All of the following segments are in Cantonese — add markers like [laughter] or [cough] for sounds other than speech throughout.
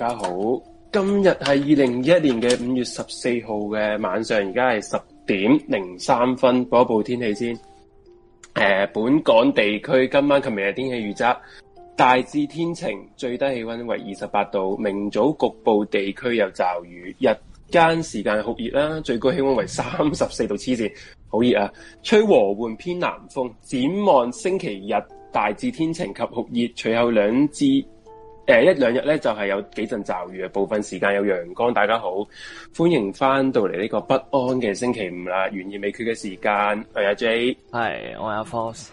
大家好，今日係二零二一年嘅五月十四號嘅晚上，而家係十點零三分。播一部天氣先，誒、呃，本港地區今晚及明日天氣預測，大致天晴，最低氣溫為二十八度，明早局部地區有驟雨，日間時間酷熱啦，最高氣溫為三十四度，黐線好熱啊，吹和緩偏南風，展望星期日大致天晴及酷熱，隨後兩至。誒、欸，一兩日咧就係、是、有幾陣驟雨嘅部分時間有陽光。大家好，歡迎翻到嚟呢個不安嘅星期五啦，懸疑未決嘅時間。係阿 J 係我係阿 Force，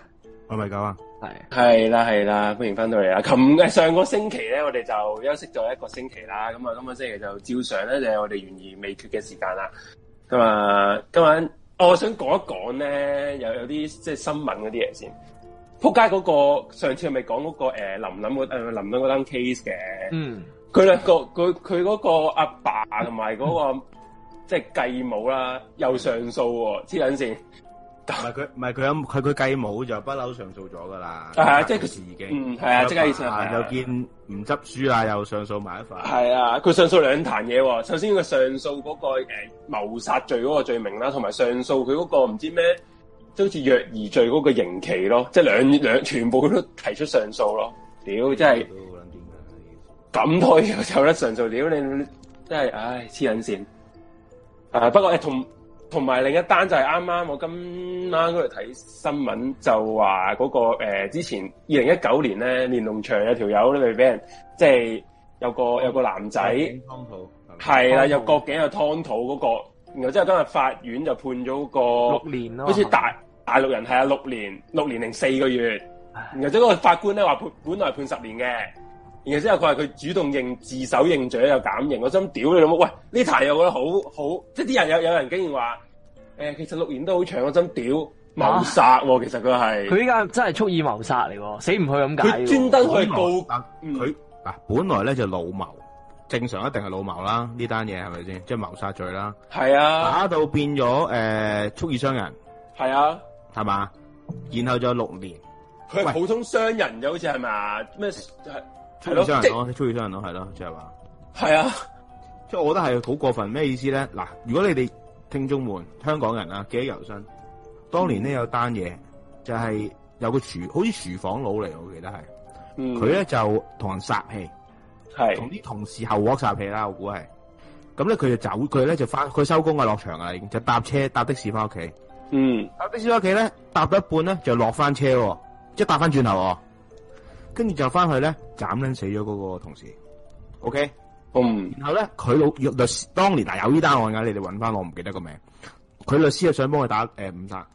我係咪狗啊？係、oh，係啦，係啦，歡迎翻到嚟啦。琴日上個星期咧，我哋就休息咗一個星期啦。咁、嗯、啊，今個星期就照常咧，就係我哋懸疑未決嘅時間啦。咁、嗯、啊，今晚、哦、我想講一講咧，有有啲即係新聞嗰啲嘢先。仆街嗰個上次係咪講嗰個誒林林個誒林林嗰單 case 嘅，佢、嗯、兩個佢嗰、嗰個阿爸同埋嗰個即係繼母啦，又上訴喎黐撚線。唔係佢唔係佢有佢佢繼母就不嬲上訴咗㗎啦，係、啊啊、即係佢時已。嗯，係啊，即係意思係。又見唔執輸啦、嗯啊，又上訴埋一份。係啊，佢、啊上，啊啊啊、上訴兩壇嘢喎。首先佢上訴嗰、嗰個誒、呃、謀殺罪嗰個罪名啦，同埋上訴佢嗰個唔知咩。都好似虐兒罪嗰個刑期咯，即係兩兩全部都提出上訴咯。屌，真係咁多嘢有得上訴屌你，真係唉黐撚線。啊、呃，不過誒、欸、同同埋另一單就係啱啱我今晚嗰度睇新聞就話嗰、那個、呃、之前二零一九年咧連龍長有條友你咪俾人，人即係有個有個男仔，係啦又割頸又劏肚嗰個，然後之後今日法院就判咗、那個六年咯，好似大。大陸人係啊，六年，六年零四個月，然後即係個法官咧話判，本來是判十年嘅，然後之後佢話佢主動認自首認罪又減刑，我真屌你老母！喂，呢題又覺得好好，即係啲人有，有人竟然話誒、哎，其實六年都好長，我真屌謀殺，其實佢係佢依家真係蓄意謀殺嚟，死唔去咁解。佢專登去告佢嗱，本來咧、嗯、就老謀，正常一定係老謀啦，呢單嘢係咪先即係謀殺罪啦？係啊，打到變咗誒、呃、蓄意傷人。係啊。係嘛，然後仲有六年，佢係普通商人嘅，好似係嘛？咩？係，粗野商人咯，粗野商人咯，係咯，即係話，係啊，即係我覺得係好過分，咩意思咧？嗱，如果你哋聽眾們，香港人啊，記得猶新，當年呢，有單嘢，就係、是、有個廚，好似廚房佬嚟，我記得係，佢、嗯、咧就同人殺氣，係，同啲同事後鑊殺氣啦，我估係，咁咧佢就走，佢咧就翻，佢收工嘅落場啊，就搭車搭的士翻屋企。嗯，阿 B 屋企咧搭咗一半咧就落翻車，即係搭翻轉頭，跟住就翻去咧斬捻死咗嗰個同事。O K，嗯，然後咧佢老律師當年啊有呢單案噶，你哋搵翻我唔記得個名。佢律師係想幫佢打誒誤殺。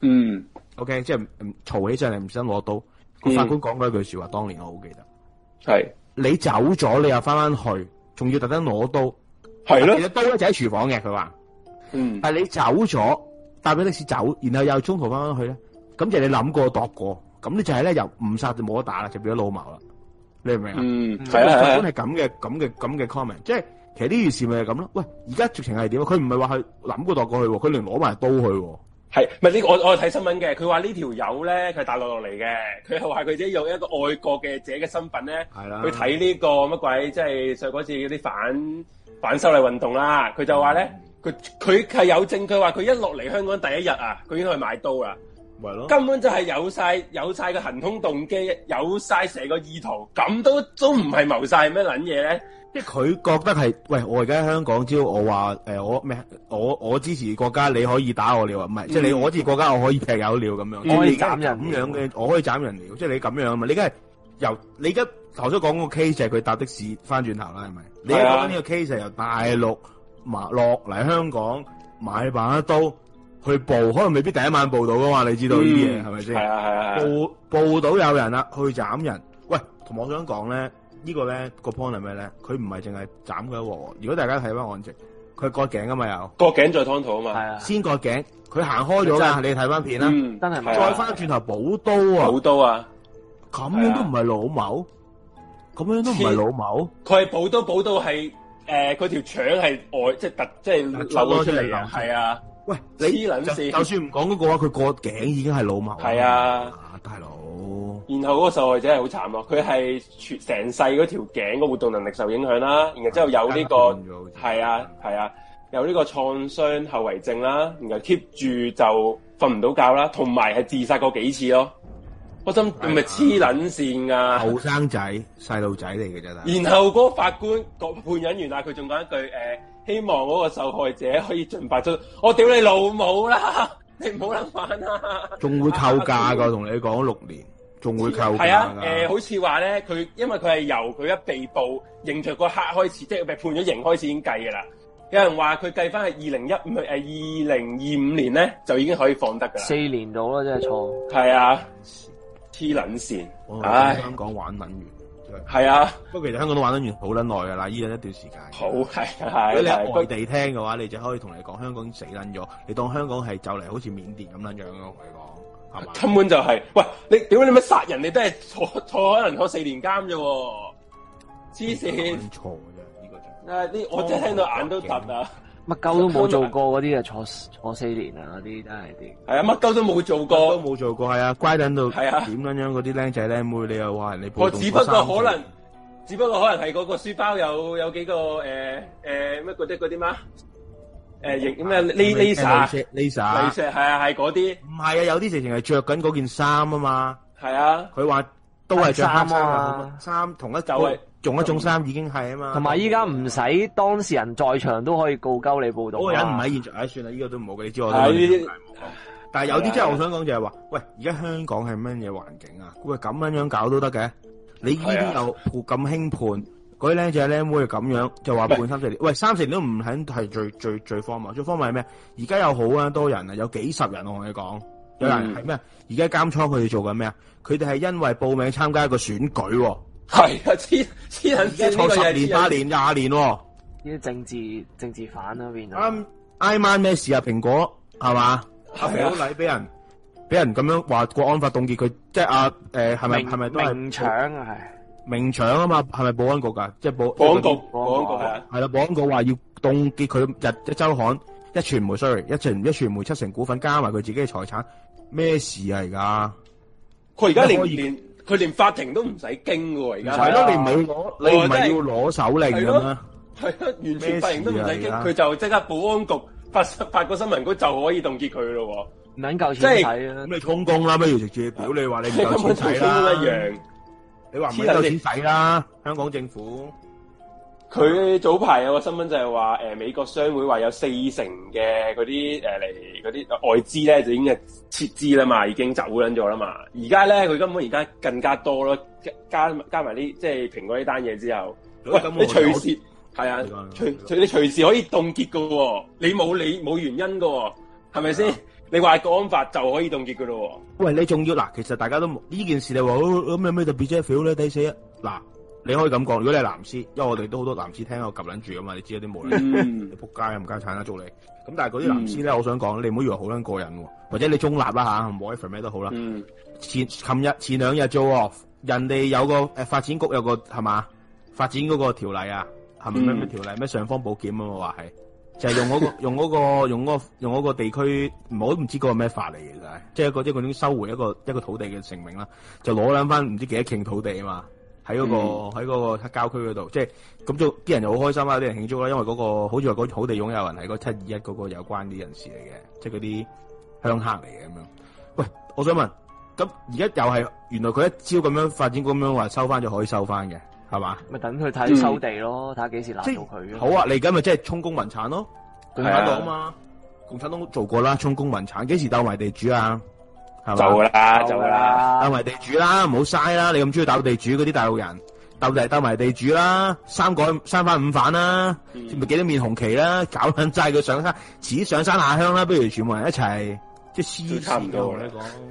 嗯，O K，即係嘈起上嚟唔想攞刀。嗯、個法官講嗰一句說話，當年我好記得。係你走咗，你又翻翻去，仲要特登攞刀。係咯，其實刀就喺廚房嘅，佢話。嗯，但你走咗。搭架的士走，然後又中途翻返去咧，咁即係你諗過度過，咁你就係咧由誤殺就冇得打啦，就變咗老毛啦，你明唔明啊？嗯，係啊係咁嘅，咁嘅，咁嘅 comment，即係其實呢件事咪係咁咯？喂，而家直情係點？佢唔係話佢諗過度過去，佢連攞埋刀去，係咪呢個？我我睇新聞嘅，佢話呢條友咧佢係大陸落嚟嘅，佢係話佢自己用一個愛國嘅者嘅身份咧，係啦，去睇呢個乜鬼，即係上嗰次啲反反修例運動啦，佢就話咧。嗯。佢佢係有證據，據話佢一落嚟香港第一日啊，佢已經去買刀啦，係咯，根本就係有晒有晒個行凶動機，有晒成個意圖，咁都都唔係謀殺係咩捻嘢咧？即係佢覺得係喂，我而家喺香港只要我話誒，我咩、呃、我我，我支持國家，你可以打我了，唔係即係你我支持國家，我可以劈友了咁樣，可以斬人咁樣嘅，我可以斬人嚟，即係、就是、你咁樣啊嘛？你而家係由你而家頭先講個 case 係佢搭的士翻轉頭啦，係咪？你而家講呢個 case 由大陸。馬落嚟香港買一把刀去捕，可能未必第一晚捕到噶嘛？你知道呢啲嘢係咪先？係啊係啊。捕捕、啊啊、到有人啦，去斬人。喂，同我想講咧，這個、呢、呢個咧個 point 係咩咧？佢唔係淨係斬佢噶，如果大家睇翻案情，佢割頸噶嘛，又割頸再劏肚啊嘛。係啊。先割頸，佢行開咗啦，你睇翻片啦。嗯，真係。再翻轉頭補刀啊！補刀啊！咁樣都唔係老謀，咁樣都唔係老謀。佢係補刀補到係。寶刀誒、呃，佢條腸係外，即係突，即係流咗出嚟，係啊。喂，你就，就算唔講嗰個話，佢個頸已經係老麥。係啊，啊，大佬。然後嗰個受害者係好慘咯，佢係全成世嗰條頸嘅活動能力受影響啦，然後之後有呢、這個係啊係啊，啊，有呢個創傷後遺症啦，然後 keep 住就瞓唔到覺啦，同埋係自殺過幾次咯。我心唔係黐撚線㗎。後生仔細路仔嚟嘅啫。然後嗰個法官個判引完啦，佢仲講一句、呃、希望嗰個受害者可以盡快出我屌你老母啦，你唔好諗返啦。仲會扣價噶，同、啊、你講六年，仲會扣價。係啊，呃、好似話咧，佢因為佢係由佢一被捕認罪嗰刻開始，即、就、係、是、判咗刑開始已經計噶啦。有人話佢計翻係二零一五誒二零二五年咧，就已經可以放得噶四年度囉，真係錯。係啊。黐撚線，香港玩撚完，係、就是、啊，不過其實香港都玩撚完好撚耐噶啦，依家一段時間。好，係啊，係啊。如果你喺外地聽嘅話，你就可以同你講，香港死撚咗，你當香港係就嚟好似緬甸咁撚樣咯。我講，根本就係、是，喂，你點解你咪殺人？你都係坐坐可能坐，坐四年監啫喎，黐線。坐嘅啫，呢個就。嗱、這個就是、呢、這個就是啊、我真係聽到眼都凸啊！乜鳩都冇做過嗰啲啊，坐坐四年啊，嗰啲真係啲。係啊，乜鳩都冇做過，都冇做過。係啊，乖等到點樣樣嗰啲靚仔靚妹，你又話人哋。我只不過可能，只不過可能係嗰個書包有有幾個誒誒乜嗰啲嗰啲嘛？誒型咩？laser，laser，係啊，係嗰啲。唔係啊，有啲直情係著緊嗰件衫啊嘛。係啊，佢話都係著衫啊嘛，衫同一。就係。種一種衫已經係啊嘛，同埋依家唔使當事人在場都可以告鳩你暴動，個人唔喺現場，唉、啊，算啦，依、這個都唔好嘅，你知我都。但係有啲真係我想講就係話、嗯，喂，而家香港係乜嘢環境啊？喂，咁樣樣搞都得嘅，你呢啲又咁輕判，嗰啲靚仔僆妹咁樣就話判三四年喂，喂，三四年都唔肯係最最最荒謬，最荒謬係咩？而家有好多人啊，有幾十人我同你講，有人係咩？而家監倉佢哋做緊咩啊？佢哋係因為報名參加一個選舉、啊。係啊，黐黐人錯十年八年廿年、啊，呢啲政治政治犯啊邊啊？啱晚咩事啊？蘋果係嘛？收禮俾人，俾人咁樣話國安法凍結佢，即係啊，誒係咪係咪都係明搶啊？係明搶啊嘛？係咪保安局噶、啊？即係保，保安局，保安局係啊？啦，保安局話、啊啊、要凍結佢日一周刊一傳媒，sorry，一傳一傳媒七成股份加埋佢自己嘅財產，咩事啊？而家佢而家零年。佢連法庭都唔使經喎而家，係咯？你唔係攞，你唔係要攞手令咁啊？係啊，完全法庭都唔使經，佢就即刻保安局發發個新聞稿就可以凍結佢咯喎，唔撚夠錢使啊！咁你充公啦，不如直接表你話你唔夠錢使啦，你話唔夠錢使啦，香港政府。佢早排有個新聞就係話，美國商會話有四成嘅嗰啲誒嚟嗰啲外資咧就已經係撤資啦嘛，已經走緊咗啦嘛。而家咧佢根本而家更加多咯，加加加埋啲即係蘋果呢單嘢之後，喂，你隨時係啊，隨隨你隨時可以凍結㗎喎，哦，你冇理冇原因㗎喎，哦，係咪先？你話國安法就可以凍結㗎咯喎，喂，你仲要嗱，其實大家都冇呢件事就話咁有咩就特別 j o u r 咧啦嗱。你可以咁講，如果你係藍絲，因為我哋都好多藍絲聽我夾撚住啊嘛，你知啲無良， [laughs] 你仆街啊，冚家鏟啊，做你。咁但係嗰啲藍絲咧，我想講，你唔好以為好撚過癮喎，或者你中立啦吓，whatever 咩都好啦。 [laughs] 前琴日前兩日做，人哋有個誒發展局有個係嘛發展嗰個條例啊，係咪咩咩條例咩上方保檢啊話係，就係、係、用嗰、個 [laughs] 用嗰、個用嗰、個用，個、用個地區，我都唔知嗰個咩法嚟嘅。就係即係嗰種收回一個一個土地嘅成名啦，就攞撚翻唔知幾多頃土地啊嘛。喺嗰、那個喺嗰、嗯、個郊區嗰度，即係咁就啲人就好開心啦，啲人慶祝啦，因為嗰個好似話嗰土地擁有人係嗰七二一嗰個有關啲人士嚟嘅，即係嗰啲鄉客嚟嘅咁樣。喂，我想問，咁而家又係原來佢一朝咁樣發展咁樣話收翻，就可以收翻嘅，係嘛？咪等佢睇收地咯，睇下幾時立到佢，好啊，你而家咪即係充公民產咯，共產黨嘛，共產黨都做過啦，充公民產幾時鬥埋地主啊？就啦，就啦，鬥埋地主啦，唔好嘥啦！你咁中意鬥地主嗰啲大陸人，鬥嚟鬥埋地主啦，三改三反五反啦，咪幾多面紅旗啦，搞緊齋佢上山，遲啲上山下鄉啦，不如全部人一齊，即係私都差唔多，同你講，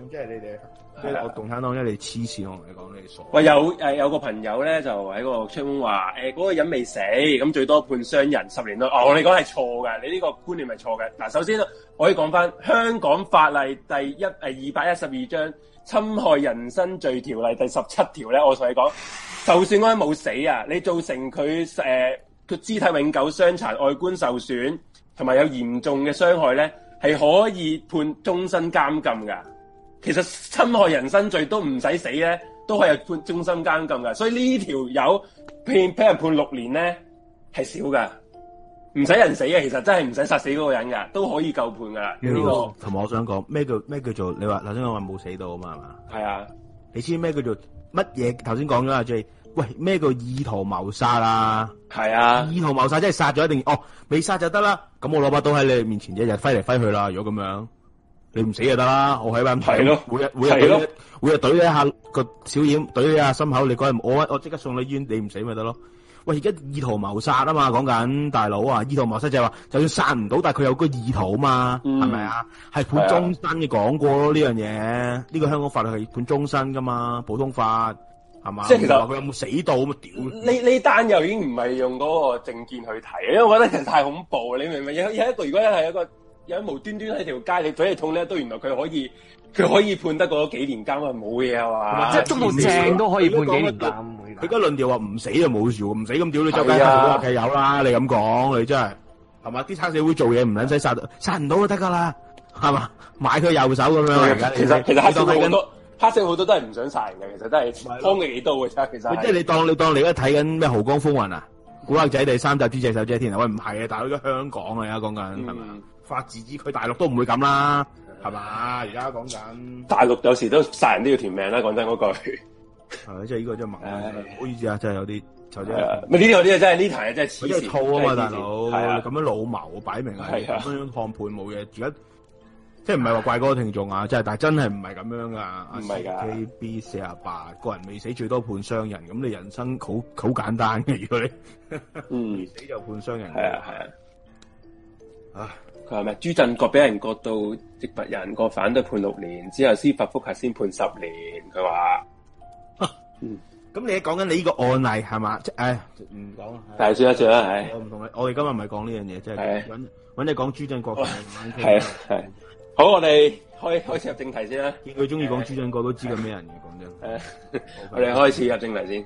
即 [laughs] 係你哋。我共產黨一，一你黐線，我同你講你傻。喂，有有個朋友咧，就喺個吹 w 話嗰個人未死，咁最多判傷人十年內，哦。我你講係錯㗎，你呢個觀念係錯㗎。嗱，首先啊，我可以講翻香港法例第一誒二百一十二章侵害人身罪條例第十七條咧，我同你講，就算嗰人冇死啊，你造成佢誒佢肢體永久傷殘、外觀受損同埋有，有嚴重嘅傷害咧，係可以判終身監禁㗎。其實侵害人身罪都唔使死咧，都可以有判終身監禁噶。所以呢條友判俾人判六年咧，係少噶，唔使人死嘅。其實真係唔使殺死嗰個人噶，都可以夠判噶啦。呢個同埋我想講咩叫咩叫做你話頭先我話冇死到啊嘛係嘛？係啊，你，啊你知咩叫做乜嘢？頭先講咗啊，J 喂，咩叫意圖謀殺啊？係啊，意圖謀殺即係殺咗一定哦，未殺就得啦。咁我攞把刀喺你面前日日揮嚟揮去啦，如果咁樣。你唔死就得啦，我喺度咁睇，每日每日懟，每日懟你一下個小臉，懟你一下心口。你嗰日我我即刻送去醫院，你唔死咪得咯。喂，而家意圖謀殺啊嘛，講緊大佬啊，意圖謀殺就係話，就算殺唔到，但係佢有個意圖啊嘛，係咪啊？係判終身嘅講過咯，呢樣嘢呢個香港法律係判終身噶嘛，普通法係嘛？即係其實佢有冇死到咁啊屌？呢呢單又已經唔係用嗰個證件去睇，因為我覺得其實太恐怖你明唔明？有有一個如果係一個。有一無端端喺條街，你嘴亦痛咧，都原來佢可以，佢可以判得嗰幾年監啊，冇嘢係嘛？即係捉到正都可以判幾年監，佢而家論調話唔死就冇事，唔死咁屌你周街都話有啦，你咁講、啊，你真係係嘛？啲黑社會做嘢唔使殺，殺唔到、啊、到就得噶啦，係嘛？買佢右手咁樣、啊，其實其實，其實黑社會好多黑社會好多都係唔想殺人嘅，其實都係幫、啊、你幾刀嘅啫，其實即係、啊、你，你，你當你當你而家睇緊咩《濠江風雲》啊，啊《古惑仔》第三集《之隻手遮天》喂啊，喂唔係啊，但係喺香港啊而家講緊係法治之區，大陸都唔會咁啦，係嘛？而家講緊大陸有時都殺人都要條命啦。講真嗰句，係即係呢個真係問， [laughs] 好意思啊！真係有啲呢啲有啲真係呢題真係黐線，套啊嘛，大佬咁樣老謀擺明係咁樣判判冇嘢，而家即係唔係話怪嗰個聽眾啊？即 [laughs] 係但係真係唔係咁樣噶，K B 四啊八個人未死最多判傷人，咁你人生好好簡單嘅，如果你唔、 [laughs] 嗯、死就判傷人，係啊係啊，啊！佢係咪朱振國俾人割到植物人個犯都判六年，之後司法複核先判十年。佢話啊，嗯，咁你講緊你呢個案例係嘛？即係唔講，但係算一算啦，係、哎、我唔同你，我哋今日唔係講呢樣嘢，即係搵搵你講朱振國係啊，係 [laughs] 好，我哋開開始入正題先啦。佢中意講朱振國都知佢咩人嘅咁樣， [laughs] 我哋開始入正題先。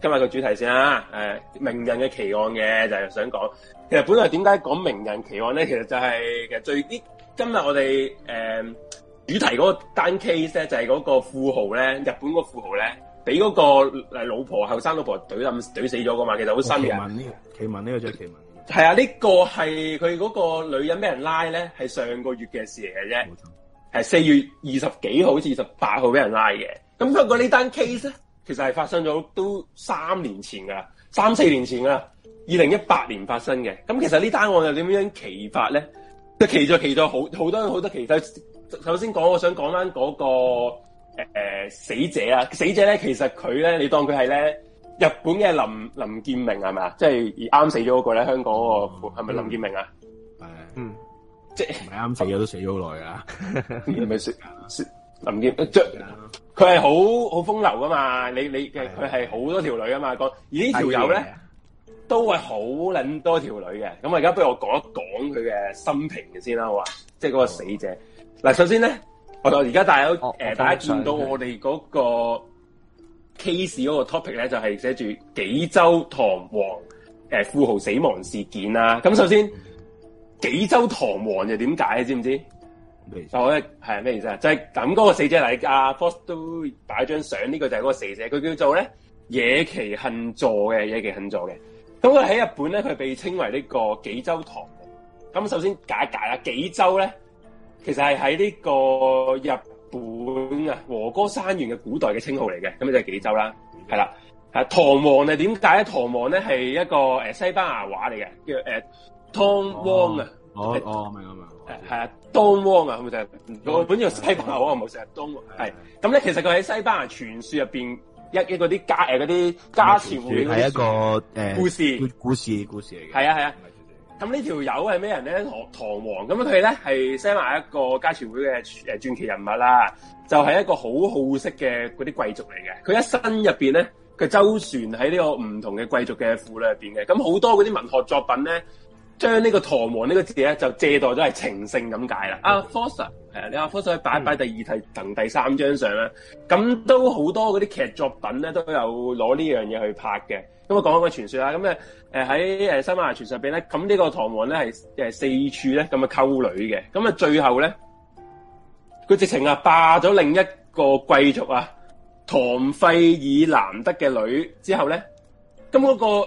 今日個主題先啦，誒，名人嘅奇案嘅就係想講，其實本來點解講名人奇案咧？其實就係其實最啲今日我哋誒主題嗰單 case 咧，就係嗰個富豪咧，日本個富豪咧，俾嗰個誒老婆後生老婆懟冧懟死咗噶嘛，其實好新奇聞呢奇聞呢個即係奇聞，係啊，呢個係佢嗰個女人俾人拉咧，係上個月嘅事嚟嘅啫。冇錯，係四月二十幾號，好似二十八號俾人拉嘅，咁不過呢單 case 咧。其實係發生咗都三年前噶啦，三四年前噶，二零一八年發生嘅。咁其實呢單案又點樣奇法咧？奇就奇咗好好多好多奇。首首先講，我想講翻嗰個誒死者啊，死者咧其實佢咧，你當佢係咧日本嘅林林建明係咪啊？即係啱死咗嗰個咧，香港嗰、嗰個係咪林建明啊？嗯，即係唔係啱死，死咗都死咗好耐噶。你咪識林建，即佢係好好風流噶嘛？你你佢係好多條女㗎嘛？而條呢條友咧，都係好捻多條女嘅。咁我而家不如我講一講佢嘅心平嘅先啦，好啊？即係嗰個死者。嗱、哦，首先咧，我而家帶咗誒，大家見到我哋嗰個 case 嗰個 topic 咧，就係寫住《紀州唐璜》誒富豪死亡事件啦。咁首先，《紀州唐璜》又點解？你知唔知？我咧係咩意思、就是那個、啊？就係咁嗰個死者嚟。阿 Fox 擺張相，呢個就係嗰個死者，佢叫做咧野崎幸助嘅，野崎幸助嘅。咁佢喺日本咧，佢被稱為呢個紀州唐璜。咁首先解一解啦，紀州咧其實係喺呢個日本啊和歌山縣嘅古代嘅稱號嚟嘅，咁就係紀州啦，係啦。啊，唐璜係點解咧？唐璜咧係一個誒西班牙話嚟嘅，叫誒 Tom Wong 啊。哦哦，哦，明係啊，唐璜啊，佢咪就係，我本住西班牙，我唔好成日當。係，咁咧、啊、其實佢喺西班牙傳說入邊一一嗰啲家誒嗰啲家傳會係一個誒故事，故事故事嚟嘅。係啊係啊，咁、啊啊啊、呢條友係咩人咧？唐璜。咁佢咧係西班牙一個家傳會嘅誒傳奇人物啦，就係、是、一個好好色嘅嗰啲貴族嚟嘅。佢一生入邊咧，佢周旋喺呢個唔同嘅貴族嘅婦女入邊嘅，咁好多嗰啲文學作品咧。將呢個唐璜呢個字咧，就借代咗係情聖咁解啦。阿 Fox，係啊，Sir，你阿 Fox Sir 擺一擺第二題同第三張相啦。咁都好多嗰啲劇作品咧都有攞呢樣嘢去拍嘅。咁我講一個傳說啦，咁咧誒喺誒西班牙傳說入邊咧，咁呢個唐璜咧係誒四處咧咁啊溝女嘅，咁啊最後咧佢直情啊霸咗另一個貴族啊唐費爾南德嘅女之後咧，咁嗰、那個嗰、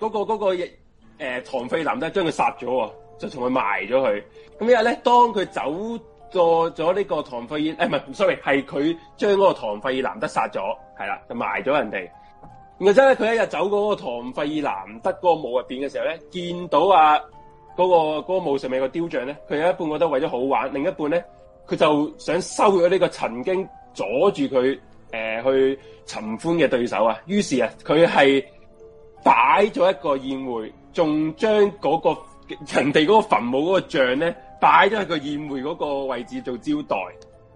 那個嗰、那個嘢。那個誒、呃，唐費南德將佢殺咗，就同佢埋咗佢。咁因為咧，當佢走過咗呢個唐費爾，誒唔係，sorry，係佢將嗰個唐費爾南德殺咗，係啦，就埋咗人哋。然後呢，真係佢一日走過嗰個唐費爾南德嗰個墓入邊嘅時候咧，見到啊嗰、嗰個嗰、嗰個墓上面個雕像咧，佢有一半覺得為咗好玩，另一半咧佢就想收咗呢個曾經阻住佢誒去尋歡嘅對手啊。於是啊，佢係擺咗一個宴會。仲將嗰個人哋嗰個墳墓嗰個像咧，擺咗喺個宴會嗰個位置做招待，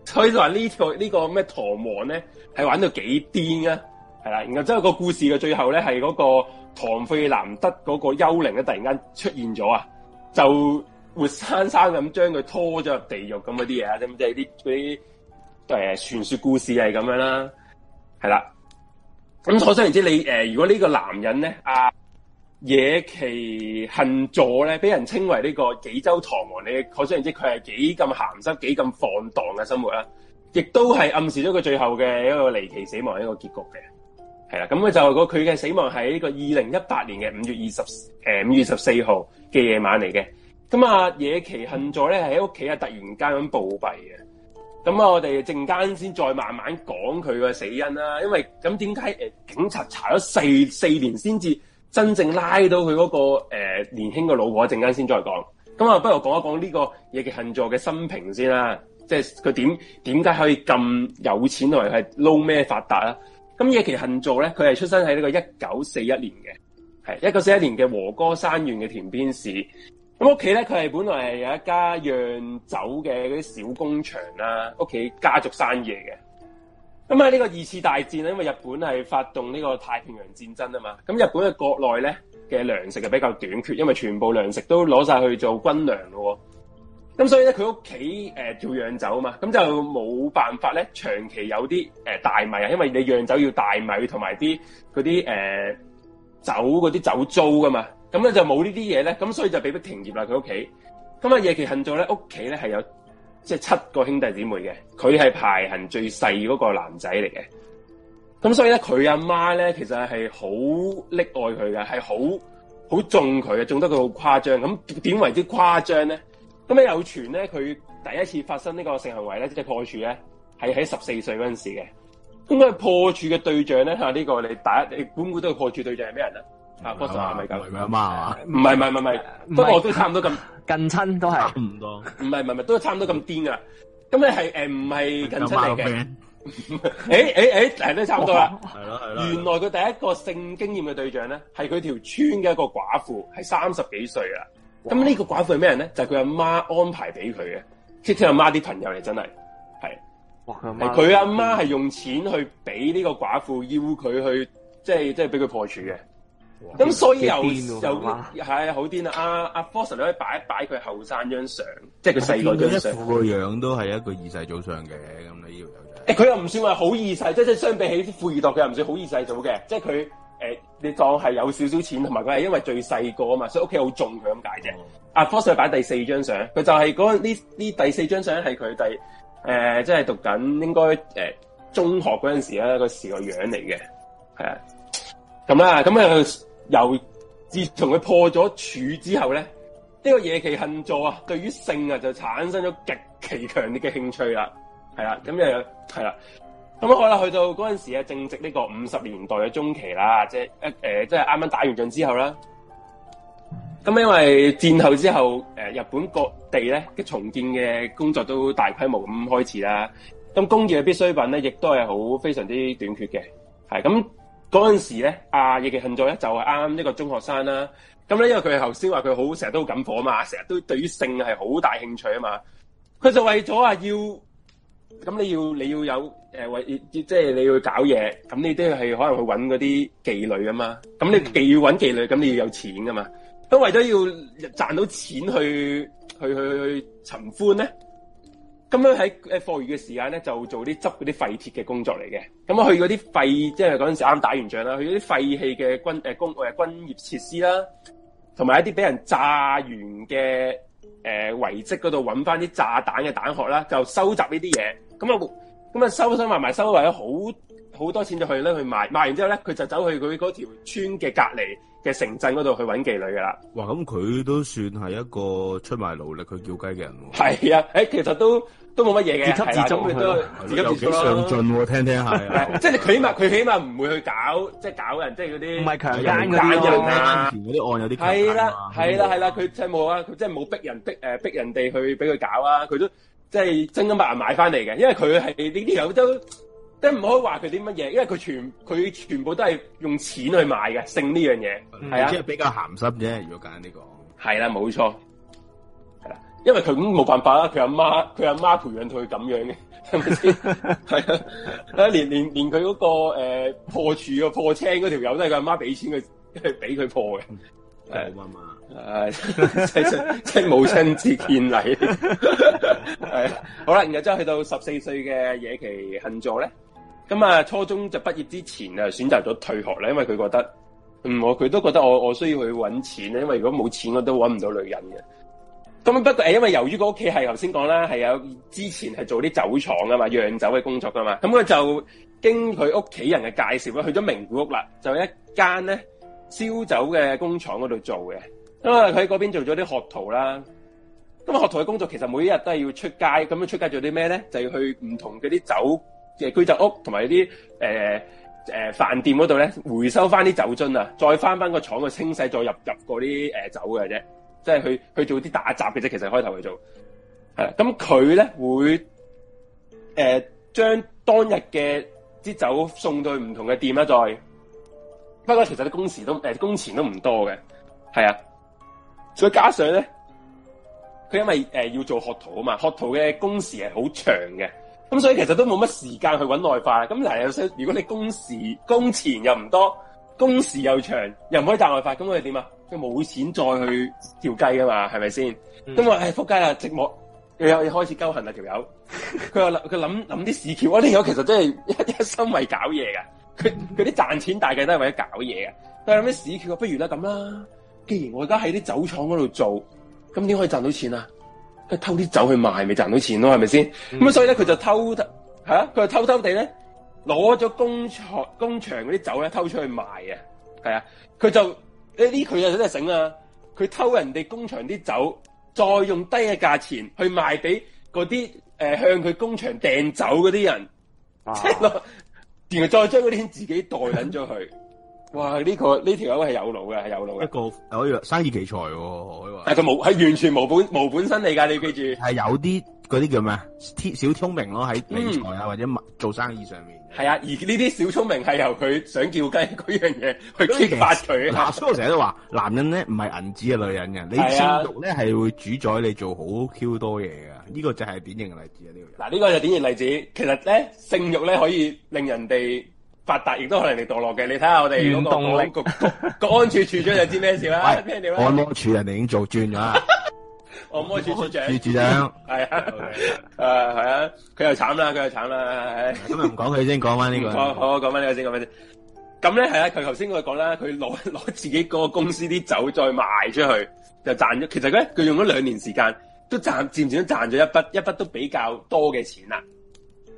所以就話、這個這個、呢個呢個咩唐璜咧，係玩到幾癲啊，係啦。然後之後個故事嘅最後咧，係嗰個唐費南德嗰個幽靈咧，突然間出現咗啊，就活生生咁將佢拖咗入地獄咁嗰啲嘢，咁即係啲嗰啲誒傳說故事係咁樣啦，係啦。咁可想而知你，你、呃、誒，如果呢個男人咧，啊。野崎幸助咧，俾人稱為呢個紀州唐璜，你可想而知佢係幾咁鹹濕、幾咁放蕩嘅生活啦，亦都係暗示咗佢最後嘅一個離奇死亡一個結局嘅，係啦。咁佢就個佢嘅死亡喺個二零一八年嘅五月二十，誒五月十四號嘅夜晚嚟嘅，咁啊野崎幸助咧喺屋企啊突然間咁暴斃嘅，咁啊我哋陣間先再慢慢講佢嘅死因啦，因為咁點解誒警察查咗四四年先至真正拉到佢嗰、那個、呃、年輕嘅老婆，陣間先再講。咁啊，不如講一講呢個野崎幸助嘅生平先啦，即係佢點點解可以咁有錢，同埋係撈咩發達啦？咁野崎幸助咧，佢係出生喺呢個一九四一年嘅，係一九四一年嘅和歌山縣嘅田邊市。咁屋企咧，佢係本來係有一家釀酒嘅嗰啲小工場啦、啊，屋企家族生意嘅。咁啊呢個二次大戰咧，因為日本係發動呢個太平洋戰爭啊嘛，咁日本嘅國內咧嘅糧食就比較短缺，因為全部糧食都攞晒去做軍糧咯。咁所以咧佢屋企誒叫釀酒啊嘛，咁就冇辦法咧長期有啲、呃、大米啊，因為你釀酒要大米同埋啲嗰啲誒酒嗰啲酒糟噶嘛，咁咧就冇呢啲嘢咧，咁所以就被迫停業啦佢屋企。咁啊、嗯、夜期行咗咧屋企咧係有。即係七個兄弟姊妹嘅，佢係排行最細嗰個男仔嚟嘅。咁所以咧，佢阿媽咧，其實係好溺愛佢嘅，係好好中佢嘅，中得佢好誇張。咁點為之誇張咧？咁有傳咧，佢第一次發生呢個性行為咧，即係破處咧，係喺十四歲嗰陣時嘅。咁佢破處嘅對象咧，呢個你打你估唔估到破處對象係咩人啊？啊！boss 話咪阿媽啊？唔係唔係唔係，不過我差唔 [laughs] 都，差唔唔唔都差唔多咁，呃、近親都係唔多。唔係唔係唔係，都係差唔多咁癲噶啦。咁你係誒唔係近親嚟嘅？誒誒誒，都係差唔多啦。係咯係咯。原來佢第一個性經驗嘅對象咧，係佢條村嘅一個寡婦，係三十幾歲啦。咁呢個寡婦係咩人咧？就係佢阿媽安排俾佢嘅，即係阿媽啲朋友嚟，真係係。哇！佢阿媽佢阿媽係用錢去俾呢個寡婦，要佢去即係即係俾佢破處嘅。咁所以又、啊、又係好癲啦！阿阿 Fox 你可以擺一擺佢後生張相，即係佢細個張相個樣都係一個二世祖相嘅，咁你要有嘅。誒，佢又唔算話好二世，即係即係相比起富二代，佢又唔算好二世祖嘅。即係佢誒，你當係有少少錢，同埋佢係因為最細個啊嘛，所以屋企好重佢咁解啫。阿 Fox 佢擺第四張相，佢就係嗰呢呢第四張相係佢第誒、呃，即係讀緊應該誒、呃、中學嗰陣時啦，個時個樣嚟嘅，係啊，咁啦，咁啊。由自從佢破咗處之後咧，呢、呢個野崎幸助啊，對於性啊就產生咗極其強烈嘅興趣啦，係啦，咁又係啦，咁好啦，去到嗰陣時啊，正值呢個五十年代嘅中期啦，即係誒、呃，即係啱啱打完仗之後啦，咁因為戰後之後，誒日本各地咧嘅重建嘅工作都大規模咁開始啦，咁工業嘅必需品咧，亦都係好非常之短缺嘅，係咁。嗰陣時咧，阿野崎幸助咧就係啱啱呢個中學生啦。咁咧，因為佢頭先話佢好成日都好緊火啊嘛，成日都對於性係好大興趣啊嘛。佢就為咗啊要，咁你要你要有誒為即係你要搞嘢，咁你都要係可能去揾嗰啲妓女啊嘛。咁你既要揾妓女，咁你，你要有錢噶嘛。都為咗要賺到錢去去去去尋歡咧。咁樣喺誒課餘嘅時間咧，就做啲執嗰啲廢鐵嘅工作嚟嘅。咁啊去嗰啲廢，即係嗰陣時啱打完仗啦，去啲廢棄嘅軍誒工誒工業設施啦，同埋一啲俾人炸完嘅誒、呃、遺跡嗰度揾翻啲炸彈嘅彈殼啦，就收集呢啲嘢。咁啊，咁啊收收埋埋，收埋咗好好多錢就去咧去賣。賣完之後咧，佢就走去佢嗰條村嘅隔離，嘅城鎮嗰度去揾妓女噶啦，哇！咁佢都算係一個出賣勞力去叫雞嘅人喎。係啊，誒，其實都都冇乜嘢嘅，自給自足都自己、啊啊啊啊、上進喎、啊，聽聽下。即係佢起碼佢起碼唔會去搞，即、就、係、是、搞人，即係嗰啲強姦㗎嘛，嗰啲案有啲係啦，係啦，係啦，佢即係冇啊，佢即係冇逼人逼誒逼人哋去俾佢搞啊，佢都即係真金白銀買翻嚟嘅，因為佢係呢啲人都。都唔可以話佢啲乜嘢，因為佢全佢全部都係用錢去買嘅，性呢樣嘢係啊，即係比較鹹濕啫。如果簡單啲講，係啦、啊，冇錯，係啦、啊，因為佢咁冇辦法啦，佢阿媽佢阿媽培養佢咁樣嘅，係咪先？係啊，連連連佢嗰個誒破處個破青嗰條友都係佢阿媽俾錢佢，俾佢破嘅。誒，阿媽，誒，即母親節見禮，係好啦，然後之後去到十四歲嘅野崎幸助咧。咁啊，初中就畢業之前啊，選擇咗退學啦，因為佢覺得，嗯，我佢都覺得我我需要去搵錢咧，因為如果冇錢，我都搵唔到女人嘅。咁不過因為由於個屋企係頭先講啦，係有之前係做啲酒廠噶嘛，釀酒嘅工作噶嘛，咁佢就經佢屋企人嘅介紹去咗名古屋啦，就一間咧燒酒嘅工廠嗰度做嘅。咁啊，佢喺嗰邊做咗啲學徒啦。咁啊，學徒嘅工作其實每一日都係要出街，咁樣出街做啲咩咧？就要去唔同嗰啲酒。即居酒屋同埋啲誒誒飯店嗰度咧，回收翻啲酒樽啊，再翻翻個廠去清洗，再入入嗰啲誒酒嘅啫,即係去去做啲打雜嘅啫。其實開頭去做，係啦，咁佢咧會誒將、呃、當日嘅啲酒送到唔同嘅店啦，再不過其實啲工時都誒、呃、工錢都唔多嘅，係啊，再加上咧，佢因為誒、呃、要做學徒啊嘛，學徒嘅工時係好長嘅。咁所以其實都冇乜時間去揾外快，咁嗱有如果你工時工錢又唔多，工時又長，又唔可以賺外快，咁我哋點啊？佢冇錢再去調雞啊嘛，係咪先？咁話唉，仆街呀，寂寞，又又開始鳩痕啦，條友。佢又諗佢諗諗啲屎橋，我哋有其實真係一一心為搞嘢㗎。佢啲賺錢大計都係為咗搞嘢嘅，都諗啲屎橋，不如咧咁啦。既然我而家喺啲酒廠嗰度做，咁點可以賺到錢啊？偷啲酒去賣咪賺到錢咯，係咪先？咁、嗯、所以咧佢就偷吓，佢、啊、就偷偷地咧攞咗工廠工場嗰啲酒咧偷出去賣啊，係啊，佢就呢佢又真係醒啊，佢偷人哋工場啲酒，再用低嘅價錢去賣俾嗰啲誒向佢工場訂酒嗰啲人，即係、啊、咯，然後再將嗰啲自己袋緊咗去。 [laughs] 哇！呢、這個呢條友係有腦嘅，係有腦嘅一個可以生意奇才喎。可以話，但係佢冇係完全冇本冇本身嚟㗎，你記住。係有啲嗰啲叫咩？小聰明咯、啊，喺理財啊、嗯，或者做生意上面。係啊，而呢啲小聰明係由佢想叫雞嗰樣嘢去激發佢。嗱，所以我成日都話： [laughs] 男人咧唔係銀紙嘅女人嘅，你性慾咧係會主宰你做好 Q 多嘢㗎。呢、這個就係典型嘅例子啊！呢、這個嗱，呢、這個、就典型例子。其實咧，性欲咧可以令人哋。發達亦都可能嚟墮落嘅，你睇下我哋局、嗰個國安局局長又知咩事啦。我安局人哋已經做轉咗啦。我安局局長係啊，誒係啊，佢又慘啦，佢又慘啦。今日唔講佢先，講翻呢個。 [laughs] 好，我講翻呢個先，講翻先。咁咧係啊，佢頭先我講啦，佢攞攞自己個公司啲酒再賣出去，就賺咗。其實咧，佢用咗兩年時間，都賺，漸漸都賺咗一筆，一筆都比較多嘅錢啦。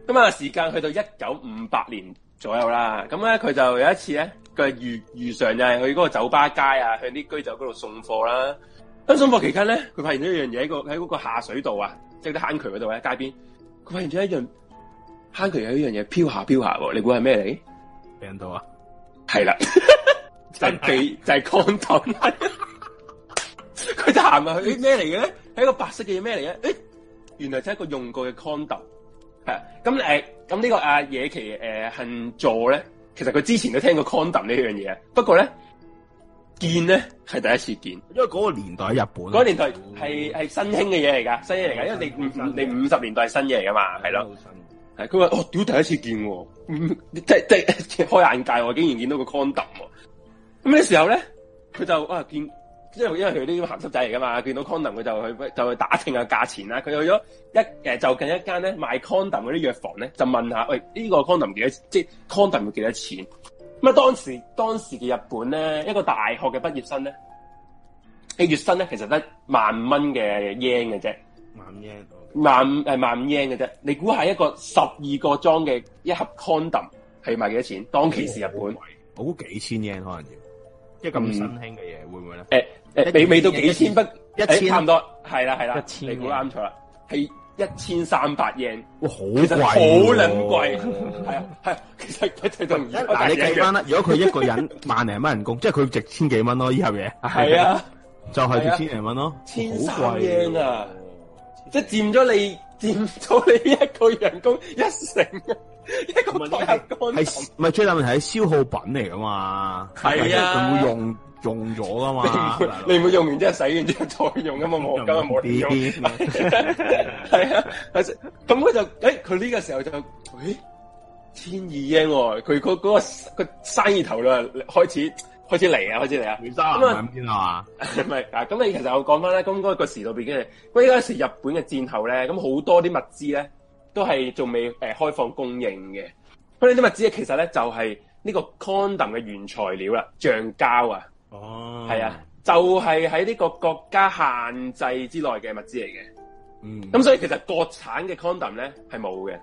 咁啊，時間去到一九五八年。左右啦，咁咧，佢就有一次咧，佢如如常就係去嗰個酒吧街啊，向啲居酒嗰度送貨啦。咁送貨期間咧，佢發現咗一樣嘢喺個喺嗰個下水道啊，即係啲坑渠嗰度咧，街邊佢發現咗一樣坑渠有一樣嘢飄下飄下，啊，你估係咩嚟？睇人到啊？係啦， [laughs] 就係、是、地 [laughs] 就係 condom。佢行埋去咩嚟嘅咧？係一個白色嘅嘢咩嚟嘅？誒、欸，原來就係一個用過嘅 condom。係咁誒。咁、這個啊呃、呢個阿野崎誒幸助咧，其實佢之前都聽過 condom 呢樣嘢，不過咧見咧係第一次見，因為嗰個年代喺日本，嗰個年代係係、嗯、新興嘅嘢嚟㗎，新嘢嚟㗎，因為你50，你五十年代係新嘢嚟㗎嘛，係咯，係佢話哦，屌第一次見喎、啊，嗯，即即，即開眼界喎，我竟然見到個 condom，咁咩時候咧，佢就啊見。因為因為佢啲鹹濕仔嚟噶嘛，見到 condom 佢就去就去打聽下價錢啦。佢去咗一就近一間咧賣 condom 嗰啲藥房咧，就問一下喂，呢個 condom 幾多即 condom 幾多錢？咁啊當時當時嘅日本咧，一個大學嘅畢業生咧，月薪咧其實得萬五蚊嘅 yen 嘅啫，萬 yen 萬萬五 yen 嘅啫。你估係一,一個十二個裝嘅一盒 condom 係賣幾多錢？當其時日本。哎、我估幾千 yen 可能要，因為咁新興嘅嘢會唔會咧？誒。誒，未美到幾千筆，一千,千,一千差唔多，係啦係啦，你估啱咗啦，係一千三百 yen 好貴，好捻貴，係啊係，其實， [laughs] 其實一齊都唔你計翻啦，如果佢一個人萬零蚊人工， [laughs] 即係佢值千幾蚊咯，呢盒嘢係啊，就係、是、值千零蚊咯，千三 yen 啊，即係佔咗你佔咗你一個人工一成， [laughs] 一個問題係唔係最大問題係消耗品嚟噶嘛，係啊，佢會用。用咗啦嘛？ [laughs] 你唔不會， [laughs] 會用完之後洗完之後再用噶嘛？我今日冇用。係 [laughs] [laughs] 啊，咁佢就誒佢呢個時候就誒千二喎。佢、欸啊那個嗰、那個那個生意頭咧開始開始嚟啊開始嚟啊。咁咁你其實我講翻咧，咁、那、嗰個時代變緊嚟，嗰陣時日本嘅戰後咧，咁好多啲物資咧都係仲未誒開放供應嘅。佢哋啲物資呢，其實咧就係呢個 condom 嘅原材料啦，橡膠啊。哦，係啊，就係喺呢個國家限制之內嘅物資嚟嘅。咁、mm. 所以其實國產嘅 condom 咧係冇嘅，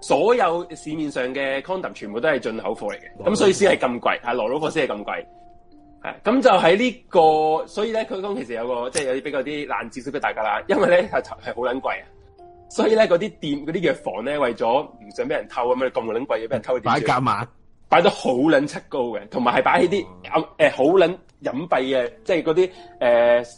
所有市面上嘅 condom 全部都係進口貨嚟嘅。咁、oh. 所以先係咁貴，係羅老貨先係咁貴，係咁就喺呢、這個，所以咧佢講其實有個即係有啲比較啲爛知識俾大家啦，因為咧係係好撚貴啊，所以咧嗰啲店嗰啲藥房咧為咗唔想俾人偷啊，咁個撚貴嘢俾人偷，啲。夾萬擺得好撚七高嘅，同埋係擺喺啲誒好撚隱蔽嘅，即係嗰啲誒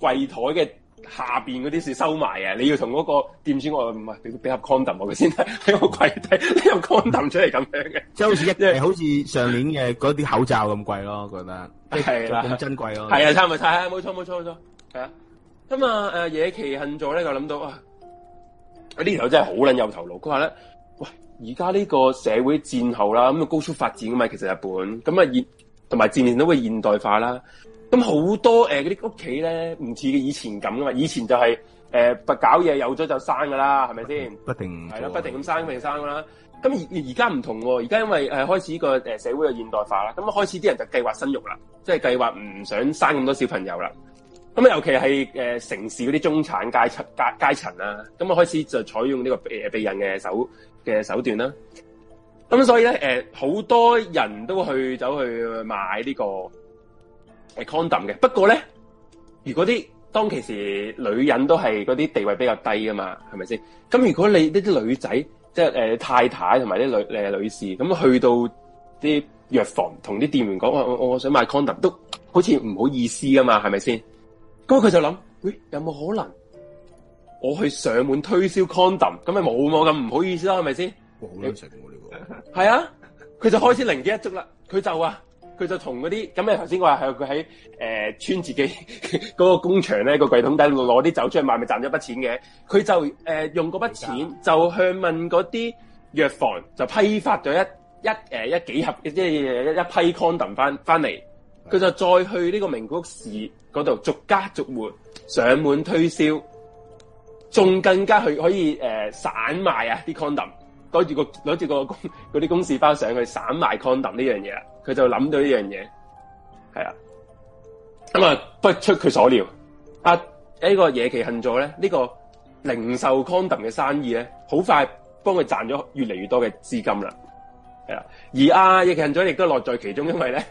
櫃台嘅下面嗰啲事收埋啊！你要同嗰個店主我唔係俾俾盒 condom 我嘅先喺個櫃底拎盒 condom，哦哦、出嚟咁樣嘅，即係好似一好似上年嘅嗰啲口罩咁貴咯，覺得係啦，咁、嗯就是，珍貴咯，係啊，差唔多，差啊，冇錯冇錯冇錯，係啊，咁啊，誒野崎幸助咧就諗到啊，呢條真係好撚有頭腦，佢話咧。而家呢個社會戰後啦，咁啊高速發展噶嘛，其實日本咁啊現同埋漸漸到個現代化啦，咁好多誒嗰啲屋企咧唔似以前咁噶嘛，以前就係、是、誒、呃、搞嘢，有咗就生噶啦，係咪先？不停，係啦，不停咁生，不停生噶啦。咁而而家唔同，而家因為誒開始這個誒社會嘅現代化啦，咁啊開始啲人就計劃生育啦，即係計劃唔想生咁多小朋友啦。咁、呃、啊，尤其係誒城市嗰啲中產階階階層啦，咁啊開始就採用呢、這個誒避孕嘅手。嘅手段啦，咁所以咧，誒、呃、好多人都去走去買呢、這個誒、呃、condom 嘅。不過咧，如果啲當其時女人都係嗰啲地位比較低噶嘛，係咪先？咁如果你呢啲女仔，即係誒、呃、太太同埋啲女誒、呃、女士，咁去到啲藥房同啲店員講，我我我想買 condom，都好似唔好意思噶嘛，係咪先？咁佢就諗，喂、欸、有冇可能？我去上門推銷 condom，咁咪冇麼咁唔好意思啦，係咪先？好撚正喎呢係啊，佢、 [laughs] 啊、就開始靈機一觸啦。佢就啊，佢就同嗰啲咁你頭先我話佢喺誒穿自己嗰個工場咧、嗰個櫃桶底度攞啲酒出去賣，咪賺咗一筆錢嘅。佢就誒、呃、用嗰筆錢就去問嗰啲藥房就批發咗一一誒一幾盒一一批 condom 翻翻嚟，佢就再去呢個名古屋市嗰度逐家逐戶上門推銷。仲更加去可以誒、呃、散賣啊啲 condom，攞住個攞住個公嗰啲公事包上去散賣 condom 呢樣嘢啦，佢就諗到呢樣嘢，係啊，咁啊不出佢所料，啊、呢個、呢個野崎幸助咧，呢、呢個零售 condom 嘅生意咧，好快幫佢賺咗越嚟越多嘅資金啦，係啦、啊，而阿野崎幸助亦都樂在其中，因為咧。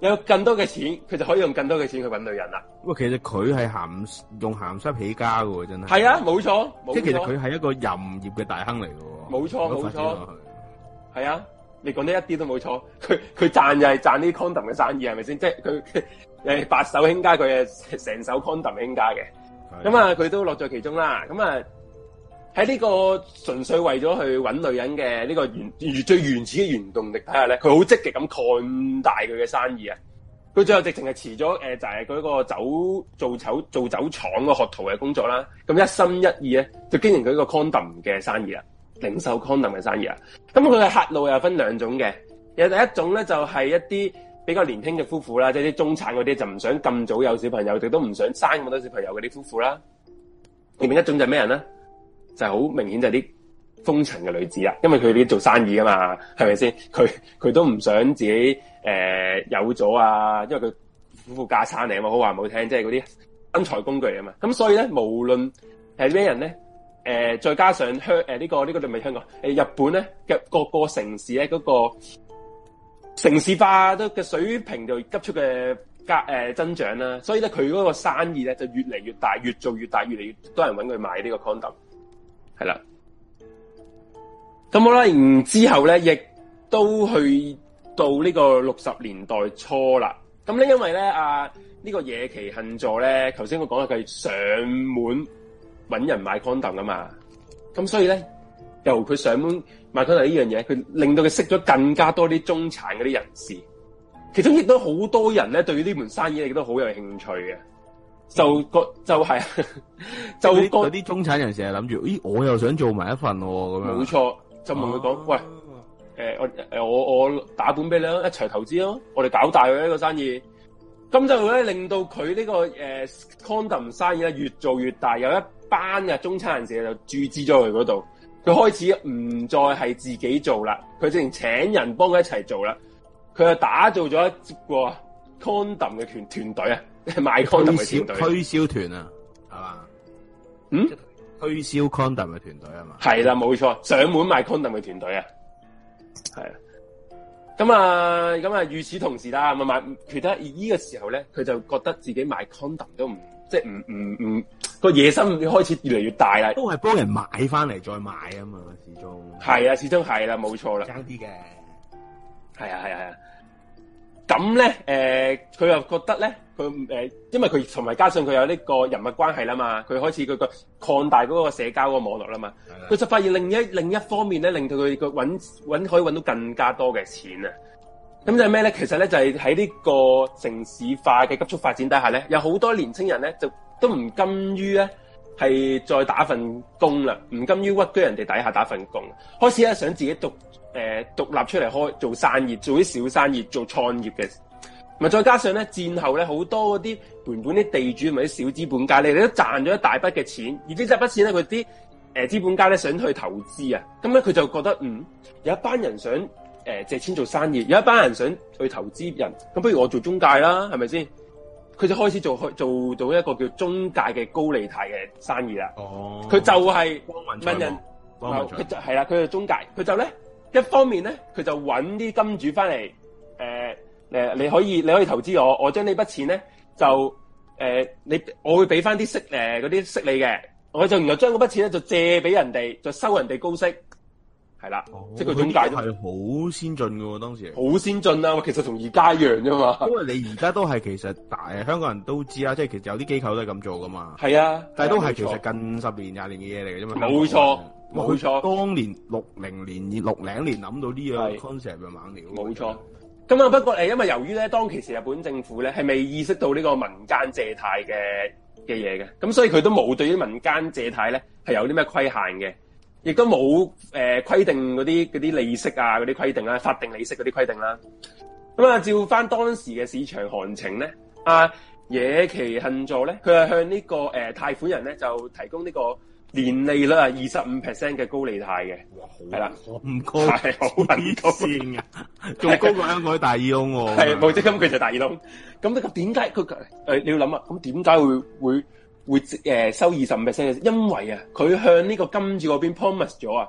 有更多嘅錢，佢就可以用更多嘅錢去揾女人啦。喂，其實佢係鹹用鹹濕起家嘅喎，真係。係啊，冇錯，冇錯，即係其實佢係一個淫業嘅大亨嚟嘅喎。冇錯，冇錯，係啊，你講得一啲都冇錯。佢佢賺就係賺啲 condom 嘅生意係咪先？即係佢誒白手興家，佢係成手 condom 興家嘅。咁啊，佢都樂在其中啦。咁啊。喺呢個純粹為咗去揾女人嘅呢個原最原始嘅原動力底下咧，佢好積極咁擴大佢嘅生意啊！佢最後直情係辭咗誒，就係佢一個酒做酒做酒廠個學徒嘅工作啦。咁一心一意咧，就經營佢一個 condom 嘅生意啊，零售 condom 嘅生意啊。咁佢嘅客路又分兩種嘅，有第一種咧就係一啲比較年輕嘅夫婦啦，即係啲中產嗰啲就唔想咁早有小朋友，亦都唔想生咁多小朋友嗰啲夫婦啦。另一種就係咩人咧？就好、係、明顯，就係啲風塵嘅女子啦，因為佢啲做生意㗎嘛，係咪先？佢佢都唔想自己誒、呃、有咗啊，因為佢富富家產嚟啊嘛，好話唔好聽，即係嗰啲身材工具啊嘛。咁所以咧，無論係咩人咧、呃，再加上、呃這個這個、香誒呢個呢個你咪聽過誒日本咧嘅各個城市咧嗰、嗰個城市化都嘅水平就急速嘅加、呃、增長啦，所以咧佢嗰個生意咧就越嚟越大，越做越大，越嚟越多人揾佢買呢個 condom。係啦，咁好啦，然之後咧，亦都去到呢個六十年代初啦。咁咧，因為咧，啊呢、這個野崎幸助咧，頭先我講佢上門搵人買 condom 噶嘛，咁所以咧，由佢上門買 condom 呢樣嘢，佢令到佢識咗更加多啲中產嗰啲人士，其中亦都好多人咧，對呢門生意亦都好有興趣嘅。就個就係，就啲、是、 [laughs] 中產人成日諗住，咦，我又想做埋一份喎、啊，咁樣。冇錯，就問佢講、啊，喂，我我我，我打本俾你咯，一齊投資咯，我哋搞大佢呢個生意。咁就咧令到佢呢、這個、呃、condom 生意咧越做越大，有一班嘅中產人成日就注資咗佢嗰度。佢開始唔再係自己做啦，佢淨係請人幫佢一齊做啦。佢就打造咗一個 condom 嘅團團隊啊！賣 condom 嘅銷推銷團啊，係嘛？嗯？推銷 condom 嘅團隊啊嘛？係啦，冇錯，上門賣 condom 嘅團隊啊，係啊。咁、嗯、啊，咁、嗯、啊，與、嗯、此同時啦，咪買，其他依個時候咧，佢就覺得自己賣 condom 都唔，即係唔唔唔，個野心開始越嚟越大啦。都係幫人買翻嚟再買啊嘛，始終係啊，始終係啦，冇錯啦，爭啲嘅，係啊，係啊，係啊。咁咧，誒、呃，佢又覺得咧，佢誒、呃，因為佢同埋加上佢有呢個人脈關係啦嘛，佢開始佢個擴大嗰個社交個網絡啦嘛，佢就、就發現另一另一方面咧，令到佢個揾揾可以揾到更加多嘅錢啊！咁就係咩咧？其實咧就係喺呢個城市化嘅急速發展底下咧，有好多年青人咧就都唔甘於咧係再打份工啦，唔甘於屈居人哋底下打份工，開始咧想自己讀。誒、呃，獨立出嚟開做生意，做啲小生意，做創業嘅，咪再加上咧戰後咧好多嗰啲原本啲地主同埋啲小資本家你你都賺咗一大筆嘅錢，而筆錢呢一筆錢咧佢啲誒資本家咧想去投資啊，咁咧佢就覺得嗯有一班人想誒、呃、借錢做生意，有一班人想去投資人，咁不如我做中介啦，係咪先？佢就開始做去做到一個叫中介嘅高利貸嘅生意啦。哦，佢就係問人，佢、no，就係啦，佢係中介，佢就咧。一方面咧，佢就揾啲金主翻嚟，誒、呃、誒，你可以你可以投資我，我將呢筆錢咧就，誒、呃、你我會俾翻啲息誒嗰啲息你嘅，我就然後將嗰筆錢咧就借俾人哋，就收人哋高息，係啦，即係佢中介都係好先進喎。當時好先進啦，其實同而家一樣啫嘛，因為你而家都係其實大香港人都知啦，即係其實有啲機構都係咁做噶嘛，係啊，啊，但係都係其實近十年廿年嘅嘢嚟嘅啫嘛，冇錯。冇錯，當年六零年、六零年諗到呢樣 concept 嘅猛料。冇錯，咁啊不過誒，因為由於咧，當其時日本政府咧係未意識到呢個民間借貸嘅嘅嘢嘅，咁所以佢都冇對於民間借貸咧係有啲咩規限嘅，亦都冇規、呃、定呃、規定嗰啲嗰啲利息啊嗰啲規定啦，法定利息嗰啲規定啦。咁啊，照翻當時嘅市場行情咧，啊野其恨做野崎幸助咧，佢係向呢、這個誒貸、呃、款人呃、貸款人咧就提供呢、這個。年利率係，二十五 percent 嘅高利貸嘅，係啦，咁高，好睇高先嘅，仲高過香港大耳窿喎。係， [laughs] 冇即金咁，佢就大耳窿。咁咧，咁點解佢誒？你要諗啊，咁點解會會會誒、呃、收二十五 percent 嘅？因為啊，佢向呢個金主嗰邊 promise 咗啊，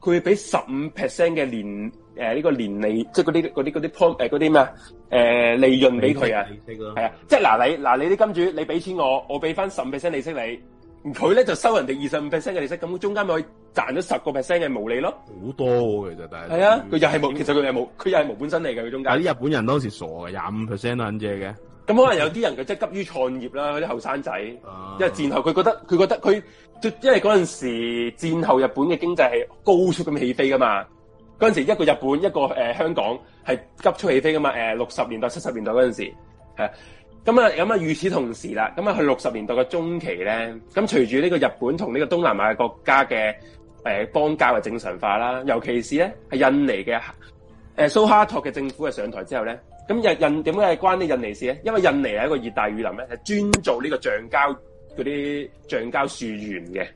佢會俾十五 percent 嘅年誒呢、呃這個年利，即係嗰啲啲啲 prom 誒啲咩啊？誒利潤俾佢啊，係啊，即係嗱你嗱你啲金主，你俾錢我，我俾翻十五 percent 利息你。佢咧就收人哋二十五 percent 嘅利息，咁中間咪可以賺咗十個 percent 嘅毛利咯。好多嘅其實但係，係啊，佢又係無，其實佢係無，佢又係無本身嚟嘅。佢中間，但係啲日本人當時傻嘅，廿五 percent 都肯借嘅。咁可能有啲人佢即係急於創業啦，啲後生仔。因為戰後佢覺得佢覺得佢，因為嗰陣時戰後日本嘅經濟係高速咁起飛噶嘛。嗰陣時一個日本一個誒、呃、香港係急速起飛噶嘛。誒六十年代七十年代嗰陣時誒。咁啊，咁啊，與此同時啦，咁啊，佢六十年代嘅中期咧，咁隨住呢個日本同呢個東南亞國家嘅誒邦交嘅正常化啦，尤其是咧係印尼嘅誒蘇哈托嘅政府嘅上台之後咧，咁印印點解係關啲印尼事咧？因為印尼係一個熱帶雨林咧，係專做呢個橡膠嗰啲橡膠樹園嘅，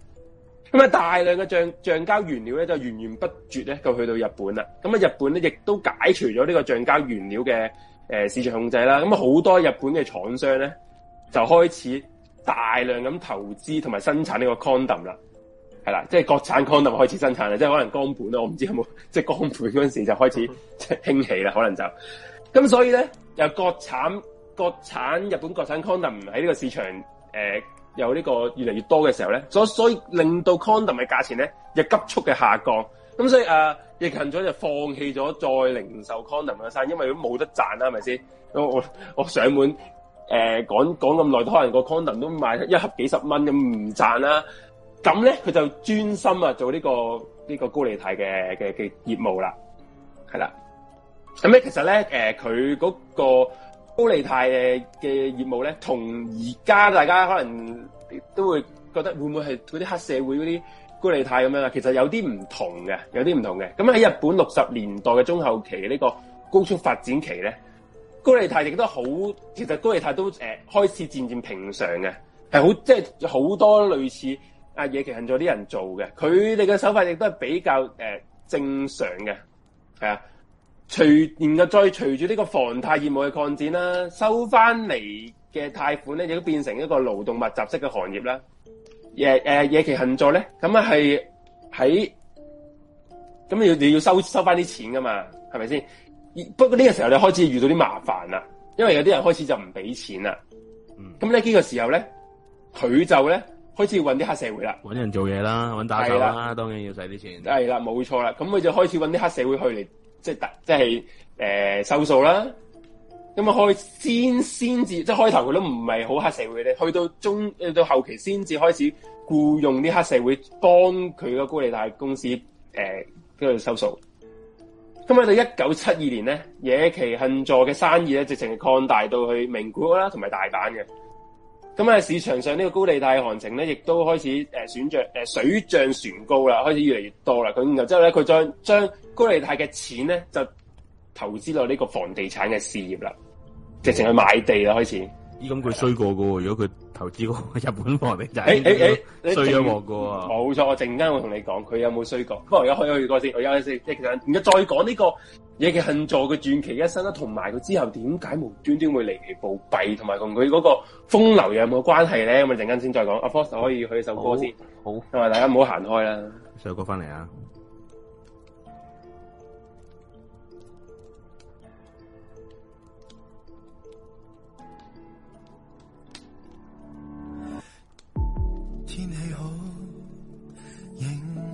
咁啊大量嘅橡橡膠原料咧就源源不絕咧，就去到日本啦。咁啊日本咧亦都解除咗呢個橡膠原料嘅。誒市場控制啦，咁好多日本嘅廠商咧就開始大量咁投資同埋生產呢個 condom 啦，係啦，即係國產 condom 開始生產啦，即係可能岡本啦，我唔知有冇即係岡本嗰陣時就開始即係興起啦，可能就咁、呃，所以咧又國產國產日本國產 condom 喺呢個市場誒有呢個越嚟越多嘅時候咧，所所以令到 condom 嘅價錢咧又急速嘅下降，咁所以誒。呃越近咗就放棄咗再零售 Condom 嘅生意，因為都冇得賺啦，係咪先？我我我上門、呃、講講咁耐，可能個 Condom 都賣一盒幾十蚊咁唔賺啦。咁咧佢就專心啊做呢、個呢個高利貸嘅嘅嘅業務啦，係啦。咁、嗯、咧其實咧呃、佢嗰個高利貸嘅業務咧，同而家大家可能都會覺得會唔會係嗰啲黑社會嗰啲？高利貸咁樣啦，其實有啲唔同嘅，有啲唔同嘅。咁喺日本六十年代嘅中後期呢、這個高速發展期咧，高利貸亦都好，其實高利貸都誒、呃、開始漸漸平常嘅，係好即係好多類似阿野崎幸助啲人做嘅，佢哋嘅手法亦都係比較誒、呃、正常嘅，係啊。隨然後再隨住呢個房貸業務嘅擴展啦，收翻嚟嘅貸款咧亦都變成一個勞動密集式嘅行業啦。野誒，野、呃、其行座咧，咁啊係喺，咁要要要收收翻啲錢噶嘛，係咪先？不過呢個時候你開始遇到啲麻煩啦，因為有啲人開始就唔俾錢啦。嗯，咁呢呢個時候咧，佢就咧開始搵啲黑社會啦，搵人做嘢啦，搵打手啦，當然要使啲錢。係啦，冇錯啦，咁佢就開始搵啲黑社會去嚟，即係突，即係誒、呃、收數啦。咁啊，開先先至，即係開頭佢都唔係好黑社會咧，去到中去到後期先至開始僱用啲黑社會幫佢、呃、個高利貸公司誒，喺度收數。咁喺到一九七二年咧，野崎幸助嘅生意咧，直情係擴大到去名古屋啦，同埋大阪嘅。咁啊，市場上呢個高利貸行情咧，亦都開始誒、呃、選漲誒、呃、水漲船高啦，開始越嚟越多啦。咁然後之後咧，佢將將高利貸嘅錢咧就。投資落呢個房地產嘅事業啦，直情去買地啦開始。咦，咁佢衰過噶？如果佢投資嗰個日本房地就誒衰咗我噶。冇錯，我陣間會同你講佢有冇衰過。不、欸欸欸、過而家可以去過先，而家先，即係其實唔該再講呢個嘢嘅星座嘅傳奇一生啦，同埋佢之後點解無端端會離奇暴斃，同埋同佢嗰個風流有冇關係咧？咁啊，陣間先再講。阿 Fox 可以去首歌先，好，同埋大家唔好行開啦。首歌翻嚟啊！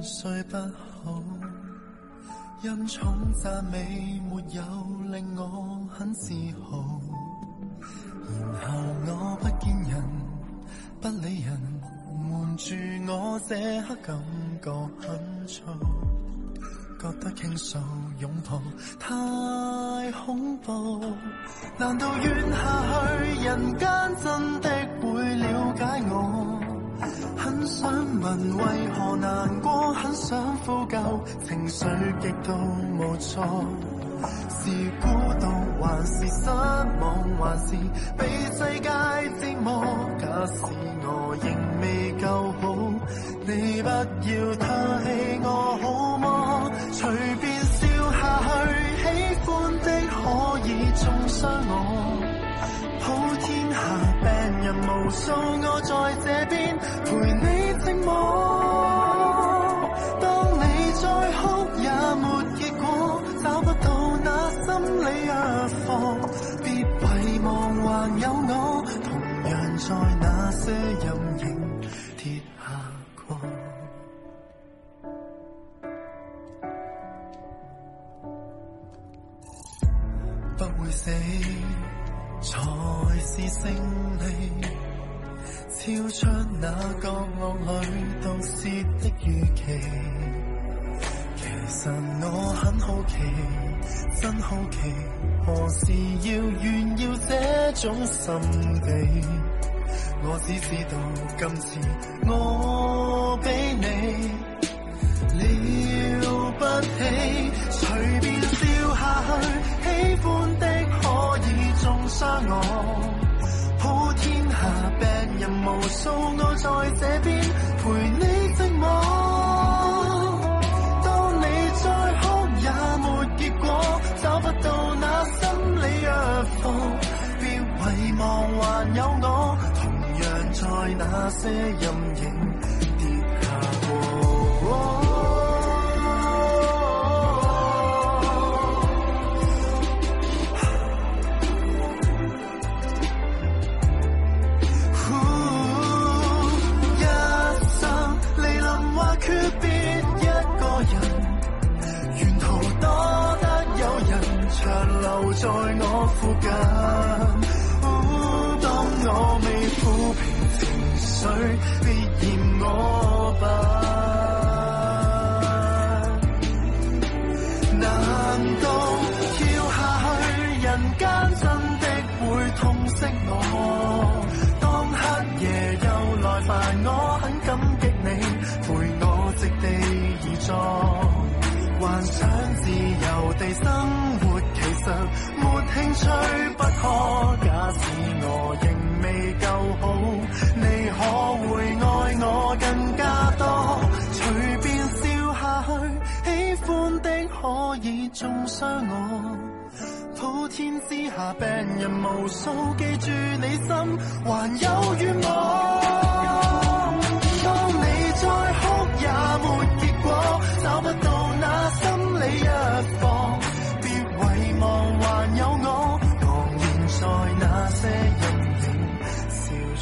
睡不好，因重讚美沒有令我很自豪。然後我不見人，不理人，瞞住我這刻感覺很錯，覺得傾訴擁抱太恐怖。難道怨下去，人間真的會了解我？很想問為何難過，很想呼救，情緒極度無措。是孤獨，還是失望，還是被世界折磨？假使我仍未夠好，你不要唾棄，我好嗎？隨便笑下去，喜歡的可以中傷我。普天下病人無數，我在這邊陪你寂寞。當你再哭也沒結果，找不到那心理藥方，別遺忘還有我，同樣在那些陰影跌下過，不會死。才是勝利，超出那角落裏動視的預期。其實我很好奇，真好奇，何時要炫耀這種神秘？我只知道今次我畀你了不起，隨便笑下去，喜歡。傷我，普天下病人無數，我在這邊陪你寂寞。當你再哭也沒結果，找不到那心理藥方，別遺忘還有我，同樣在那些陰影跌下過。留在我附近。哦、當我未撫平情緒，別嫌我笨。難道跳下去人間？假使我仍未夠好，你可會愛我更加多？隨便笑下去，喜歡的可以中傷我。普天之下病人無數，記住你心還有願望。當你再哭也沒結果，找不到那心理一方。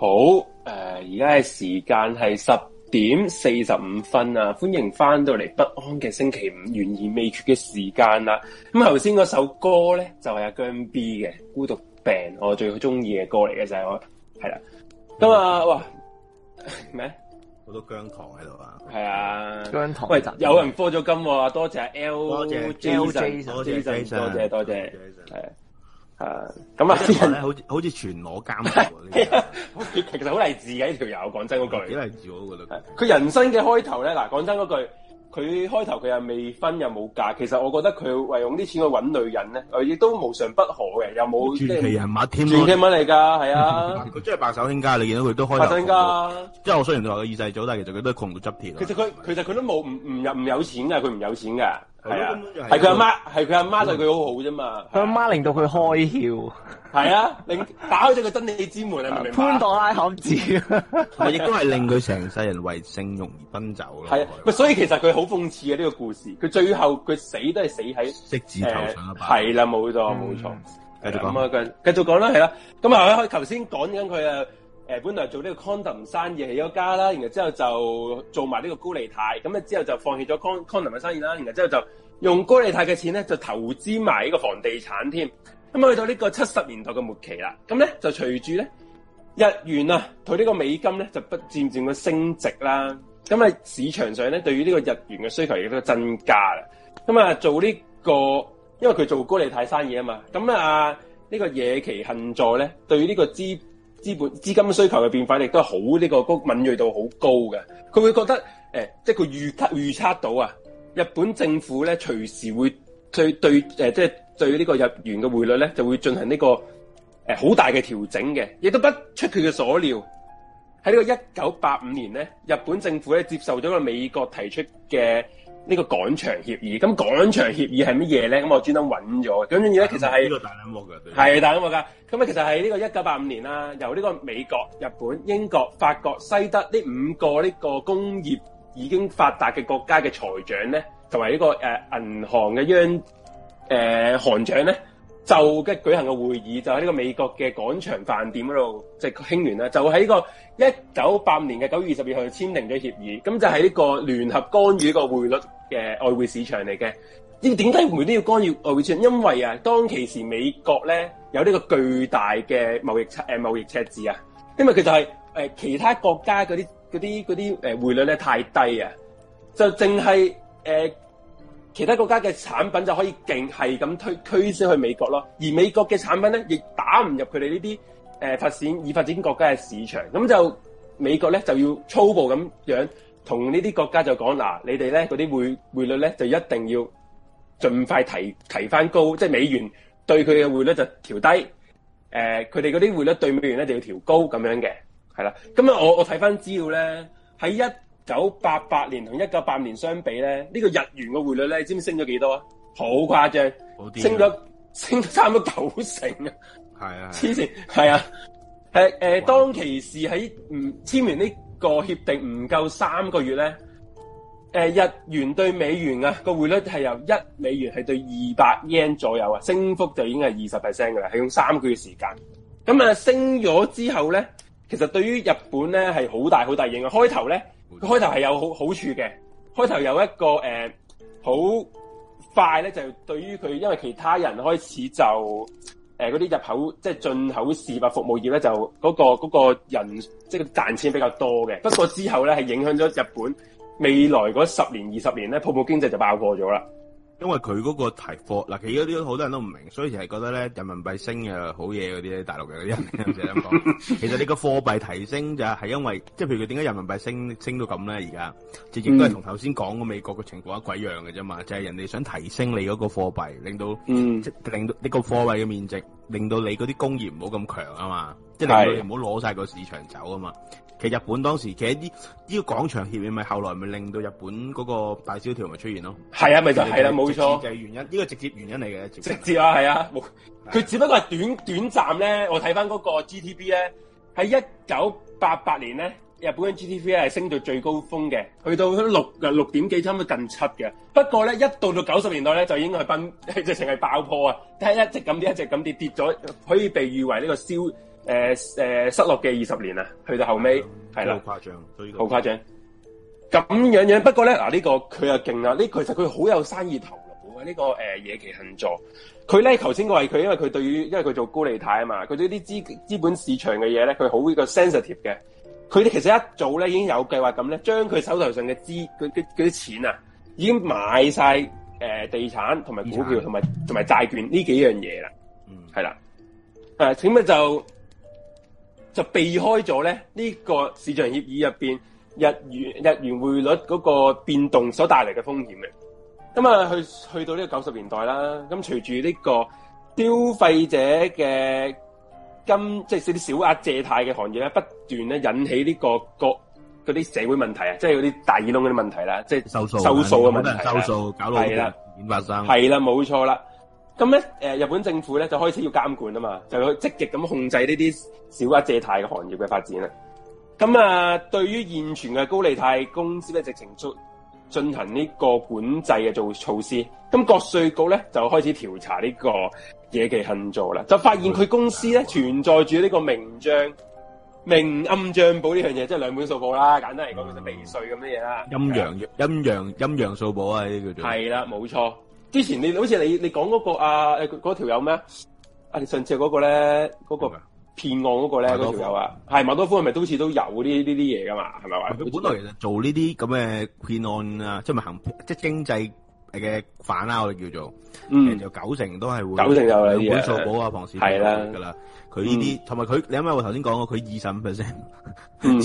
好，而家嘅時間係十點四十五分啊。歡迎返到嚟不安嘅星期五，懸疑未決嘅時間喇。咁頭先首歌呢，就係、是、阿姜 B 嘅《孤獨病》，我最鍾意嘅歌嚟嘅。就係、是、我，係啦咁啊，喂、嗯，咩、嗯？好多姜糖喺度啊！係啊！姜糖！喂，有人課咗金喎、啊！多謝 LJ，多謝，Jason, L. Jason, 多謝，Jason, 多謝 L.！多謝！多謝！係咁啊！呢好似好似全裸監督，其實好勵志嘅呢條友。講 [laughs] 個人、 [laughs] 這個、真嗰句，幾勵志我覺得。佢人生嘅開頭咧，嗱講真嗰句，佢開頭佢又未婚又冇嫁，其實我覺得佢為用啲錢去搵女人咧，亦都無常不可嘅。又冇，傳奇人物嘛添，傳奇人物嚟噶，係、就是、啊。佢、啊 [laughs] 啊、 [laughs] 真係白手興家，你見到佢都開。興家、啊，即係我雖然話佢二世祖，但其實佢都係窮到執鐵。其實佢其實佢都冇唔唔唔有錢嘅，佢唔有錢嘅。係啊，係佢阿媽，係佢阿媽對佢好好啫嘛。佢阿媽令到佢開竅，係啊，令打開咗個真理之門啊！你明唔明？潘多拉盒子，咪亦都係令佢成世人為性慾而奔走咯。係啊，所以其實佢好諷刺嘅、啊、呢、這個故事，佢最後佢死都係死喺色字頭上啊！係啦，冇錯冇錯，繼續講啊，繼續講啦，係啦，咁、嗯、啊，佢頭先講緊佢啊。誒，本來做呢個 Condom 生意起咗家啦，然後之後就做埋呢個高利貸，咁咧之後就放棄咗 Condom 嘅生意啦，然後之後就用高利貸嘅錢咧就投資埋呢個房地產添。咁去到呢個七十年代嘅末期啦，咁咧就隨住咧日元啊，佢呢個美金咧就不漸漸嘅升值啦。咁啊，市場上咧對於呢個日元嘅需求亦都增加啦。咁啊、這個，做呢個因為佢做高利貸生意啊嘛，咁啊呢個野崎幸助咧對呢個資資本資金需求嘅變化很，亦都係好呢個敏度很高敏鋭度好高嘅。佢會覺得誒、欸，即係佢預測預測到啊，日本政府咧隨時會對對誒、呃，即係對呢個入的率呢個日元嘅匯率咧，就會進行呢、呢個誒好、呃、大嘅調整嘅。亦都不出佢嘅所料，喺呢個一九八五年咧，日本政府咧接受咗個美國提出嘅。呢、這個廣場協議，咁廣場協議係乜嘢咧？咁我專登揾咗，咁樣咧其實係呢、這個大新聞㗎，係大新聞㗎。咁其實係呢個一九八五年啦，由呢個美國、日本、英國、法國、西德呢五個呢個工業已經發達嘅國家嘅財長咧，同埋呢個銀、呃、行嘅央誒、呃、行長咧。就嘅舉行嘅會議，就喺呢個美國嘅廣場飯店嗰度，即係興聯啦，就喺、是、個一九八五年嘅九月二十二號去簽訂咗協議，咁就係呢個聯合干預呢個匯率嘅外匯市場嚟嘅。要點解會都要干預外匯市場？因為啊，當其時美國咧有呢個巨大嘅貿易赤誒、呃、貿易赤字啊，因為佢就係、是、誒、呃、其他國家嗰啲啲啲誒匯率咧太低啊，就淨係誒。呃其他國家嘅產品就可以勁係咁推銷去美國咯，而美國嘅產品咧，亦打唔入佢哋呢啲誒發展已發展國家嘅市場。咁就美國咧就要粗暴咁樣同呢啲國家就講嗱，你哋咧嗰啲匯匯率咧就一定要盡快提提翻高，即係美元對佢嘅匯率就調低。誒、呃，佢哋嗰啲匯率對美元咧就要調高咁樣嘅，係啦。咁啊，我我睇翻資料咧，喺一。九八八年同一九八年相比咧，呢、這個日元嘅匯率咧，你知唔知升咗幾多啊？好誇張，升咗升咗差唔多九成啊！係 [laughs] 啊， [laughs] [laughs] [laughs] 黐線係啊，誒誒，當其時喺唔簽完呢個協定唔夠三個月咧，誒、呃、日元對美元啊個匯率係由一美元係對二百日圓左右啊，升幅就已經係二十 percent 噶啦，係用三個月時間咁啊升咗之後咧，其實對於日本咧係好大好大影響。開頭咧。開頭係有好好處嘅，開頭有一個誒好、呃、快咧，就對於佢因為其他人開始就誒嗰啲入口即係進口事物服務業咧，就嗰個嗰個人即係賺錢比較多嘅。不過之後咧係影響咗日本未來嗰十年二十年咧，泡沫經濟就爆破咗啦。因為佢嗰個提貨，嗱佢嗰啲好多人都唔明，所以成日覺得咧人民幣升嘅好嘢嗰啲，大陸嘅嗰啲人就咁講。 [laughs] [laughs] 其實你個貨幣提升就係因為，即係譬如佢點解人民幣升升到咁咧？而家直接都係同頭先講嘅美國嘅情況一鬼樣嘅啫嘛，就係人哋想提升你嗰個貨幣，令到嗯，即 [laughs] 係令到呢個貨幣嘅面值，令到你嗰啲工業唔好咁強啊嘛。啊、即係你唔好攞晒個市場走啊嘛！其實日本當時，其實呢個廣場協議咪後來咪令到日本嗰個大蕭條咪出現咯。係啊，咪就係、是、啦、啊，冇錯，是啊、沒錯就係原因，呢、這個直接原因嚟嘅。直接啊，係啊，佢、啊、只不過係短短暫咧，我睇翻嗰個 G T B 咧，喺一九八八年咧，日本嘅 G T B 咧係升到最高峰嘅，去到六六點幾，差唔多近七嘅。不過咧，一到到九十年代咧，就已經係崩直情係爆破啊！但係一直咁跌，一直咁跌，跌咗可以被譽為呢個蕭。誒、呃、誒、呃，失落嘅二十年啊，去到後尾係啦，好誇張，好誇張。咁樣樣，不過咧，嗱，呢、啊，這個佢又勁啦。呢、這個，其實佢好有生意頭腦嘅。這個呃、野呢個誒，野崎幸助，佢咧，頭先我係佢，因為佢對於因為佢做高利貸啊嘛，佢對啲資資本市場嘅嘢咧，佢好呢個 sensitive 嘅。佢哋其實一早咧已經有計劃咁咧，將佢手頭上嘅資佢佢啲錢啊，已經買晒誒、呃、地產同埋股票同埋同埋債券呢幾樣嘢啦。嗯，係、呃、啦。誒，請問就。就避開咗呢個市場協議入邊日元日元匯率嗰個變動所帶嚟嘅風險嘅。咁啊去去到呢個九十年代啦，咁隨住呢個消費者嘅金，即係少啲小額借貸嘅行業呢，不斷咧引起呢個各嗰啲社會問題，即係嗰啲大耳窿嗰啲問題啦，即係收數嘅問題，收數，收數，收數搞到係啦，演化生係啦，冇錯啦。咁咧、呃，日本政府咧就開始要監管啊嘛，就去積極咁控制呢啲小額借貸嘅行業嘅發展啦咁啊，對於現存嘅高利貸公司咧，直情進行呢個管制嘅做措施。咁國稅局咧就開始調查呢個野崎幸助啦，就發現佢公司咧、嗯、存在住呢個明賬明暗賬簿呢樣嘢，即係兩本數簿啦。簡單嚟講，叫做避稅咁嘅嘢啦。陰陽陰陽陰陽數簿啊，呢啲叫做係啦，冇錯。之前你好似你你講嗰個啊，誒嗰條友咩？你上次嗰個咧，嗰個騙、那個、案嗰個咧，嗰條友啊，係、那、馬、個、多夫係咪都似都有啲呢啲嘢噶嘛？係咪啊？佢本來其實做呢啲咁嘅騙案啊、就是，即係咪行即係經濟嘅犯啦，我哋叫做嗯，有九成都係會有九成有嘅嘢本座寶啊，龐氏。係啦噶啦，佢呢啲同埋佢，你諗下我頭先講過，佢二十五 percent 香港。嗯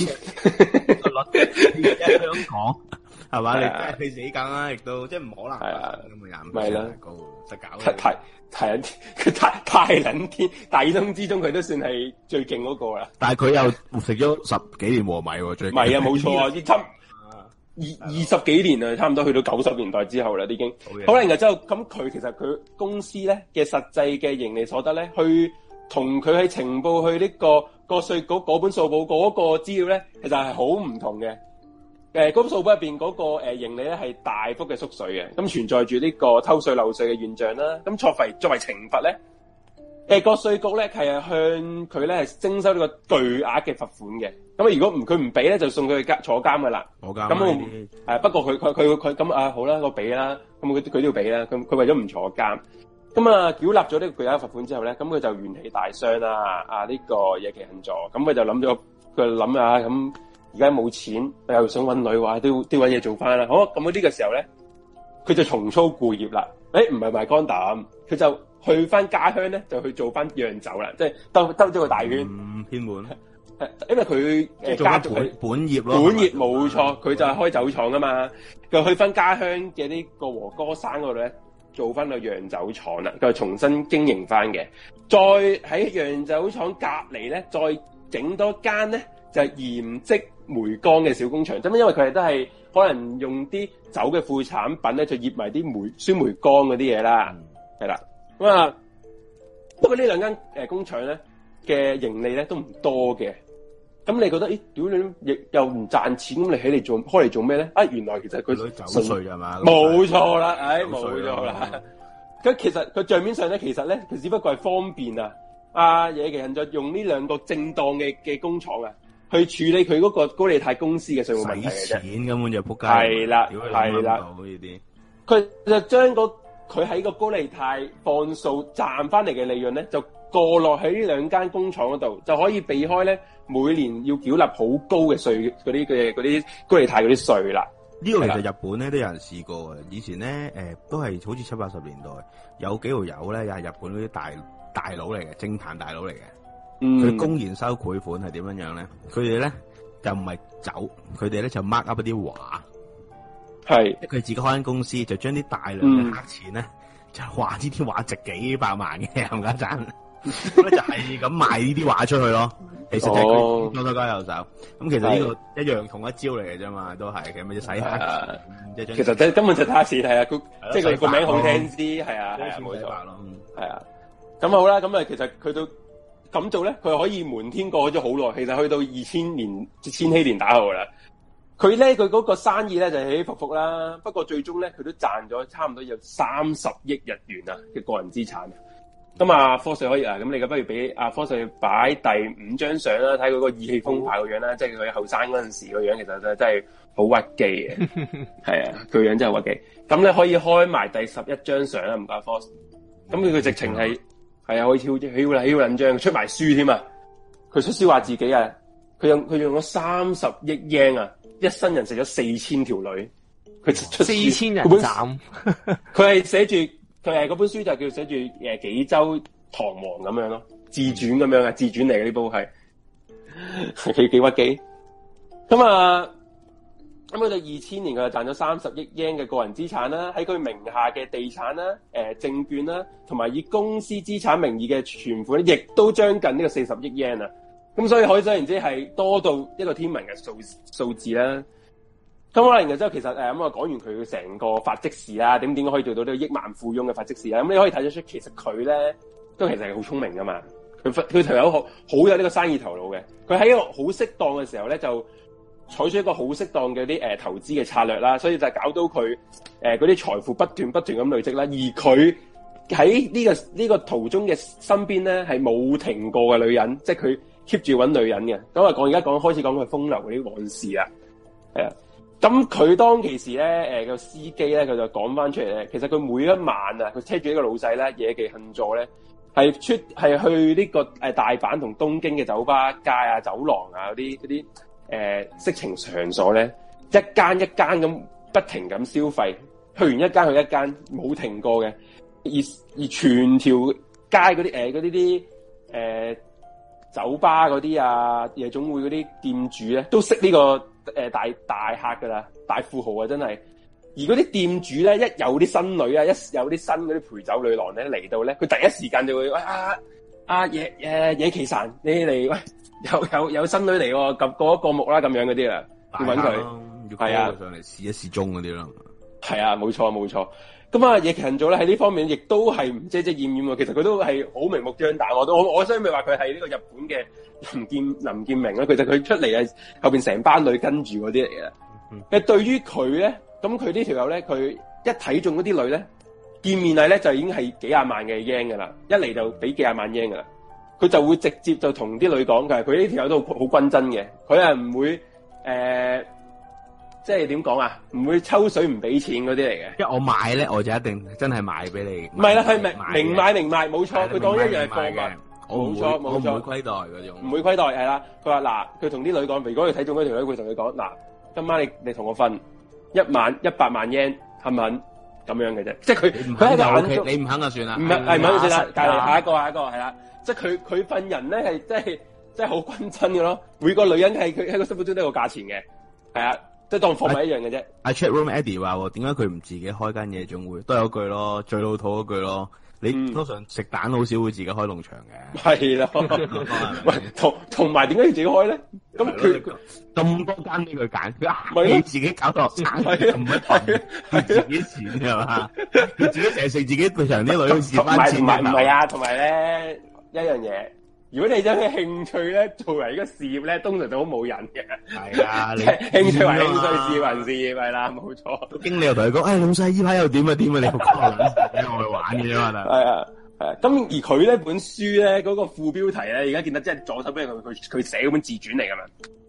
[laughs] [laughs] [laughs] [laughs] [laughs] [laughs] 係嘛、啊？你你死梗啦，亦都，即係唔可能。係啊，都冇廿五 percent 咁高太太，太，冷天太，太冷天，大耳窿之中佢都算係最勁嗰個啦。但係佢又食咗十幾年禾米喎，最。咪啊，冇錯啊，啊，二啊二十幾年啊，差唔多去到九十年代之後啦，已經。好嘅。好啦，然之後咁佢其實佢公司咧嘅實際嘅盈利所得咧，去同佢呈報，去呢個個稅局嗰本數報嗰個資料咧，其實係好唔同嘅。誒，高數入邊嗰個誒盈利咧係大幅嘅縮水嘅，咁存在住呢個偷稅漏稅嘅現象啦。咁錯費作為懲罰咧，誒國稅局咧係向佢咧係徵收呢個巨額嘅罰款嘅。咁如果唔佢唔俾咧，就送佢去監坐監噶啦。坐監。咁我誒，不過佢佢佢佢，咁啊好啦，我俾啦。咁佢佢都要俾啦。咁佢為咗唔坐監，咁啊繳納咗呢個巨額罰款之後咧，咁佢就元氣大傷啦。啊呢個嘢嘅援助，咁佢就諗咗佢諗下咁。而家冇錢，又想揾女話，都要都揾嘢做翻啦。好，咁嗰呢個時候咧，佢就重操故業啦。誒，唔係賣肝膽，佢就去翻家鄉咧，就去做翻洋酒啦。即係兜兜咗個大圈，偏、嗯、門。因為佢家族本業咯，本業冇錯，佢就係開酒廠啊嘛。佢去翻家鄉嘅呢個和歌山嗰度咧，做翻個洋酒廠啦。佢係重新經營翻嘅，再喺洋酒廠隔離咧，再整多間咧。就係、是、鹽漬梅乾嘅小工場，咁因為佢哋都係可能用啲酒嘅副產品咧，就醃埋啲梅酸梅乾嗰啲嘢啦，係啦咁啊。不過呢兩間工廠咧嘅盈利咧都唔多嘅。咁你覺得咦？屌你又唔賺錢，咁你起嚟做開嚟做咩咧？啊，原來其實佢酒稅㗎嘛，冇錯啦，唉，冇錯啦。咁其實佢帳面上咧，其實咧佢只不過係方便啊。阿嘢其實就用呢兩個正當嘅嘅工廠啊。去處理佢嗰個高利貸公司嘅稅務問題嘅啫，使錢根本就撲街、那個。係啦，係啦，呢啲佢就將佢喺個高利貸放數賺翻嚟嘅利潤咧，就過落喺呢兩間工廠嗰度，就可以避開咧每年要繳納好高嘅稅嗰啲嘅嗰啲高利貸嗰啲稅啦。呢、這個其實日本咧都有人試過嘅，以前咧、呃、都係好似七八十年代有幾號友咧又係日本嗰啲大大佬嚟嘅，偵探大佬嚟嘅。佢、嗯、公然收賄款係點樣樣咧？佢哋咧就唔係走，佢哋咧就 mark up 啲畫，係佢自己開間公司，就將啲大量嘅黑錢咧就畫呢啲畫值幾百萬嘅，冚家鏟，就係咁賣呢啲畫出去咯。 [laughs] 其實就係、哦、多多交右手，咁其實呢個一樣同一招嚟嘅啫嘛，都係嘅，咪就是、洗黑、啊就是，其實根本就睇下錢係啊，即係個名好聽啲係啊，冇、就、錯、是那個，係啊，咁好啦，咁啊，是啊嗯嗯、咁咁其實佢都。咁做咧，佢可以瞞天過去咗好耐。其實去到二千年、千禧年打後噶啦。佢咧，佢嗰個生意咧就是、起起伏伏啦。不過最終咧，佢都賺咗差唔多有三十億日元啊嘅個人資產。咁 [laughs] 啊，科 Sir 可以啊。咁你嘅不如俾阿科 Sir 擺第五張相啦，睇佢個意氣風發個樣啦。即係佢後生嗰陣時個樣，其實真係真係好屈機嘅。係 [laughs] 啊，佢個樣真係屈機。咁咧可以開埋第十一張相啦，唔該科。咁佢佢直情係。係啊，可以跳跳起跳人仗，出埋書添啊！佢出書話自己啊，佢用佢用咗三十億英啊，一生人食咗四千條女，佢出四千人斬。佢係寫住，佢係嗰本書就叫寫住誒，紀州唐璜咁樣咯，自傳咁樣啊，自傳嚟嘅呢部係幾幾屈機。咁啊。咁佢哋二千年佢就賺咗三十億英嘅個人資產啦、啊，喺佢名下嘅地產啦、啊、誒、呃、證券啦、啊，同埋以公司資產名義嘅存款咧，亦都將近呢個四十億英 e 啊！咁所以可想然之係多到一個天文嘅數數字啦、啊。咁能然之後其實誒咁啊講完佢成個法跡事啦、啊，點點可以做到呢個億萬富翁嘅法跡事啦、啊？咁你可以睇得出，其實佢咧都其實係好聰明噶嘛，佢佢頭有好，好有呢個生意頭腦嘅，佢喺一個好適當嘅時候咧就。採取一個好適當嘅啲、呃、投資嘅策略啦，所以就搞到佢誒嗰啲財富不斷不斷咁累積啦。而佢喺呢個呢、呢個途中嘅身邊咧，係冇停過嘅女人，即係佢 keep 住揾女人嘅。咁啊，講而家講開始講佢風流嗰啲往事啊，係啊。咁佢當其時咧，誒、呃、個司機咧，佢就講翻出嚟咧，其實佢每一晚啊，佢車住一個老細咧，嘢嘅行助咧，係出係去呢個大阪同東京嘅酒吧街啊、走廊啊嗰啲嗰啲。誒、uh,，色情場所咧，一間一間咁不停咁消費，去完一間去一間，冇停過嘅。而而全條街嗰啲誒嗰啲啲誒酒吧嗰啲啊夜總會嗰啲店主咧，都識呢、這個誒、uh, 大大客㗎喇，大富豪啊真係。而嗰啲店主咧，一有啲新女啊，一有啲新嗰啲陪酒女郎咧嚟到咧，佢第一時間就會喂阿阿野誒野崎神，你嚟喂。有有有新女嚟喎，咁過一過,過目啦，咁樣嗰啲喇，要揾佢，係啊，上嚟試一試中嗰啲咯，係啊，冇錯冇錯。咁啊，野人做咧喺呢方面亦都係唔遮遮掩掩喎，其實佢都係好明目張膽。我都我我雖然咪話佢係呢個日本嘅林建林建明啦，其實佢出嚟啊後邊成班女跟住嗰啲嚟嘅。對對於佢咧，咁佢呢條友咧，佢一睇中嗰啲女咧，見面禮咧就已經係幾廿萬嘅 yen 噶啦，一嚟就俾幾廿萬 yen 噶啦。佢就會直接就同啲女講嘅，佢呢條友都好均真嘅，佢係唔會誒、呃，即係點講啊？唔會抽水唔俾錢嗰啲嚟嘅。因為我買咧，我就一定真係買俾你。唔係啦，佢明明買明賣，冇錯。佢講一樣係貨嘅，冇錯冇錯。唔會虧待嗰種。唔會虧待係啦。佢話嗱，佢同啲女講，如果佢睇中嗰條女，佢同佢講嗱，今晚你你同我瞓一晚一百萬 yen，係唔咁樣嘅啫，即係佢佢喺度，你唔肯，肯就算啦。唔係，唔好意思啦，嚟下一個，下一個係啦。啊、即係佢佢份人咧，係即係即係好均真嘅咯。每個女人係佢喺個心目中都有個價錢嘅，係啊，即係當貨物一樣嘅啫。阿 Chatroom Eddie 話點解佢唔自己開間夜總會，都有嗰句咯，最老土嗰句咯。你通常食蛋好少會自己開農場嘅、嗯 [laughs] 是的，係 [laughs] 啦，喂，同同埋點解要自己開咧？咁其實咁多間俾佢揀，你自己搞落，唔係唔係，自己成日食自己場啲女，唔係啊？同埋咧一樣嘢。如果你有咩興趣咧，做嚟呢個事業咧，通常都好冇癮嘅。係啊，啊 [laughs] 興趣為興趣，事業為事業，係啦、啊，冇錯。經理、哎、又同佢講，誒，老細依排又點啊點啊？你個，你 [laughs] 愛玩嘅啫。係啊，係、啊。咁而佢呢本書咧嗰，那個副標題咧，而家見得真係左手邊佢佢寫嗰本自傳嚟㗎嘛。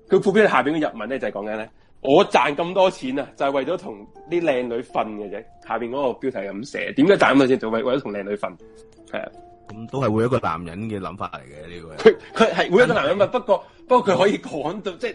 佢副標題下面嘅日文咧就係講緊咧，我賺咁多錢啊，就係、是、為咗同啲靚女瞓嘅啫。下面嗰個標題咁寫，點解賺咁多錢就是、為為咗同靚女瞓？啊。咁都係會一個男人嘅諗法嚟嘅呢個。佢佢係會一個男人嘅，不過不過佢可以講到即係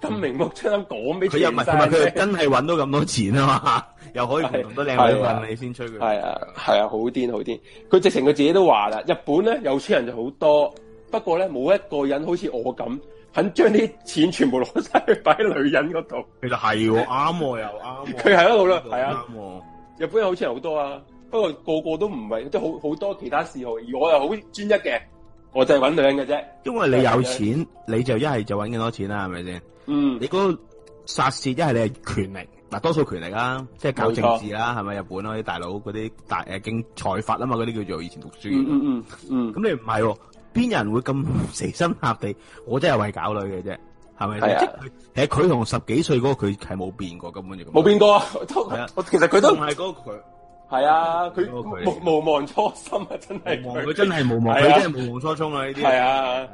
咁明目張膽講俾。佢又唔佢佢真係揾到咁多錢啊嘛，又可以同咁多靚女問你先吹佢。係啊係啊，好癲好癲！佢、啊、直情佢自己都話啦，日本咧有錢人就好多，不過咧冇一個人好似我咁肯將啲錢全部攞晒去擺喺女人嗰度。其實係啱喎，又 [laughs] 啱。佢係咯，好啦，係啊，日本有錢人好多啊。不過個個都唔係，即係好好多其他嗜好，而我又好專一嘅，我就係搵女人嘅啫。因為你有錢，就是、你就一係就搵咁多錢啦，係咪先？嗯。你嗰個殺一係你係權力，嗱，多數權力啦，即係搞政治啦，係咪日本嗰啲大佬嗰啲大誒經財閥啊嘛，嗰啲叫做以前讀書。嗯咁、嗯、你唔係邊有人會咁死心塌地？我真係為搞女嘅啫，係咪先？係佢同十幾歲嗰個佢係冇變過，根本就冇變過。都啊、其實佢都唔係嗰個佢。係啊，佢冇、okay. 忘初心啊，佢真係佢真係冇忘佢啲係冇忘初衷啊呢啲。係啊，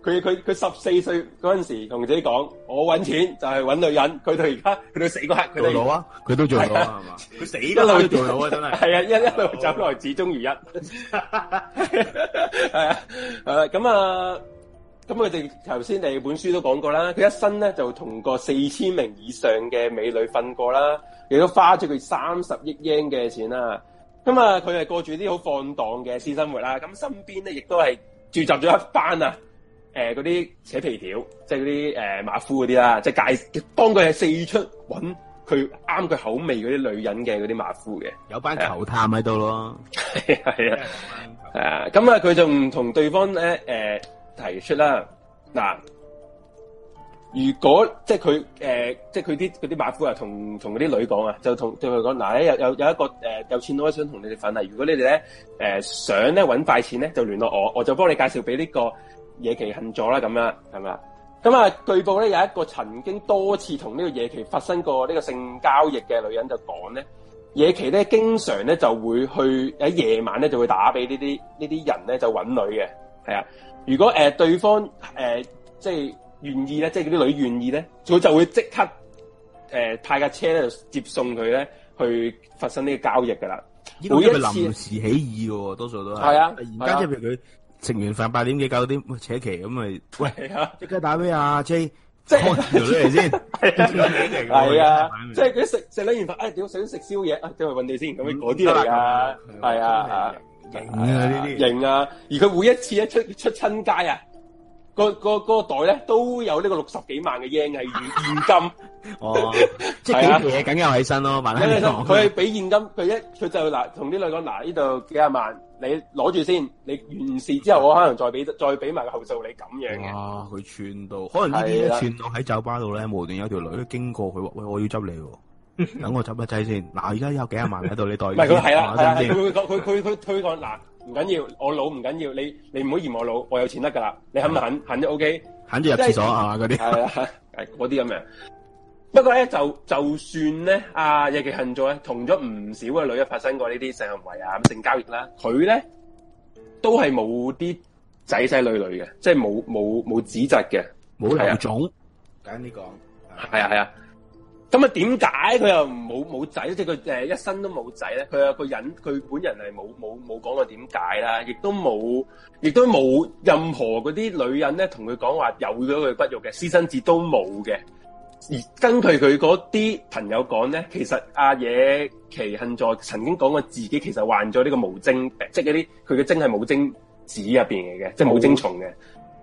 佢佢佢十四歲嗰陣時同自己講：我揾錢就係揾女人。佢到而家，佢到死嗰刻，佢、啊、都做到啊！佢、啊啊、都做到啊！係嘛，佢死得都做到啊！真係係啊，是是啊、嗯，一一路走來，始終如一。係 [laughs] [laughs] 啊，誒，咁啊，咁佢哋頭先第二本書都講過啦，佢一生咧就同過四千名以上嘅美女瞓過啦。亦都花咗佢三十億英嘅錢啦，咁啊，佢係過住啲好放蕩嘅私生活啦，啊，咁身邊咧亦都係聚集咗一班啊，誒、呃，嗰啲扯皮條，即係嗰啲誒馬夫嗰啲啦，即係介當佢係四出揾佢啱佢口味嗰啲女人嘅嗰啲馬夫嘅，有班球探喺、哎、度咯，係 [laughs] [laughs] 啊，係咁啊，佢就唔同對方咧，誒、呃，提出啦，啊，嗱。如果即係佢、呃、即係佢啲佢啲馬夫啊，同同嗰啲女講啊，就同對佢講嗱咧，有有有一個誒、呃、有錢佬想同你哋瞓啊，如果你哋咧、呃、想咧搵快錢咧，就聯絡我，我就幫你介紹俾呢個野崎恨咗啦，咁樣係咪啊？咁啊，據報咧有一個曾經多次同呢個野崎發生過呢個性交易嘅女人就講咧，野崎咧經常咧就會去喺夜晚咧就會打俾呢啲呢啲人咧就搵女嘅，係啊，如果、呃、對方、呃、即係。願意咧，即係嗰啲女願意咧，佢就會即刻誒、呃、派架車咧接送佢咧去發生呢個交易噶啦，這個、每一次臨時起意喎， [music] 多數都係。係啊，而家即係譬如佢食完飯八點幾九點，扯旗咁咪，喂，即刻打俾阿 J，即係出嚟先，係啊，即係佢食食呢完飯，誒，我想食宵夜啊，即係搵你先，咁樣嗰啲嚟啊，係啊，型啊呢啲，型啊，而佢每一次一出出親街啊。個個個袋咧都有呢個六十幾萬嘅 yen 係現金，哦，即係幾條嘢緊又起身咯，萬一佢俾現金，佢一佢就嗱，同啲女講嗱，呢度幾廿萬，你攞住先，你完事之後，我可能再俾再俾埋個後數，你咁樣嘅。啊，佢串到，可能呢啲咧串到喺酒吧度咧，無端有條女經過佢話，喂，我要執你喎，等我執乜仔先？嗱，而家有幾廿萬喺度，你袋住，唔係佢係啦，係係佢佢佢佢推個嗱。唔緊要，我老唔緊要，你你唔好嫌我老，我有錢得噶啦，你肯唔肯？肯就 OK，肯就入廁所啊，嗰啲係啊，嗰啲咁樣。不過咧，就就算咧，阿日奇恒做咧，同咗唔少嘅女人發生過呢啲性行為啊，性交易啦，佢 [laughs] 咧都係冇啲仔仔女女嘅，即係冇冇冇指責嘅，冇留種。簡單啲講，係啊係啊。咁啊，點解佢又冇冇仔？即係佢誒一生都冇仔咧。佢有個人，佢本人係冇冇冇講過點解啦。亦都冇，亦都冇任何嗰啲女人咧，同佢講話有咗佢骨肉嘅私生子都冇嘅。而根據佢嗰啲朋友講咧，其實阿、啊、野崎幸助曾經講過自己其實患咗呢個無精病，即係嗰啲佢嘅精係冇精子入面嚟嘅，即係冇精蟲嘅。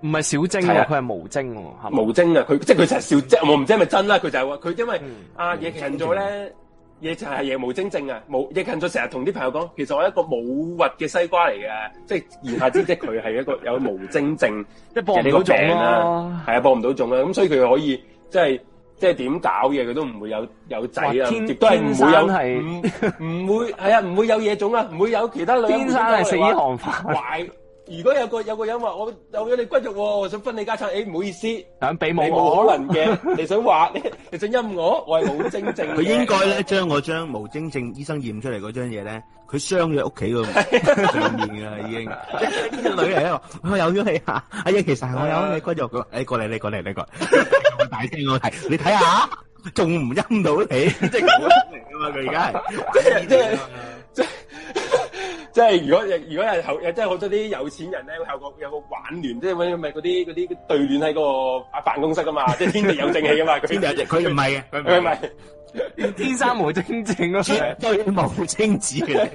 唔係小精啊，佢係無精喎，係咪？無精啊，佢即係佢成日小精，我唔知係咪真啦。佢就係話佢因為阿葉勤咗咧，葉勤係葉無精症啊，無葉勤咗成日同啲朋友講，其實我一個冇核嘅西瓜嚟嘅，即係言下之即係佢係一個有無精症，即係播唔到種啦，係啊，播唔到種啦，咁所以佢可以即係即係點搞嘢佢都唔會有有仔啊，亦都係唔會有唔唔會係啊，唔會有野種啊，唔會有其他兩，天生係死依行花。如果有個有個人話我有咗你骨肉，我想分你家產，誒，唔好意思，想俾我，你冇可能嘅，你想話你想陰我，我係無精症。佢應該咧將我將無精症醫生驗出嚟嗰張嘢咧，佢傷咗屋企個上面㗎啦，已經。呢個女人喺度，我有咗你啊！哎呀，其實係我有你骨肉嘅，誒，過嚟你過嚟你過嚟，大聲我睇，你睇下仲唔陰到你？即係咁樣，佢而家係。即係如果如果係後即係好多啲有錢人咧，有個有個玩聯，即係咪嗰啲嗰啲對聯喺個啊辦公室㗎嘛？即係天地有正氣㗎嘛？佢唔係嘅，佢唔係天生 [laughs] 無正靜咯，都無精子嘅，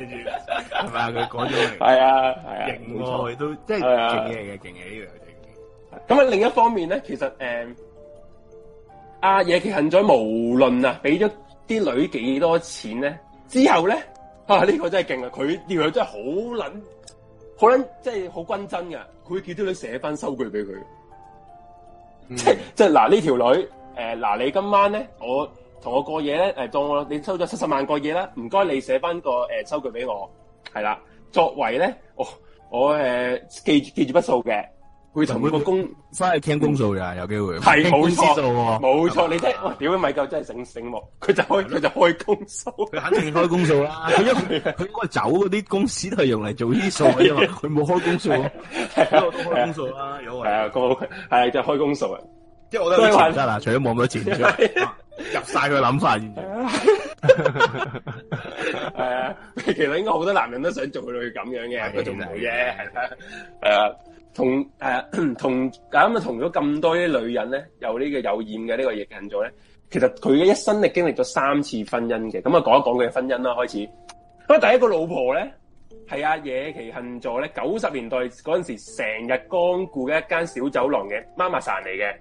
係 [laughs] 嘛？佢講咗係啊，係啊，勁喎，都即係勁嘢嘅，勁嘢咁啊，啊啊另一方面咧，其實誒，阿野崎幸助無論啊，俾咗啲女幾多錢咧，之後咧。啊！呢、這個真係勁啊！佢料佢真係好撚好撚，即係好均真嘅。佢叫到你寫翻收據俾佢。即即嗱呢條女誒嗱、呃，你今晚咧，我同我過夜咧，誒當我你收咗七十萬過夜啦，唔該，你寫翻個、呃、收據俾我。係啦，作為咧、哦，我我、呃、記住記住筆數嘅。會同每個工翻去傾公數㗎，有機會係冇喎。冇錯你聽，點樣咪夠真係醒醒目？佢就開佢就開公數，肯定開公數啦。佢因佢應該走嗰啲公司都係用嚟做呢數嘅，因為佢冇開公數， [laughs] 工數就是、工數我都開公數啦。有係 [laughs] 啊，哥係就開公數啊，即係我都唔得啦，除咗冇咁多錢出，入晒佢諗法。係啊，其實應該好多男人都想做佢女咁樣嘅，佢做唔到係啊。同同咁啊，同咗咁、啊、多啲女人咧，有呢個有染嘅呢個野崎幸助咧，其實佢嘅一生歷經歷咗三次婚姻嘅，咁、嗯、啊講一講佢嘅婚姻啦開始。咁、嗯、第一個老婆咧係阿野崎幸助咧，九十年代嗰陣時成日光顧嘅一間小酒廊嘅媽媽山嚟嘅，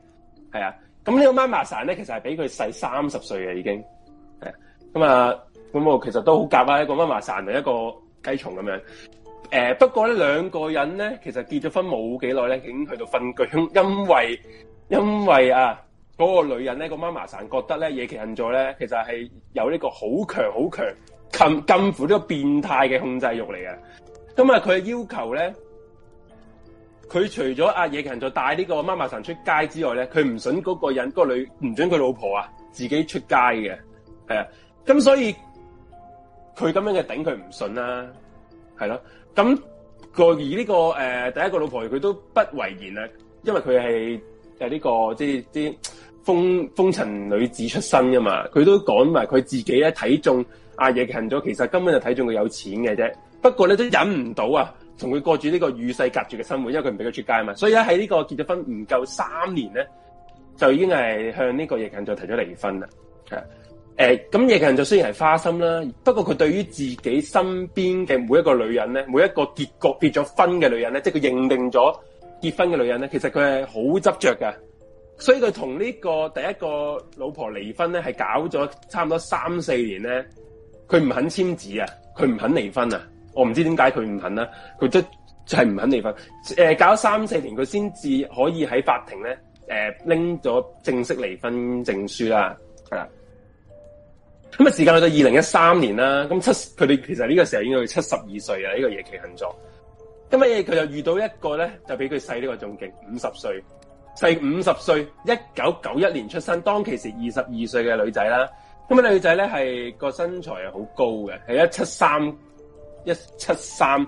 係啊，咁、嗯、呢、嗯呢個媽媽山咧其實係比佢細三十歲嘅已經，係、嗯、啊，咁、嗯、啊，咁、嗯、我其實都好夾啊，一個媽媽散嚟一個雞蟲咁樣。誒、呃，不過咧兩個人咧，其實結咗婚冇幾耐咧，已經去到分居，因為因為啊，嗰、那個女人咧，那個媽媽神覺得咧，野崎人座咧，其實係有呢個好強、好強、近近乎呢個變態嘅控制欲嚟嘅。咁、嗯、啊，佢要求咧，佢除咗阿野崎人座帶呢個媽媽神出街之外咧，佢唔准嗰個人、嗰、那個女唔准佢老婆啊自己出街嘅，係啊。咁、嗯、所以佢咁樣嘅頂佢唔順啦，係咯。咁個而呢個誒第一個老婆佢都不為然啊，因為佢係誒呢個即係啲風風塵女子出身噶嘛，佢都講埋佢自己咧睇中阿野勤咗，其實根本就睇中佢有錢嘅啫。不過咧都忍唔到啊，同佢過住呢個與世隔絕嘅生活，因為佢唔俾佢出街嘛。所以咧喺呢個結咗婚唔夠三年咧，就已經係向呢個野勤就提咗離婚啦。係。誒、欸、咁，夜人就雖然係花心啦，不過佢對於自己身邊嘅每一個女人咧，每一個結過、結咗婚嘅女人咧，即係佢認定咗結婚嘅女人咧，其實佢係好執着㗎。所以佢同呢個第一個老婆離婚咧，係搞咗差唔多三四年咧，佢唔肯簽字啊，佢唔肯離婚啊。我唔知點解佢唔肯啦、啊，佢都係唔肯離婚。誒、欸，搞咗三四年佢先至可以喺法庭咧誒拎咗正式離婚證書啦、啊，啦。咁啊，時間去到二零一三年啦，咁七佢哋其實呢個時候應該去七十二歲啊，呢、這個夜期恒座。咁啊，佢就遇到一個咧，就比佢細呢個仲勁，五十歲，細五十歲，一九九一年出生，當其時二十二歲嘅女仔啦。咁、那、啊、個，女仔咧係個身材係好高嘅，係一七三一七三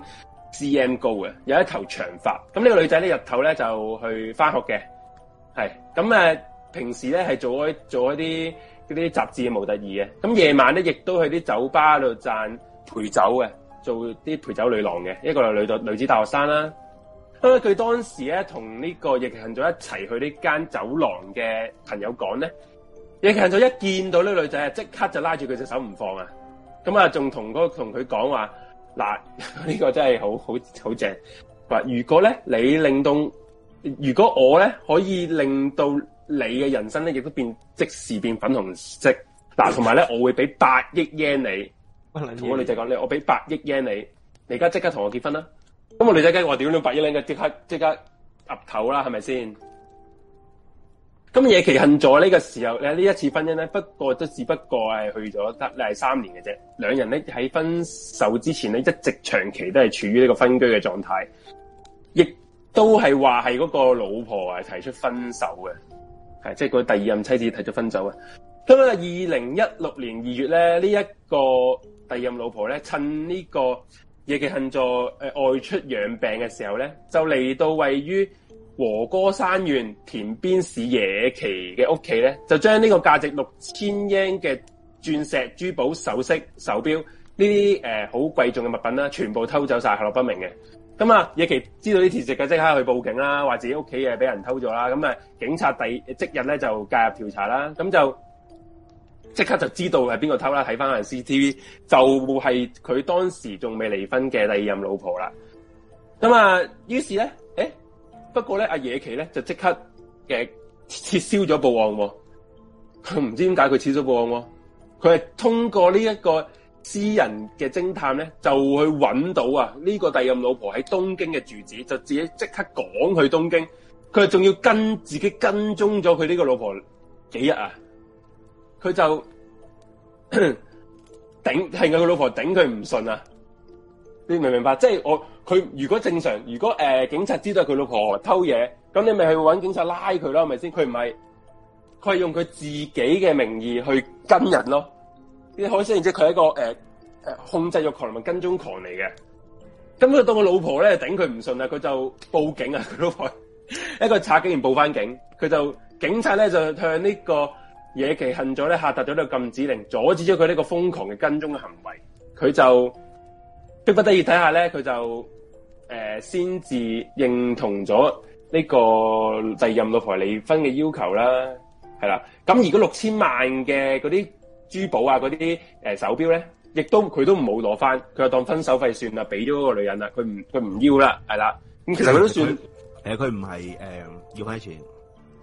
cm 高嘅，有一頭長髮。咁、那、呢個女仔咧日頭咧就去翻學嘅，係咁誒。平時咧係做開做啲嗰啲雜誌模特兒嘅，咁夜晚咧亦都去啲酒吧度賺陪酒嘅，做啲陪酒女郎嘅，一個女女女子大學生啦、啊。咁佢當時咧同呢個逆行咗一齊去呢間酒廊嘅朋友講咧，逆行咗一見到呢女仔啊，即刻就拉住佢隻手唔放啊！咁啊，仲同嗰同佢講話嗱，呢、呢個真係好好好正。話如果咧你令到，如果我咧可以令到。你嘅人生咧，亦都變即時變粉紅色嗱。同埋咧，我會俾八億 yen 你，同我女仔講：你我俾八億 yen 你，你而家即刻同我結婚啦。咁我女仔梗係話：屌，你，八億靚即刻即刻岌頭啦，係咪先？咁野崎幸助喺呢個時候，呢一次婚姻咧，不過都只不過係去咗得係三年嘅啫。兩人咧喺分手之前咧，一直長期都係處於呢個分居嘅狀態，亦都係話係嗰個老婆啊提出分手嘅。係，即係佢第二任妻子提咗分手啊！咁啊，二零一六年二月咧，呢一個第二任老婆咧，趁呢個野崎幸助誒外出養病嘅時候咧，就嚟到位於和歌山縣田邊市野崎嘅屋企咧，就將呢個價值六千英嘅鑽石珠寶首飾、手錶呢啲誒好貴重嘅物品啦，全部偷走晒，下落不明嘅。咁啊，野崎知道啲事實嘅，即刻去報警啦，話自己屋企嘢俾人偷咗啦。咁啊，警察，第即日咧就介入調查啦。咁就即刻就知道係邊個偷啦。睇翻個 CCTV 就係佢當時仲未離婚嘅第二任老婆啦。咁、嗯、啊，於是咧，誒、欸，不過咧，阿野崎咧就即刻嘅撤銷咗報案喎。唔知點解佢撤銷報案喎？佢係通過呢、這、一個。私人嘅偵探咧就去揾到啊呢、呢個第二任老婆喺東京嘅住址，就自己即刻趕去東京。佢仲要跟自己跟蹤咗佢呢個老婆幾日啊？佢就 [coughs] 頂係我佢老婆頂佢唔信啊！你明唔明白嗎？即係我佢如果正常，如果、呃、警察知道係佢老婆偷嘢，咁你咪去揾警察拉佢咯，係咪先？佢唔係佢係用佢自己嘅名義去跟人咯。啲海星，然之後佢係一個誒誒、呃、控制欲狂同埋跟蹤狂嚟嘅。咁佢當個老婆咧頂佢唔順啦，佢就報警啊！佢老婆一個賊警然報翻警，佢就警察咧就向呢個野崎幸助咧下達咗呢個禁止令，阻止咗佢呢個瘋狂嘅跟蹤嘅行為。佢就迫不得已睇下咧，佢就誒、呃、先至認同咗呢個第二任老婆離婚嘅要求啦，係啦。咁而嗰六千萬嘅嗰啲。珠寶啊，嗰啲誒手錶咧，亦都佢都冇攞翻，佢就當分手費算啦，俾咗嗰個女人啦，佢唔佢唔要啦，係啦。咁其實佢都算，係佢唔係誒要翻啲錢，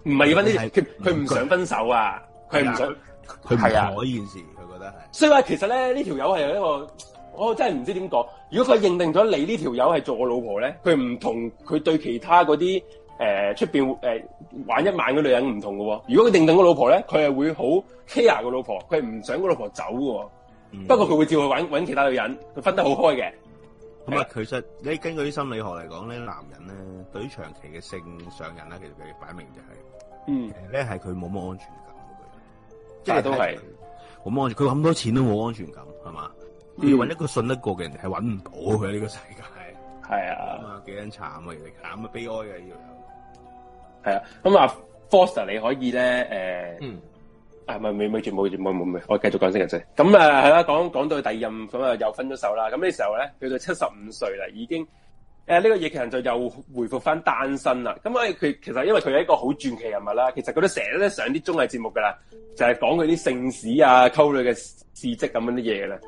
唔係要翻啲錢，佢唔想分手啊，佢唔想，佢係啊，呢件事佢覺得係。所以話其實咧呢條友係有一個，我真係唔知點講。如果佢認定咗你呢條友係做我老婆咧，佢唔同佢對其他嗰啲誒出邊誒。呃玩一晚嘅女人唔同嘅喎，如果佢定定個老婆咧，佢係會好 care 個老婆，佢唔想個老婆走嘅、嗯。不過佢會照去揾揾其他女人，佢分得好開嘅。咁、嗯、啊，其實咧，根據啲心理學嚟講咧，男人咧，對於長期嘅性上癮咧，其實佢擺明就係、是，嗯，咧係佢冇乜安全感。即係都係，冇安全感，佢咁多錢都冇安全感，係嘛？要、嗯、揾一個信得過嘅人係揾唔到嘅呢、這個世界。係啊，咁、嗯、啊，幾人慘啊，而家慘啊，悲哀嘅呢樣。係啊，咁啊，Foster 你可以咧，誒、呃嗯，啊，唔咪，未未住，冇冇冇，我繼續講星人日咁啊，係啦、啊，講講到第二任咁啊，又分咗手啦。咁呢時候咧，佢就七十五歲啦，已經，誒、呃，呢、這個野奇人就又回復翻單身啦。咁啊，佢其實因為佢係一個好傳奇人物啦，其實佢都成日咧上啲綜藝節目噶啦，就係講佢啲姓氏啊、溝女嘅事迹咁樣啲嘢噶啦。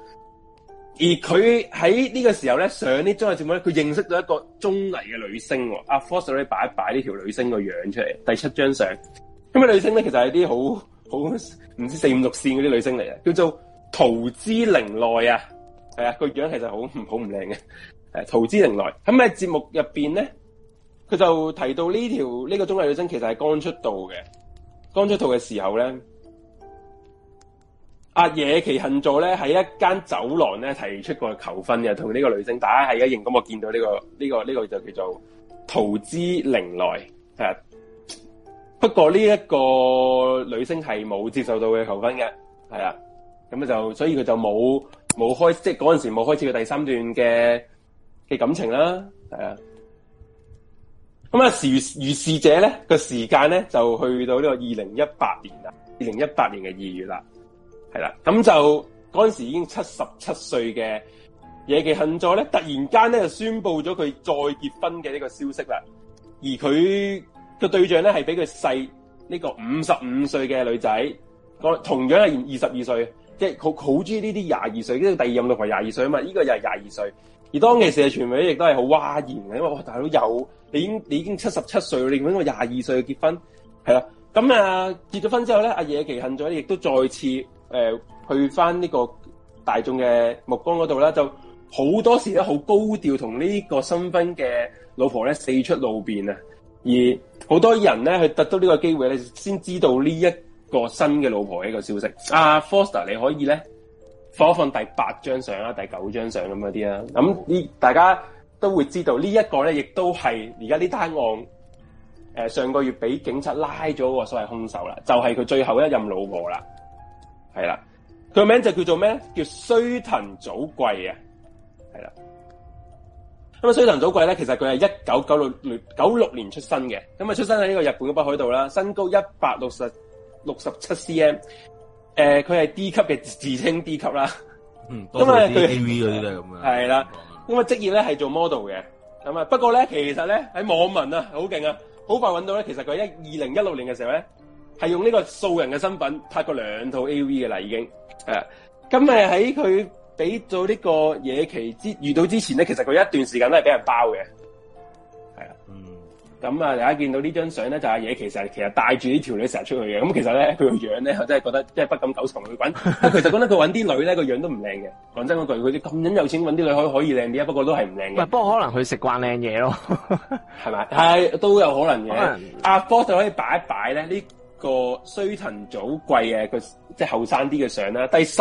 而佢喺呢個時候咧，上呢綜藝節目咧，佢認識咗一個綜藝嘅女星，阿 Fox，你擺一擺呢條女星個樣出嚟，第七張相。咁啊，女星咧其實係啲好好唔知四五六線嗰啲女星嚟嘅，叫做陶之玲奈啊，係啊，個樣其實好唔好唔靚嘅，誒、啊，陶之玲奈喺咩節目入邊咧，佢就提到呢條呢個綜藝女星其實係剛出道嘅，剛出道嘅時候咧。阿野崎幸做咧，喺一間酒廊咧，提出過求婚嘅，同呢個女性，大家係而家認咁，我見到呢個呢個呢個就叫做桃之靈來係。不過呢一個女星係冇接受到佢求婚嘅，係啊。咁啊就所以佢就冇冇開即係嗰陣時冇開始佢第三段嘅嘅感情啦，係啊。咁啊，預如是者咧，個時間咧就去到呢個二零一八年啦，二零一八年嘅二月啦。係啦，咁就嗰陣時已經七十七歲嘅野崎幸助咧，突然間咧就宣布咗佢再結婚嘅呢個消息啦。而佢個對象咧係比佢細呢個五十五歲嘅女仔，個同樣係二十二歲，即係佢好中意呢啲廿二歲。因為第二任老婆廿二歲啊嘛，呢個又係廿二歲。而當其時嘅傳媒亦都係好嘩然嘅，因為哇大佬有你已經你已經七十七歲，你揾個廿二歲去結婚，係啦。咁啊結咗婚之後咧，阿野崎幸助亦都再次。誒、呃、去翻呢個大眾嘅目光嗰度啦，就好多時咧，好高調，同呢個新婚嘅老婆咧四出路邊啊，而好多人咧去得到呢個機會咧，先知道呢一個新嘅老婆呢一個消息。啊。Foster 你可以咧放一放第八張相啦，第九張相咁嗰啲啦，咁、嗯、呢大家都會知道呢一個咧，亦都係而家呢單案，呃、上個月俾警察拉咗個所謂兇手啦，就係、是、佢最後一任老婆啦。係啦，佢個名就叫做咩？叫須藤早貴啊，係啦。咁啊，須藤早貴咧，其實佢係一九九六九六年出生嘅，咁啊，出生喺呢個日本嘅北海道啦，身高一百六十六十七 cm，誒，佢係 D 級嘅自稱 D 級啦，咁、嗯、啊，佢 [laughs] AV 嗰啲都係咁嘅，係 [laughs] 啦，咁啊，職業咧係做 model 嘅，咁啊，不過咧其實咧喺網民啊好勁啊，好快揾到咧，其實佢一二零一六年嘅時候咧。係用呢個素人嘅身份拍過兩套 A V 嘅啦，已經，誒，咁咪喺佢俾做呢個野崎之遇到之前咧，其實佢一段時間都係俾人包嘅，係啊，咁啊，大家見到張呢張相咧，就係、是、野崎，其實帶其實帶住呢條女成日出去嘅，咁其實咧，佢個樣咧，真係覺得真係不敢苟同去搵， [laughs] 其實覺得佢搵啲女咧，個樣都唔靚嘅。講真嗰句，佢啲咁撚有錢搵啲女可可以靚啲啊，不過都係唔靚嘅。不過可能佢食慣靚嘢咯，係 [laughs] 咪？係都有可能嘅。阿 Fox 就可以擺一擺咧，呢。個衰騰早貴嘅，個即係後生啲嘅相啦，第十、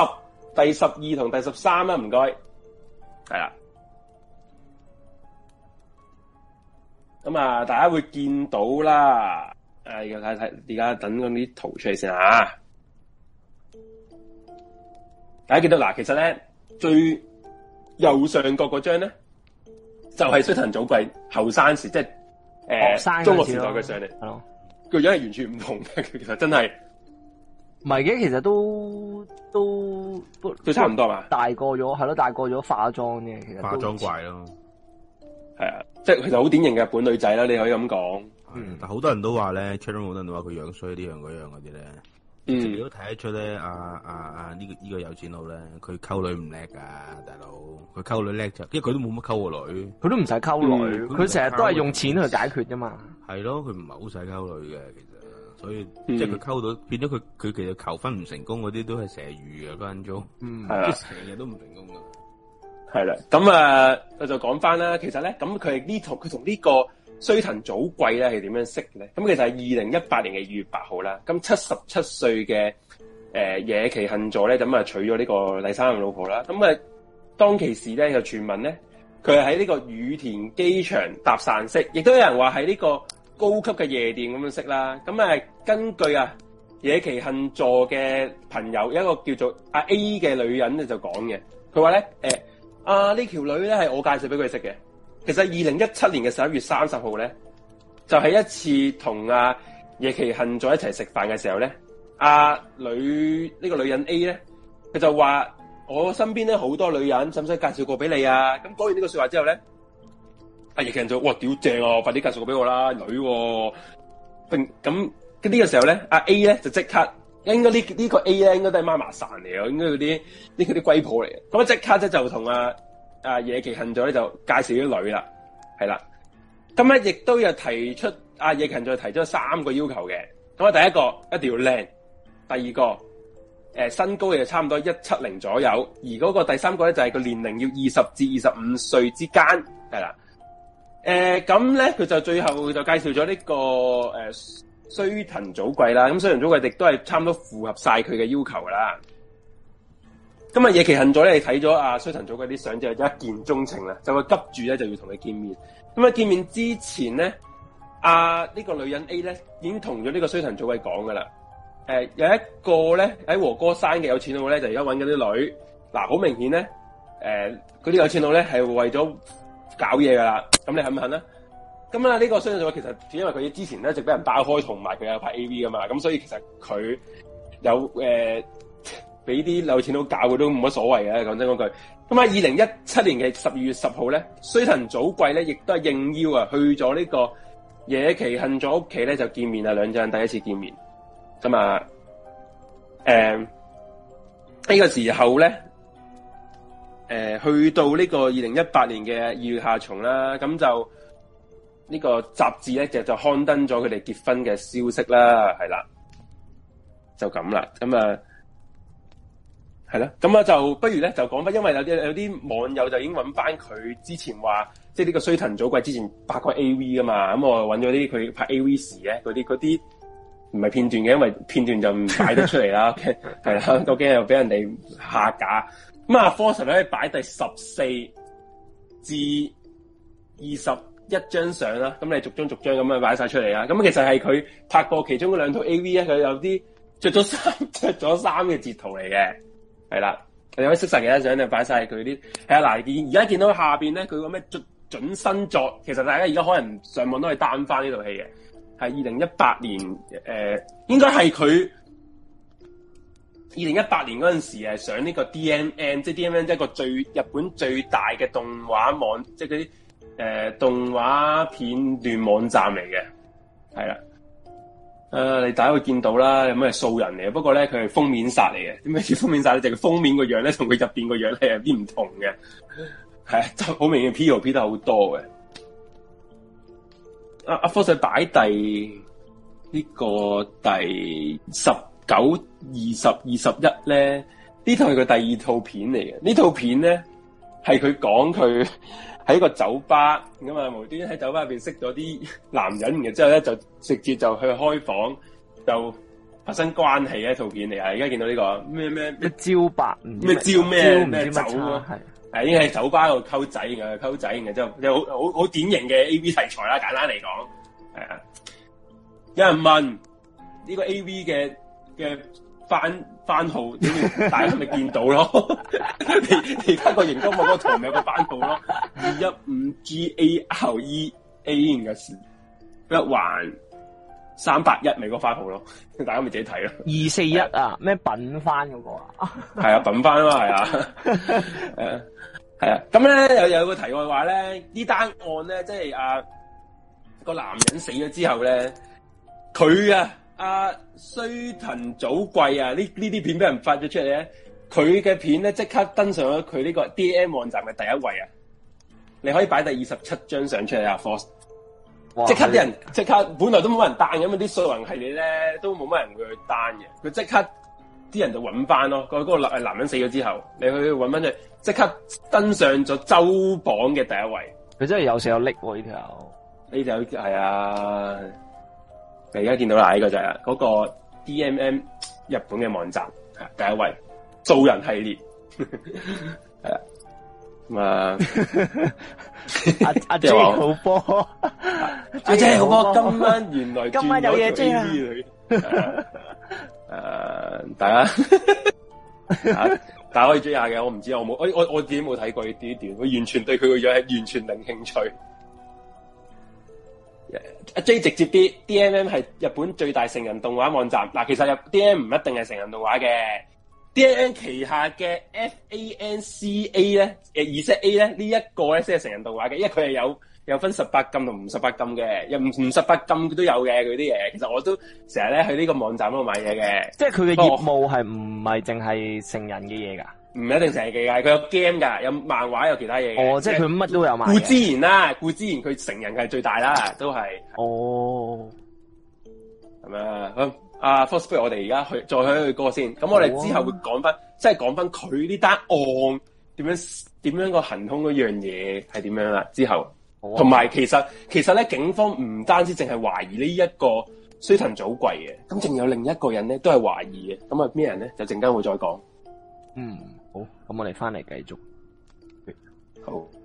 第十二同第十三啦，啊，唔該，係啦。咁啊，大家會見到啦。誒，要睇睇，而家等嗰啲圖出嚟先吓，啊。大家見到嗱，其實咧，最右上角嗰張咧，就係、是、衰騰早貴後生時，即係誒、呃啊、中國時代嘅相嚟。個樣係完全唔同嘅，其實真係，唔係嘅，其實都都都差唔多嘛，大個咗係咯，大個咗化妝啫，其實化妝怪咯，係啊，即係其實好典型嘅日本女仔啦，你可以咁講，嗯。但好多人都話咧 Truman London 話佢樣衰啲樣嗰樣嗰啲咧。自如都睇得出咧，啊啊啊呢、這個呢、這個有錢佬咧，佢溝女唔叻噶，大佬佢溝女叻就，因為佢、嗯、都冇乜溝過女，佢都唔使溝女，佢成日都係用錢去解決啫嘛。係、嗯、咯，佢唔係好使溝女嘅，其實，所以、嗯、即係佢溝到變咗佢，佢其實求婚唔成功嗰啲都係蛇魚呀分分鐘，係、嗯、啦，成、嗯、日都唔成功噶。係啦，咁啊、呃，我就講翻啦，其實咧，咁佢呢套，佢同呢個。須藤早貴咧係點樣識咧？咁其實係二零一八年嘅二月八號啦。咁七十七歲嘅誒、呃、野崎幸助咧，咁、就、啊、是、娶咗呢個第三者老婆啦。咁啊當其時咧，就傳聞咧，佢係喺呢個羽田機場搭訕識，亦都有人話喺呢個高級嘅夜店咁樣識啦。咁啊，根據啊野崎幸助嘅朋友，有一個叫做阿 A 嘅女人咧就講嘅，佢話咧誒，阿、呃、呢、啊、條女咧係我介紹俾佢識嘅。其實二零一七年嘅十一月三十號咧，就係、是、一次同阿野崎幸助一齊食飯嘅時候咧，阿、啊、女呢、這個女人 A 咧，佢就話我身邊咧好多女人，使唔使介紹個俾你啊？咁講完呢個說話之後咧，阿野崎幸就嘩屌正啊，快啲介紹個俾我啦，女、啊，並咁呢個時候咧，阿、啊、A 咧就即刻，應該呢呢個 A 咧應該都係媽媽生嚟，應該嗰啲呢啲龜婆嚟，咁啊即刻咧就同阿。啊！野崎幸助咧就介紹啲女啦，係啦，咁咧亦都有提出，啊野崎幸助提出三個要求嘅，咁啊第一個一定要靚，第二個誒、呃、身高就差唔多一七零左右，而嗰個第三個咧就係個年齡要二十至二十五歲之間，係啦，誒咁咧佢就最後就介紹咗呢、這個誒、呃、須藤早貴啦，咁須藤早貴亦都係差唔多符合晒佢嘅要求啦。今日夜期恨咗咧，睇咗阿衰陳祖嘅啲相就一見鐘情啦，就會急住咧就要同佢見面。咁啊，見面之前咧，阿、啊、呢、這個女人 A 咧已經同咗呢個衰陳祖位講噶啦。誒、呃，有一個咧喺和歌山嘅有錢佬咧，就而家搵緊啲女。嗱，好明顯咧，誒，嗰啲有錢佬咧係為咗搞嘢噶啦。咁你肯唔肯啦？咁啊，呢個衰陳祖偉其實因為佢之前咧，就畀俾人爆開，同埋佢有拍 AV 噶嘛，咁所以其實佢有誒。呃俾啲漏錢佬搞嘅都冇乜所謂嘅，講真嗰句。咁喺二零一七年嘅十二月十號咧，須藤早貴咧，亦都係應邀啊，去咗呢個野崎幸助屋企咧，就見面啊，兩隻人第一次見面。咁啊，誒、呃、呢、呢個時候咧、呃，去到呢個二零一八年嘅二月下旬啦，咁就呢、呢個雜誌咧就就刊登咗佢哋結婚嘅消息啦，係啦，就咁啦，咁啊。係啦，咁啊，就不如咧就講翻，因為有啲有啲網友就已經揾翻佢之前話，即係呢個衰騰早貴之前拍過 A V 噶嘛，咁我揾咗啲佢拍 A V 時咧嗰啲，嗰啲唔係片段嘅，因為片段就唔擺得出嚟啦。 [laughs] OK，係啦，究竟又俾人哋下架咁啊 Fox 呢， [laughs] 可以擺第十四至二十一張相啦，咁你逐張逐張咁樣擺晒出嚟啦。咁其實係佢拍過其中嗰兩套 A V 啊，佢有啲着咗衫着咗衫嘅截圖嚟嘅。係啦，你可以識晒其他相，你擺晒佢啲。係啊，嗱，而而家見到下邊咧，佢個咩準準新作，其實大家而家可能上網都可以 down 返呢套戲嘅，係二零一八年誒、呃，應該係佢二零一八年嗰陣時係上呢個 D M N，即係 D M N 一個最日本最大嘅動畫網，即係嗰啲誒動畫片段網站嚟嘅，係啦。誒、uh，你大家會見到啦，有咩素人嚟？不過咧，佢係封面殺嚟嘅。點解叫封面殺咧？就佢、是、封面個樣咧，同佢入邊個樣咧有啲唔同嘅。係啊，就好明顯 POP 得好多嘅。阿阿科 Sir 擺第，、這個、第 19, 20，呢個第十九、二十、二十一咧，呢套係佢第二套片嚟嘅。呢套片咧係佢講佢。喺個酒吧咁啊，無端端喺酒吧入邊識咗啲男人，然之後咧就直接就去開房，就發生關係嘅圖片嚟、這個、啊！而家見到呢個咩咩咩招白咩招咩咩酒咯，係已經喺酒吧度溝仔，而家溝仔，然之後有好好好典型嘅 A V 題材啦，簡單嚟講，係啊！有人問呢、這個 A V 嘅嘅翻。番號點，大家咪見到咯？ [laughs] [laughs] 你你睇個熒光幕嗰圖咪有個番號咯，二一五 G A L E A 嘅一環三百一咪嗰個番號咯，大家咪自己睇咯。二四一啊，咩品番嗰個啊？係、那個、 [laughs] 啊，品番啊，係 [laughs] [laughs] 啊，係啊。咁咧又有，有個題外話咧，呢單案咧，即係啊，嗰個男人死咗之後咧，佢啊。阿、啊、須藤早貴啊！呢呢啲片俾人發咗出嚟咧，佢嘅片咧即刻登上咗佢呢個 D M 網站嘅第一位啊！你可以擺第二十七張相出嚟啊，Fox！即刻啲人，即刻本來都冇人彈咁啲衰運係你咧，都冇乜人會去彈嘅。佢即刻啲人就揾翻咯，個、嗰個男人死咗之後，你去揾翻就即刻登上咗周榜嘅第一位。佢真係有時有力喎、啊、呢條，呢條係啊！你而家見到啦，呢、這個就係嗰個 DMM 日本嘅網站，第一位做人系列，係 [laughs] 啦、啊，阿阿阿姐好波播，阿 [laughs] 姐好波，今晚原來今晚有嘢追 [laughs] 啊，誒、啊、大家 [laughs] 啊、大家可以追下嘅，我唔知，我冇，我我我自己冇睇過呢啲段，我完全對佢個樣係完全零興趣。阿 J 直接啲，D M M 係日本最大成人動畫網站。嗱，其實 D M M 唔一定係成人動畫嘅，D M M 旗下嘅 F A N C A 咧，誒，二 A 咧呢一個咧先係成人動畫嘅，因為佢係有有分十八禁同五十八禁嘅，又五五十八禁都有嘅佢啲嘢。其實我都成日咧去呢個網站嗰度買嘢嘅，即係佢嘅業務係唔係淨係成人嘅嘢噶。唔一定成日記嘅，佢有 game 噶，有漫畫，有其他嘢哦，即係佢乜都有賣。顧之然啦、啊，顧之然，佢成人係最大啦，都係。哦。係咪啊？阿 Fox Boy，我哋而家去再聽佢歌先。咁我哋之後會講翻、哦，即係講翻佢呢單案點樣點樣個行凶嗰樣嘢係點樣啦。之後，同、哦、埋其實其實咧，警方唔單止淨係懷疑呢一個須藤早貴嘅，咁、嗯、仲有另一個人咧都係懷疑嘅。咁啊，咩人咧就陣間會再講。嗯。好，咁我哋翻嚟繼續。好、okay. oh.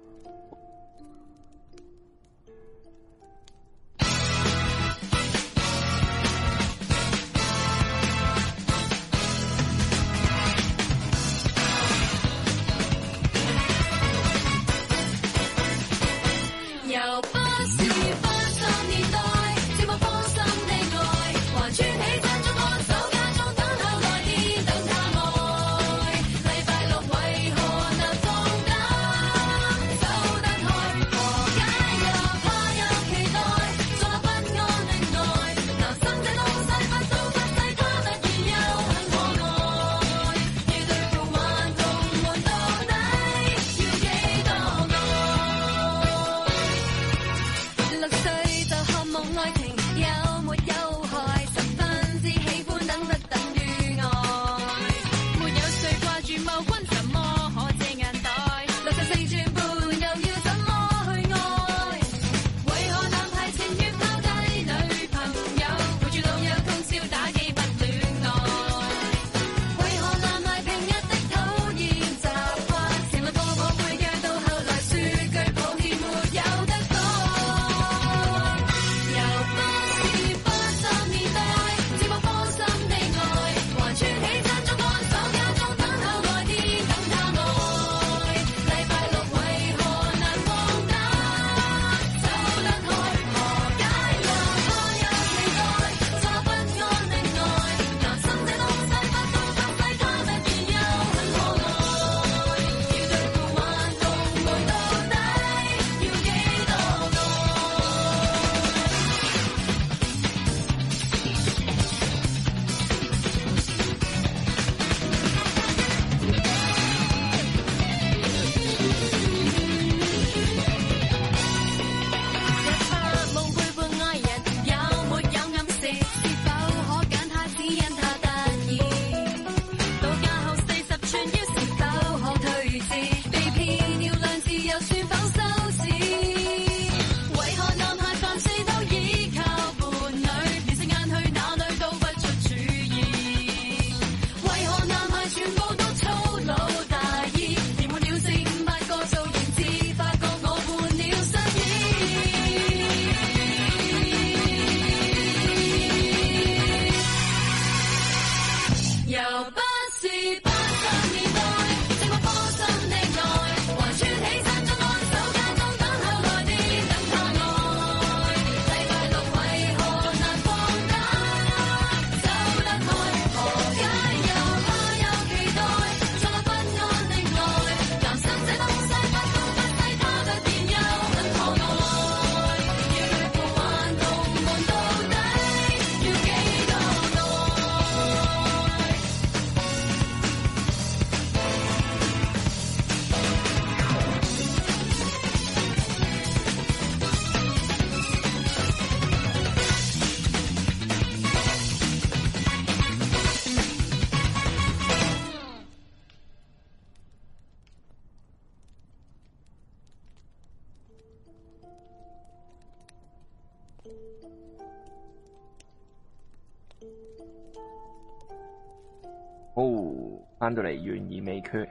翻到嚟，懸疑未決。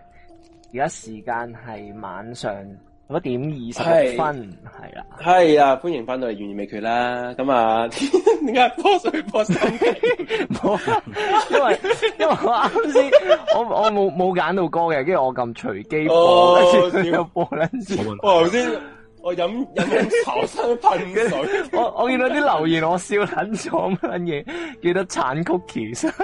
而家時間係晚上一點二十分，係啦，係啊歡迎翻到嚟，懸疑未決啦。咁啊，點解多水播手 [laughs] 因為因為我啱先，我我冇冇揀到歌嘅，跟住我咁隨機播，哦、 [laughs] 播先。我頭先我飲飲飲茶，噴水。 [laughs] 我我見到啲留言，我笑捻錯乜嘢？叫得橙曲奇 [laughs]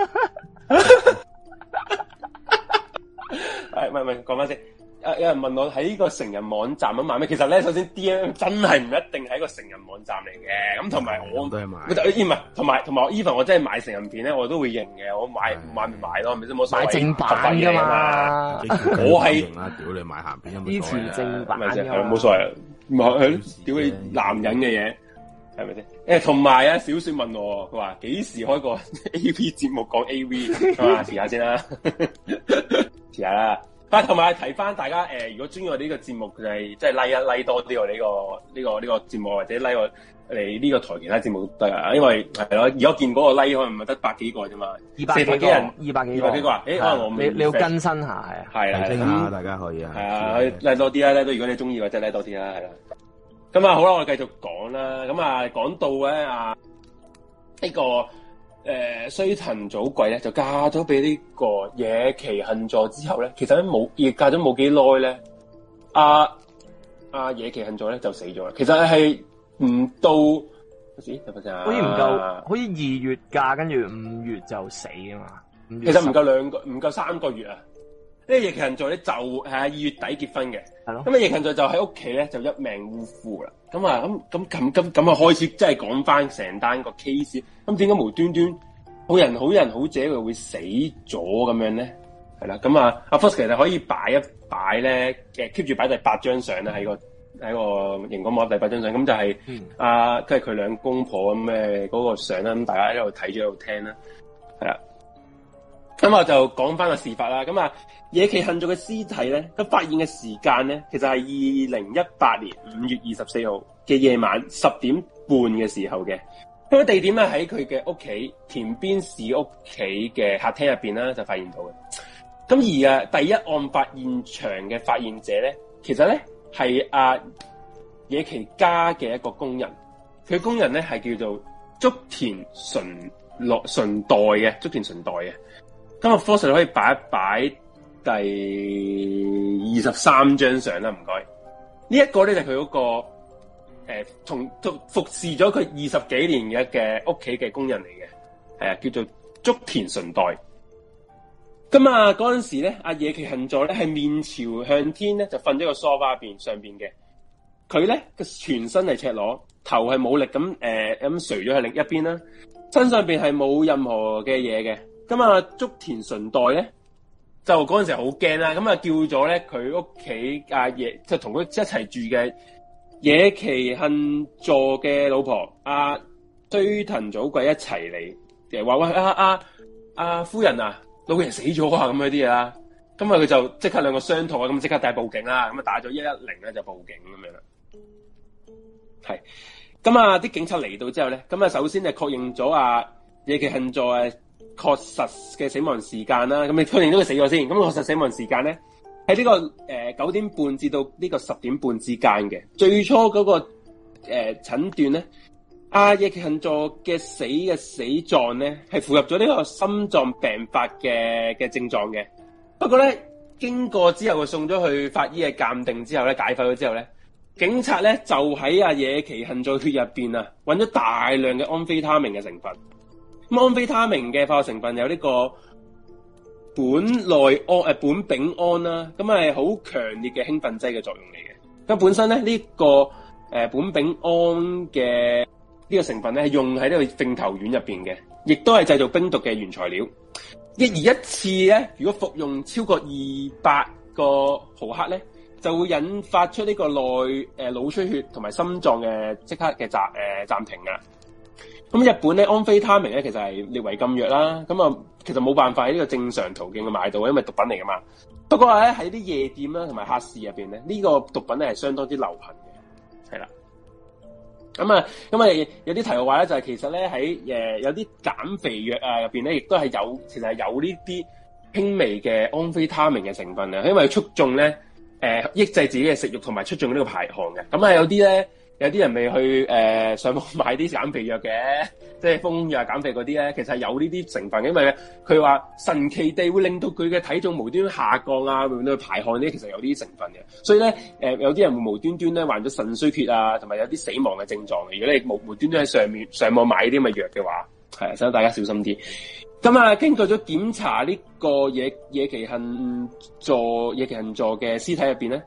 係，唔係唔係，講翻先。誒，有人問我喺呢個成人網站咁買咩？其實咧，首先 D M 真係唔一定係一個成人網站嚟嘅。咁同埋我，係同埋同埋，even 我真係買成人片咧，我都會認嘅。我買買唔買咯，係咪先？冇所謂，買正版噶嘛。我係屌你買咸片，支持正版。冇 [laughs] 所謂。屌你男人嘅嘢，係咪先？誒，同埋啊，小雪問我，佢話幾時開個 A V 節目講 A V 啊？ [laughs] 試下先啦，試下啦。同、啊、埋提翻大家、呃、如果中意我呢個節目，就係即係 like 一 like 多啲我呢個呢呢、這個這個、節目，或者拉、like、我你呢、這個台其他節目都得啊，因為係如咯，見嗰個 l、like, 可能唔係得百幾個啫嘛，二百幾人，二百幾百幾個,個,個、欸，可能你你要更新一下、啊、大家可以啊，係啊多啲啦如果你中意或者拉多啲啦、啊，啦。咁啊好啦，我哋繼續講啦。咁啊講到咧啊呢個。誒、呃，衰藤早貴咧就嫁咗俾呢個野崎幸助之後咧，其實喺冇亦嫁咗冇幾耐咧，阿、啊、阿、啊、野崎幸助咧就死咗啦。其實係唔到嗰時，嗰陣好似唔夠，好似二、啊、月嫁，跟住五月就死啊嘛月月。其實唔夠兩個，唔夠三個月啊。呢個疫勤座咧就係二月底結婚嘅，咁啊疫人座就喺屋企咧就一命嗚呼啦，咁啊咁咁咁咁咁啊開始真係講翻成單個 case，咁點解無端端好人好人好姐佢會死咗咁樣咧？係啦，咁、mm -hmm. 啊阿 Fox 其實可以擺一擺咧，誒 keep 住擺第八張相啦，喺個喺個熒光幕第八張相，咁就係阿即係佢兩公婆咁嘅嗰個相啦，咁大家一路睇住一路聽啦，係啦。咁我就講翻個事發啦。咁啊，野崎幸助嘅屍體咧，佢發現嘅時間咧，其實係二零一八年五月二十四號嘅夜晚十點半嘅時候嘅。咁個地點咧喺佢嘅屋企田邊市屋企嘅客廳入邊啦，就發現到嘅。咁而啊，第一案發現場嘅發現者咧，其實咧係啊野崎家嘅一個工人。佢工人咧係叫做竹田純樂，純代嘅竹田純代嘅。今日 Fox 可以擺一擺第二十三張相啦，唔該。呢一個咧就佢嗰、嗰個誒，從、呃、服侍咗佢二十幾年嘅嘅屋企嘅工人嚟嘅，係啊，叫做竹田純代。咁啊，嗰陣時咧，阿野崎幸助咧係面朝向天咧，就瞓咗個梳化邊上邊嘅。佢咧全身係赤裸，頭係冇力咁，誒咁垂咗喺另一邊啦，身上邊係冇任何嘅嘢嘅。咁啊，竹田純代咧就嗰陣時好驚啦。咁啊，叫咗咧佢屋企阿野，就同佢一齊住嘅野崎幸助嘅老婆阿須藤早貴一齊嚟，誒話喂啊啊，啊夫人啊，老爺死咗啊，咁樣啲嘢啦。咁啊，佢就即刻兩個商討啊，咁即刻帶報警啦。咁啊，打咗一一零咧就報警咁樣啦。係咁啊，啲警察嚟到之後咧，咁啊，首先就確認咗啊，野崎幸助啊。確實嘅死亡時間啦，咁你確認咗佢死咗先。咁確實死亡時間咧，喺呢、這個誒九點半至到呢個十點半之間嘅。最初嗰、那個誒診斷咧，阿、呃啊、野崎幸助嘅死嘅死狀咧係符合咗呢個心臟病發嘅嘅症狀嘅。不過咧，經過之後佢送咗去法醫嘅鑑定之後咧，解剖咗之後咧，警察咧就喺阿、啊、野崎幸助血入邊啊，揾咗大量嘅安非他命嘅成分。安非他明嘅化學成分有呢個苯內胺、誒、啊、苯丙胺啦，咁係好強烈嘅興奮劑嘅作用嚟嘅。咁本身咧呢、這個誒苯、呃、丙胺嘅呢個成分咧係用喺呢個鎮頭丸入邊嘅，亦都係製造冰毒嘅原材料。一而一次咧，如果服用超過二百個毫克咧，就會引發出呢個內誒、呃、腦出血同埋心臟嘅即刻嘅暫誒暫停喇！咁日本咧安非他命咧，其實係列為禁藥啦。咁啊，其實冇辦法喺呢個正常途徑去買到，因為毒品嚟噶嘛。不過咧喺啲夜店啦同埋黑市入面咧，呢個毒品咧係相當之流行嘅，係啦。咁啊，因為有啲題嘅話咧，就係其實咧喺誒有啲減肥藥啊入面咧，亦都係有其實係有呢啲輕微嘅安非他命嘅成分啊，因為促進咧誒抑制自己嘅食慾，同埋促進呢個排汗嘅。咁啊，有啲咧。有啲人未去誒、呃、上網買啲減肥藥嘅，即係風藥減肥嗰啲咧，其實係有呢啲成分嘅，因為佢話神奇地會令到佢嘅體重無端下降啊，會唔會去排汗呢，其實有啲成分嘅。所以咧、呃，有啲人會無端端咧患咗腎衰竭啊，同埋有啲死亡嘅症狀。如果你無，無端端喺上面上網買呢啲咁嘅藥嘅話，係，所以大家小心啲。咁啊，經過咗檢查呢個野野崎幸助野崎幸助嘅屍體入邊咧。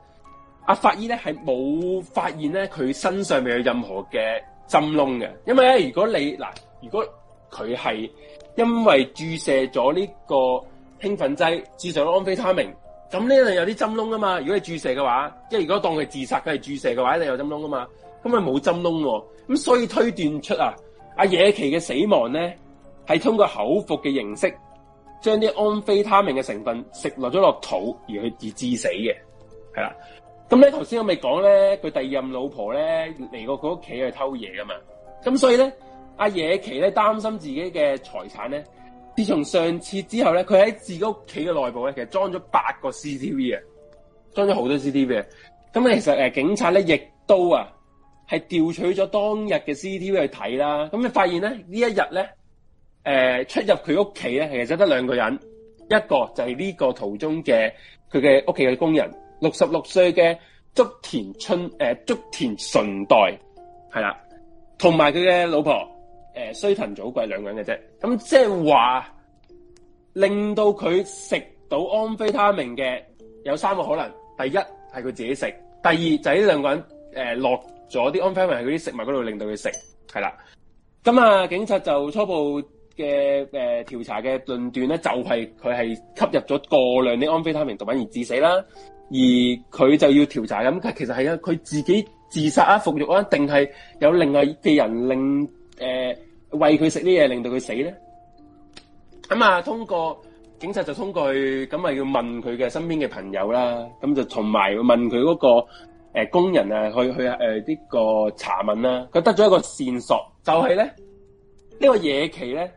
阿法醫咧係冇發現咧佢身上面有任何嘅針窿嘅，因為咧如果你嗱，如果佢係因為注射咗呢個興奮劑，注射咗安非他命，咁呢度有啲針窿噶嘛。如果係注射嘅話，即係如果當佢自殺，佢係注射嘅話，你一定有針窿噶嘛。咁咪冇針窿喎。咁所以推斷出啊，阿野崎嘅死亡咧係通過口服嘅形式，將啲安非他命嘅成分食落咗落肚而去而致死嘅，係啦。咁咧，頭先我咪講咧，佢第二任老婆咧嚟過佢屋企去偷嘢噶嘛。咁所以咧，阿、啊、野崎咧擔心自己嘅財產咧，自從上次之後咧，佢喺自己屋企嘅內部咧，其實裝咗八個 CCTV 啊，裝咗好多 CCTV 啊。咁咧其實、呃、警察咧，亦都啊係調取咗當日嘅 CCTV 去睇啦。咁你發現咧呢一日咧、呃，出入佢屋企咧，其實得得兩個人，一個就係呢個途中嘅佢嘅屋企嘅工人。六十六歲嘅竹田春誒、啊、竹田純代係啦，同埋佢嘅老婆誒須藤早桂兩個人嘅啫。咁即係話令到佢食到安非他命嘅有三個可能，第一係佢自己食，第二就係呢兩個人誒、呃、落咗啲安非他明安非他命喺佢啲食物嗰度，令到佢食係啦。咁啊，警察就初步嘅誒調查嘅論斷咧，就係佢係吸入咗過量啲安非他命毒品而致死啦。而佢就要調查咁，其實係啊，佢自己自殺啊、服毒啊，定係有另外嘅人令誒餵佢食啲嘢，令到佢、呃、死咧？咁啊，通過警察就通過去咁咪要問佢嘅身邊嘅朋友啦。咁就同埋問佢嗰、那個、呃、工人啊，去去誒呢個查問啦、啊。佢得咗一個線索，就係、是、咧呢、這個野崎咧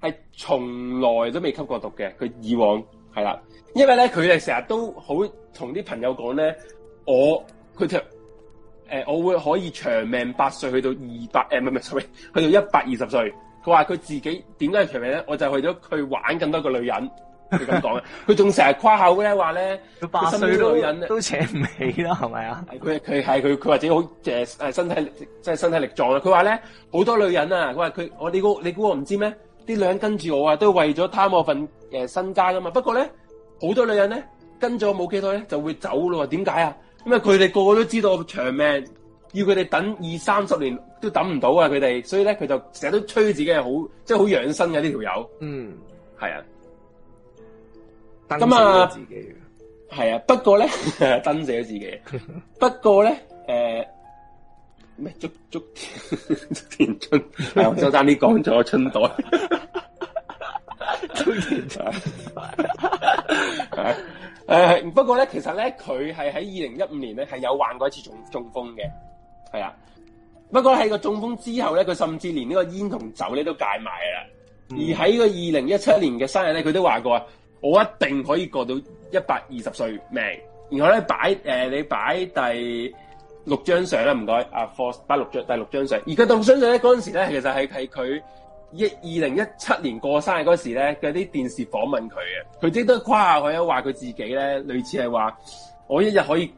係從來都未吸過毒嘅，佢以往係啦。因為咧，佢哋成日都好同啲朋友講咧，我佢就誒，我會可以長命八歲去到二百誒，唔係唔係，sorry，去到一百二十歲。佢話佢自己點解長命咧？我就為咗佢玩咁多個女人，佢咁講嘅。佢仲成日誇口咧，話咧八歲女人都請唔起啦，係咪啊？佢佢係佢佢或者好誒誒，身體即係身體力壯啊。佢話咧好多女人啊，佢話佢我你估你估我唔知咩？啲女人跟住我啊，都為咗貪我份誒身家噶啊嘛。不過咧。好多女人咧跟咗我冇幾耐咧就會走咯，點解啊？因為，佢哋個個都知道長命，要佢哋等二三十年都等唔到啊！佢哋，所以咧佢就成日都吹自己係好，即係好養生嘅呢條友。嗯，係、嗯嗯、啊。咁啊，係啊。不過咧，登 [laughs] 死咗自己。不過咧，誒、呃，咩？祝祝田春，周生啲講咗春袋。 [laughs] 誒， [laughs] [laughs] [laughs] [laughs] [laughs] 不過咧，其實咧，佢係喺二零一五年咧，係有患過一次中中風嘅，係啊。不過喺個中風之後咧，佢甚至連呢個煙同酒咧都戒埋啦、嗯。而喺個二零一七年嘅生日咧，佢都話過，我一定可以過到一百二十歲命。然後咧，擺誒、呃，你擺第六張相啦，唔該、啊，阿 Fox 擺六張第六張相。而佢第六張相咧，嗰陣時咧，其實係係佢。一二零一七年過生日嗰時咧，有啲電視訪問佢嘅，佢即得誇下佢啊，話佢自己咧類似係話我一日可以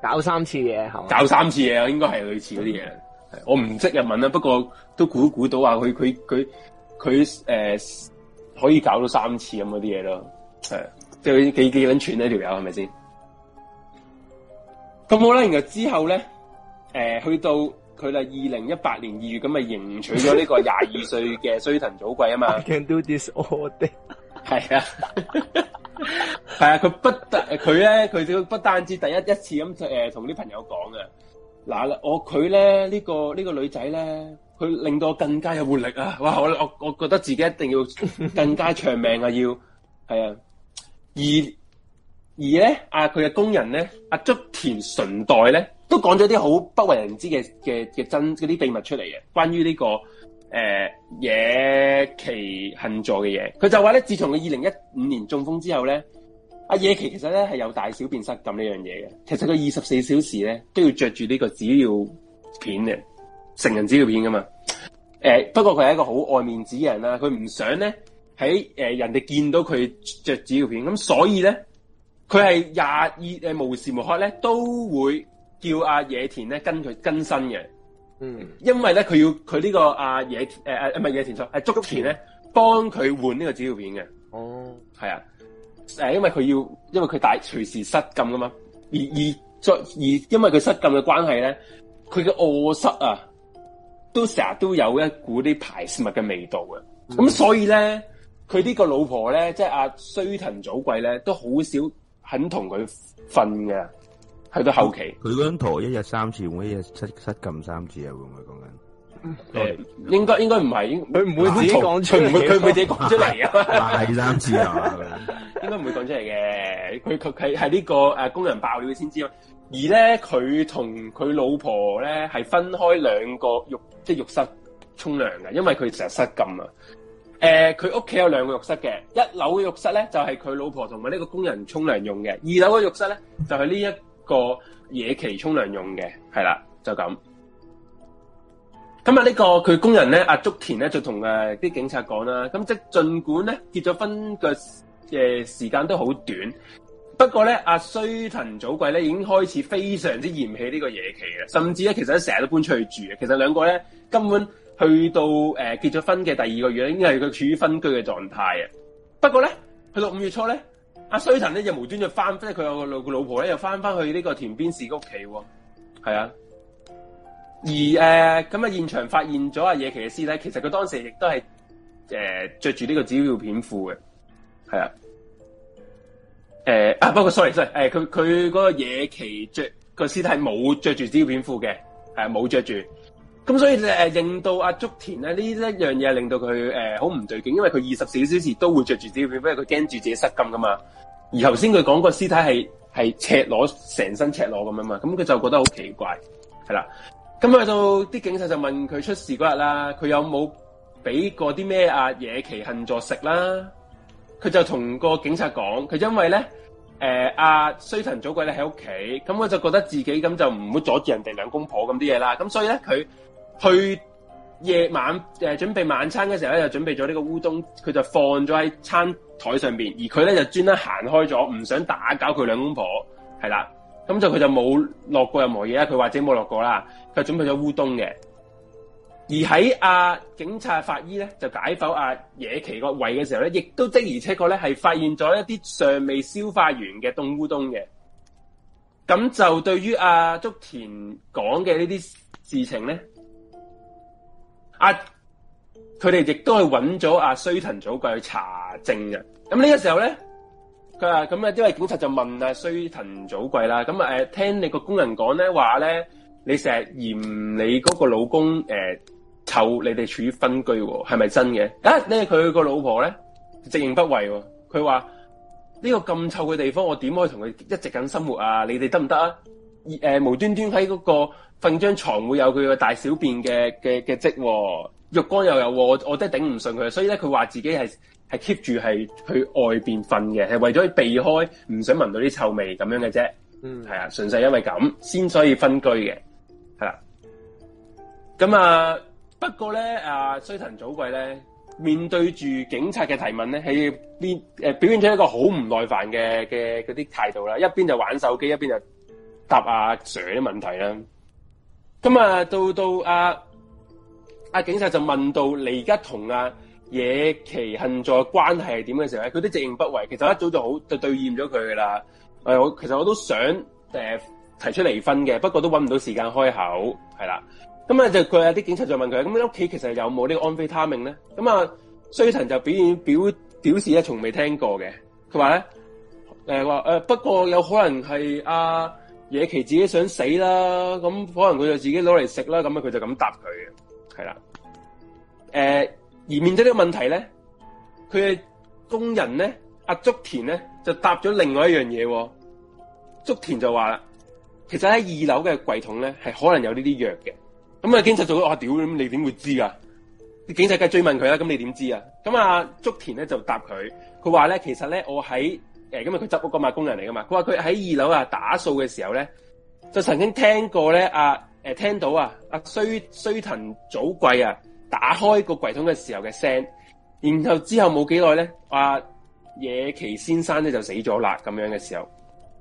搞三次嘢，係嘛？搞三次嘢啊，應該係類似嗰啲嘢。我唔識日文啦，不過都估估到話佢佢佢佢誒可以搞到三次咁嗰啲嘢咯。係，即幾幾撚串呢條友係咪先？咁、嗯、好啦，然後之後咧，誒、呃、去到。佢啦，二零一八年二月咁咪迎娶咗呢個廿二歲嘅須藤早貴啊嘛。I can do this all day。 [laughs] 係是啊，係 [laughs] 啊，佢不得，佢咧，佢就不單止第一一次咁誒，同、呃、啲朋友講啊。嗱、呃，我佢咧呢、呢個呢、呢個女仔咧，佢令到我更加有活力啊！哇，我我，我覺得自己一定要更加長命啊！要係啊，而而咧啊，佢嘅工人咧阿、啊、竹田純代咧。都講咗啲好不為人知嘅嘅嘅真嗰啲秘密出嚟嘅，關於、這個呃、呢個誒野崎幸助嘅嘢。佢就話咧，自從佢二零一五年中風之後咧，阿、啊、野崎其實咧係有大小便失禁呢樣嘢嘅。其實佢二十四小時咧都要着住呢個紙尿片嘅，成人紙尿片噶嘛。誒、呃、不過佢係一個好愛面子嘅人啦，佢唔想咧喺、呃、人哋見到佢着紙尿片，咁所以咧佢係廿二誒無時無刻咧都會。叫阿、啊、野田咧跟佢更新嘅，嗯，因為咧佢要佢呢個阿、啊、野田，誒、誒、唔係野田，錯，係、啊、竹田咧幫佢換呢換個紙尿片嘅，哦，係啊，誒，因為佢要因為佢大隨時失禁噶嘛，而而再而，而，因為佢失禁嘅關係咧，佢嘅臥室啊，都成日都有一股啲排泄物嘅味道嘅，咁、嗯、所以咧佢呢個老婆咧即係阿、啊、須藤早貴咧都好少肯同佢瞓嘅。係到後期他，佢嗰張圖一日三次，每一日失失禁三次啊？會唔會講緊？應該應該唔係，佢唔會自己講出嚟，佢唔會，會自己講出嚟第三次啊，應該唔會講出嚟嘅。佢佢係呢個誒工人爆料先知道而咧，佢同佢老婆咧係分開兩個浴即係、就是、浴室沖涼噶，因為佢成日失禁啊。誒、呃，佢屋企有兩個浴室嘅，一樓嘅浴室咧就係、是、佢老婆同埋呢個工人沖涼用嘅，二樓嘅浴室咧就係、是、呢一。 [laughs] 個野期沖涼用嘅係啦，就咁。咁啊呢個佢工人咧，阿竹田咧就同誒啲警察講啦。咁即盡管咧結咗婚嘅嘅時間都好短，不過咧阿衰藤早貴咧已經開始非常之嫌棄呢個野期啦，甚至咧其實喺成日都搬出去住啊。其實兩個咧根本去到誒結咗婚嘅第二個月，已經係佢處於分居嘅狀態啊。不過咧去到五月初咧，阿、啊、衰藤咧就無端就翻，即係佢有個老個老婆咧又翻翻去呢個田邊市屋企，係啊。而誒咁啊，呃、現場發現咗阿野崎嘅屍體，其實佢當時亦都係誒着住呢個紙尿片褲嘅，係啊。誒、呃啊，不過 sorry sorry，誒，佢佢、呃、個野崎着個屍體冇着住紙尿片褲嘅，係啊冇着住。咁所以咧，誒令到阿竹田咧呢一樣嘢，令到佢誒好唔對勁，因為佢二十四小，小時都會穿着住啲尿片，佢驚住自己失禁噶嘛。而頭先佢講個屍體係係赤裸，成身赤裸咁樣嘛，咁佢就覺得好奇怪，係啦。咁去到啲警察就問佢出事嗰日啊，佢有冇俾過啲咩啊野崎幸助食啦？佢就同個警察講，佢因為咧誒、呃、啊須藤早貴咧喺屋企，咁我就覺得自己咁就唔會阻住人哋兩公婆咁啲嘢啦。咁所以咧佢。去夜晚誒，準備晚餐嘅時候咧，就準備咗呢個烏冬，佢就放咗喺餐台上邊，而佢咧就專登行開咗，唔想打攪佢兩公婆，係啦，咁就佢就冇落過任何嘢啦，佢或者冇落過啦，佢準備咗烏冬嘅。而喺阿、啊、警察法醫咧，就解剖阿、啊、野崎個胃嘅時候咧，亦都的而且確咧係發現咗一啲尚未消化完嘅凍烏冬嘅。咁就對於阿、啊、竹田講嘅呢啲事情咧。啊！佢哋亦都係揾咗阿衰藤早貴去查證嘅。咁呢個時候咧，佢話咁啊，因為警察就問阿、啊、衰藤早貴啦。咁啊，誒、呃，聽你個工人講咧，話咧，你成日嫌你嗰個老公誒、呃、臭，你哋處於分居、喔，係咪真嘅？啊！咧，佢個老婆咧，直言不諱、喔，佢話呢個咁臭嘅地方，我點可以同佢一直咁生活啊？你哋得唔得啊？誒、呃、無端端喺嗰個瞓張床會有佢嘅大小便嘅嘅嘅跡喎，浴缸又有喎、哦，我我真係頂唔順佢，所以咧佢話自己係係 keep 住係去外邊瞓嘅，係為咗避開唔想聞到啲臭味咁樣嘅啫。嗯，係啊，純粹因為咁先所以分居嘅，係啦、啊。咁啊，不過咧，阿、啊、衰騰早貴咧面對住警察嘅提問咧，喺邊表現出一個好唔耐煩嘅嘅嗰啲態度啦，一邊就玩手機，一邊就。答阿 Sir 啲問題啦。咁啊，到到啊，阿警察就問到你而家同阿野崎幸助關係係點嘅時候咧，佢都直認不諱，其實一早就好就對厭咗佢噶啦。誒、啊，我其實我都想誒、啊、提出離婚嘅，不過都揾唔到時間開口係啦。咁啊，就佢有啲警察就問佢，咁你屋企其實有冇呢個安非他命咧？咁啊，衰臣就表現表表示啊，從未聽過嘅。佢話咧誒話誒，不過有可能係阿。啊野崎自己想死啦，咁可能佢就自己攞嚟食啦，咁啊佢就咁答佢嘅，係啦。誒，而面對呢個問題咧，佢嘅工人咧，阿竹田咧就答咗另外一樣嘢。竹田就話啦，其實喺二樓嘅櫃桶咧係可能有呢啲藥嘅。咁啊警察做咗我屌，咁、啊、你點會知啊？警察梗係追問佢啦，咁你點知啊？咁啊竹田咧就答佢，佢話咧其實咧我喺。誒、欸，今日佢執屋嘅嘛工人嚟噶嘛？佢話佢喺二樓啊打掃嘅時候咧，就曾經聽過咧，啊，誒、啊、聽到啊阿、啊、衰須藤早貴啊打開個櫃桶嘅時候嘅聲，然後之後冇幾耐咧，阿、啊、野崎先生咧就死咗啦咁樣嘅時候，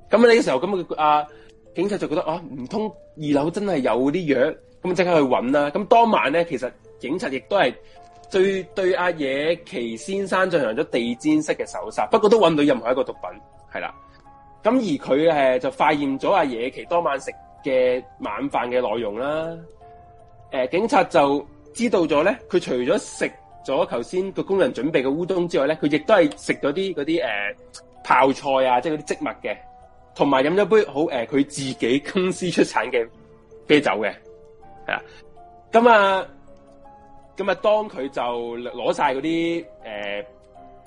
咁啊呢個時候咁啊警察就覺得啊唔通二樓真係有啲藥，咁啊即刻去揾啦。咁當晚咧其實警察亦都係。對對阿野崎先生進行咗地氈式嘅搜查，不過都揾唔到任何一個毒品係啦。咁而佢誒、呃、就化驗咗阿野崎當晚食嘅晚飯嘅內容啦。誒、呃，警察，就知道咗咧，佢除咗食咗頭先個工人準備嘅烏冬之外咧，佢亦都係食咗啲嗰啲誒泡菜啊，即係嗰啲植物嘅，同埋飲咗杯好誒佢、呃、自己公司出產嘅啤酒嘅，係啊。咁啊。呃咁啊，當佢就攞晒嗰啲誒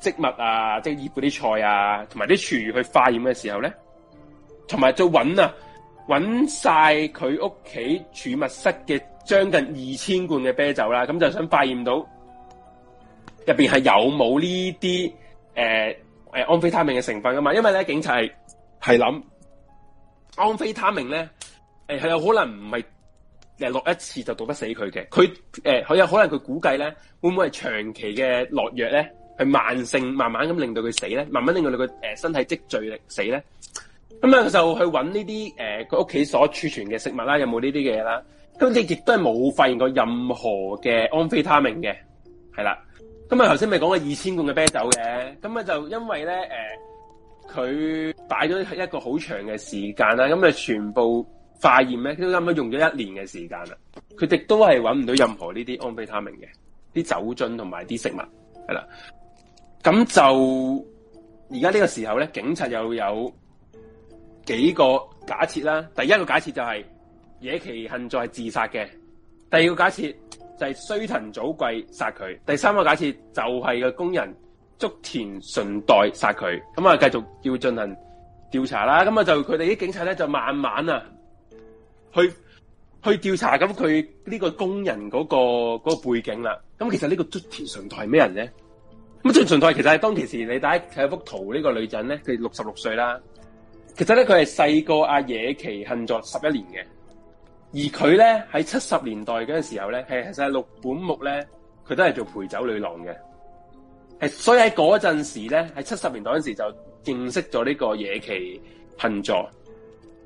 植物啊，即係醃過啲菜啊，同埋啲廚餘去化驗嘅時候咧，同埋再揾啊，揾晒佢屋企儲物室嘅將近二千罐嘅啤酒啦，咁就想化驗到入邊係有冇呢啲誒誒安非他命嘅成分噶嘛？因為咧，警察係係諗安非他命咧，誒係有可能唔係。誒落一次就毒不死佢嘅，佢誒佢有可能佢估計咧，會唔會係長期嘅落藥咧？係慢性慢慢咁令到佢死咧，慢慢令到你個、呃、身體積聚力死咧。咁啊佢就去揾呢啲誒佢屋企所儲存嘅食物有有啦，有冇呢啲嘅嘢啦？咁你亦都係冇發現過任何嘅安非他命嘅，係啦。咁啊頭先咪講過二千罐嘅啤酒嘅，咁啊就因為咧誒佢擺咗一個好長嘅時間啦，咁啊全部。化驗咧，都啱啱用咗一年嘅時間啦。佢哋都係揾唔到任何呢啲安非他命嘅啲酒樽同埋啲食物係啦。咁就而家呢個時候咧，警察又有幾個假設啦。第一個假設就係野崎幸助係自殺嘅；第二個假設就係衰藤早季殺佢；第三個假設就係個工人竹田順代殺佢。咁啊，繼續要進行調查啦。咁啊，就佢哋啲警察咧，就慢慢啊。去去調查咁佢呢個工人嗰、那個嗰、那個背景啦。咁其，其，其實呢個竹田純太係咩人咧？咁竹田純太其實係當其時你睇一幅圖，呢個女仔咧，佢六十六歲啦。其實咧佢係細過阿野崎幸助十一年嘅。而佢咧喺七十年代嗰陣時候咧，係其實係六本木咧，佢都係做陪酒女郎嘅。係，所以喺嗰陣時咧，喺七十年代嗰陣時候就認識咗呢個野崎幸助。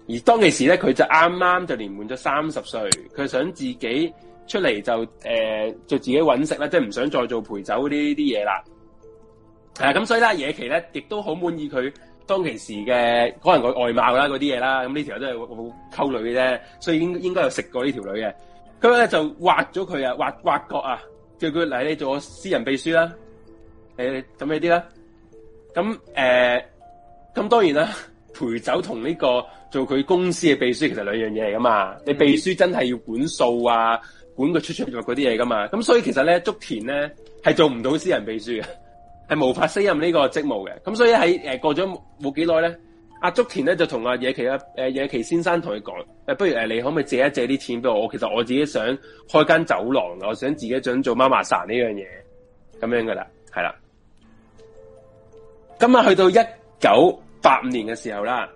而當其時咧，佢就啱啱就年滿咗三十歲，佢想自己出嚟就誒、呃、就自己揾食啦，即係唔想再做陪酒呢啲啲嘢啦。咁、啊、所以呢，野崎咧亦都好滿意佢當其時嘅可能個外貌啦、嗰啲嘢啦。咁呢條都係好溝女嘅啫，所以應應該有食過條呢條女嘅。佢咧就挖咗佢啊，挖挖角啊，叫佢嚟做我私人秘書啦。誒做啲啦？咁誒咁當然啦，陪酒同呢、呢個。做佢公司嘅秘書，其實兩樣嘢嚟噶嘛、嗯？你秘書真係要管數啊，管佢出出入嗰啲嘢噶嘛？咁所以其實咧，竹田咧係做唔到私人秘書嘅，係無法適任呢個職務嘅。咁所以喺誒過咗冇幾耐咧，阿竹田咧就同阿野崎誒、啊、野崎先生同佢講誒，不如誒你可唔可以借一借啲錢俾我？我其實我自己想開間酒廊，我想自己想做媽媽生呢樣嘢咁樣噶啦，係啦。咁啊，去到一九八五年嘅時候啦。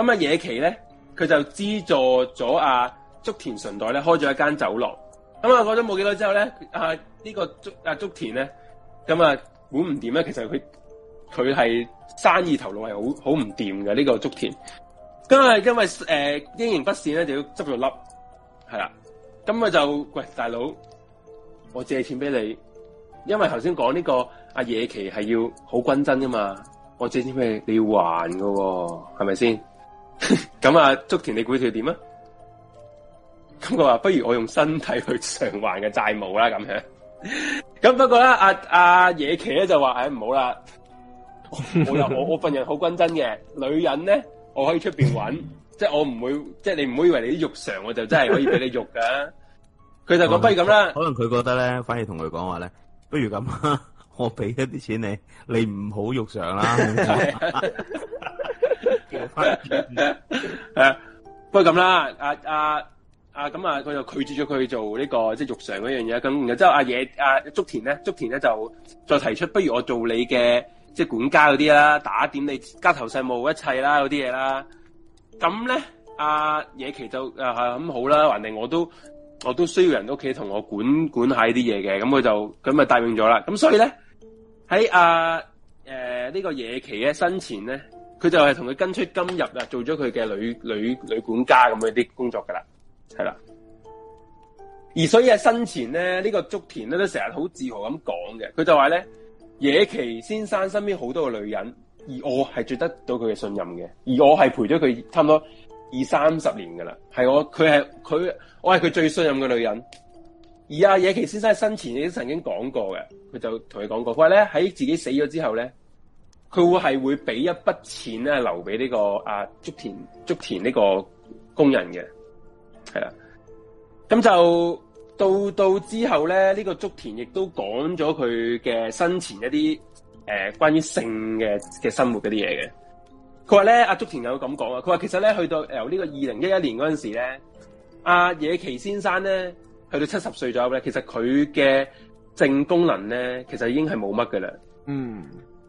咁啊，野崎咧，佢就資助咗阿、啊、竹田純代咧，開咗一間酒樓。咁、嗯、啊，過咗冇幾耐之後咧，啊，呢、這個竹、啊、竹田咧，咁、嗯、啊，估唔掂咧，其實佢佢係生意頭腦係好好唔掂嘅呢個竹田。咁、嗯、啊，因為誒經營不善咧，就要執咗笠，係啦，咁、嗯、啊就喂大佬，我借錢俾你，因為頭先講呢個阿、啊、野崎係要好均真㗎嘛，我借錢俾你，你要還噶、哦，係咪先？咁 [laughs] 啊，竹田，你估佢點啊？咁佢話不如我用身體去償還嘅債務啦，咁樣。咁不過咧，阿、啊、阿、啊、野琪咧就話：，唉、哎，唔好啦 [laughs] ，我又我我份人好均真嘅。女人咧，我可以出邊揾， [laughs] 即係我唔會，即係你唔好以為你啲肉償，我就真係可以俾你肉噶。佢就講 [laughs] 不如咁啦。可能佢覺得咧，反而同佢講話咧，不如咁， [laughs] 我俾一啲錢你，你唔好肉償啦。 [laughs] [laughs] [laughs] 誒，不過咁啦，阿阿阿咁啊，佢、啊啊、就拒絕咗佢做呢、這個即係肉償嗰樣嘢。咁然之後阿野阿竹田咧，竹田咧就再提出，不如我做你嘅即係管家嗰啲啦，打點你家頭細務一切啦，嗰啲嘢啦。咁咧阿野崎就誒咁、啊、好啦，橫掂我都我都需要人屋企同我管管下啲嘢嘅。咁佢就咁啊答應咗啦。咁所以咧喺阿誒呢、啊呃這個野崎嘅生前咧。佢就係同佢跟出今日啦，做咗佢嘅女女女管家咁樣啲工作噶啦，係啦。而所以喺生前咧，呢個竹田咧都成日好自豪咁講嘅。佢就話咧，野崎先生身邊好多嘅女人，而我係最得到佢嘅信任嘅，而我係陪咗佢差唔多二三十年噶啦，係我佢係佢，我係佢最信任嘅女人。而阿、啊、野崎先生喺生前亦都曾經講過嘅，佢就同佢講過，話咧喺自己死咗之後咧。佢會係會俾一筆錢咧，留俾呢、這個阿、啊、竹田竹田呢個工人嘅，係啦。咁就到到之後咧，呢、這個竹田亦都講咗佢嘅生前一啲誒、呃、關於性嘅嘅生活嗰啲嘢嘅。佢話咧阿竹田有咁講啊，佢話其實咧去到由呢個二零一一年嗰陣時咧，阿野崎先生咧去到七十歲左右咧，其實佢嘅性功能咧，其實已經係冇乜㗎啦。嗯。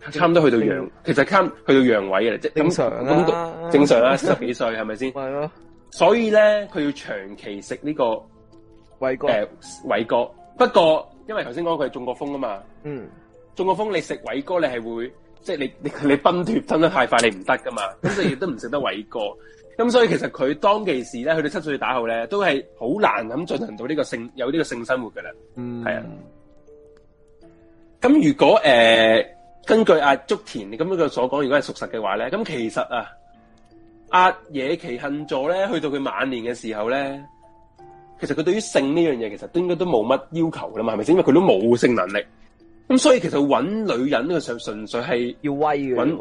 差唔多去到陽、啊，其實差去到陽痿嘅啦，即係咁正常啦，正常啦，啊啊，十幾歲係咪先？係 [laughs] 咯不是， [laughs] 所以咧，佢要長期食呢、這個偉哥誒偉、呃、哥。不過因為頭先講佢係中過風啊嘛，嗯，中過風你食偉哥你係會即係、就是、你你你崩脫崩得太快你唔得噶嘛，咁所以亦都唔食得偉哥。咁 [laughs] 所以其實佢當其時咧，佢到七歲打後咧，都係好難咁進行到呢個性有呢個性生活噶啦，嗯，係啊。咁如果誒？呃根據阿竹田咁樣佢所講，如果係屬實嘅話咧，咁其實啊，阿野崎幸助咧，去到佢晚年嘅時候咧，其實佢對於性呢樣嘢，其實都應該都冇乜要求噶嘛，係咪先？因為佢都冇性能力，咁所以其實揾女人佢想純粹係要威嘅，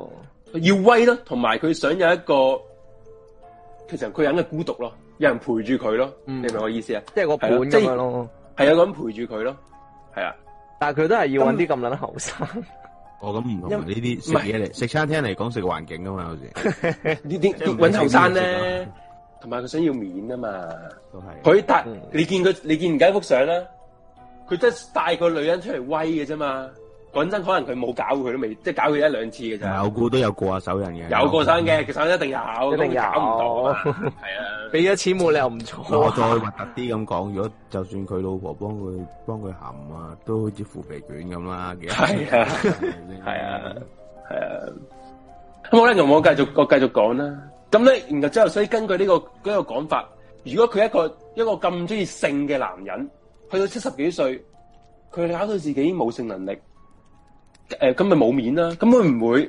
要威咯，同埋佢想有一個，其實佢人嘅孤獨咯，有人陪住佢咯，你明我意思啊？即係個伴咁樣咯，係有個人陪住佢咯，係啊，但係佢都係要揾啲咁捻後生。 [laughs] 我咁唔同，呢啲食嘢嚟，食餐廳嚟講食環境㗎嘛，好似呢啲搵後生咧，同埋佢想要面啊嘛都，都係佢帶你見佢，你見唔見一幅相啦、啊，佢即係帶個女人出嚟威嘅啫嘛。講真，可能佢冇搞佢都未，即係搞佢一兩次嘅啫。有過都有過下手印嘅，有過生嘅，其實一定有，一定有。係 [laughs] 啊，俾咗錢冇理由唔錯。 [laughs] [laughs] 我再核突啲咁講，如果就算佢老婆幫佢幫佢含啊，都好似腐皮卷咁啦，幾 [laughs] 啊？係啊，係啊，係 [laughs] 啊。咁我咧就冇繼續我繼續講啦。咁咧，然後之後，所以根據呢、這個呢、這個講法，如果佢一個一個咁中意性嘅男人，去到七十幾歲，佢哋搞到自己冇性能力。誒、呃，咁咪冇面啦？咁會唔會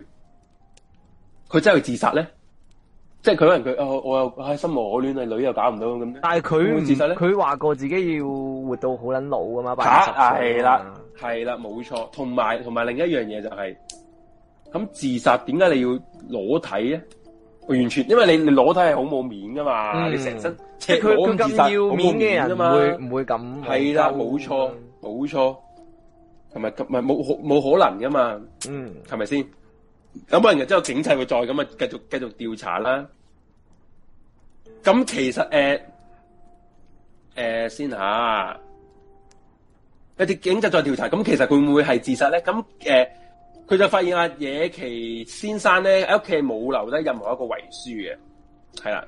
佢真係自殺咧？即係佢可能佢我又唉心無可戀啊，女又搞唔到咁。但係佢自殺咧？佢話過自己要活到好捻老㗎嘛？假啊，係啦，係、啊、啦，冇錯。同埋同埋另一樣嘢就係、是，咁自殺點解你要裸體咧？完全因為你你裸體係好冇面噶嘛？嗯、你成身即係佢咁要面嘅人，嘛、那個，會唔會咁係啦？冇錯，冇、嗯、錯。係咪？係咪冇可冇可能噶嘛？嗯，係咪先？咁然之後警察會再咁啊，繼續繼續調查啦。咁其實誒誒、呃呃，先吓，一啲警察再調查。咁其實會唔會係自殺咧？咁誒，佢、呃、就發現阿野崎先生咧喺屋企冇留低任何一個遺書嘅，係啦。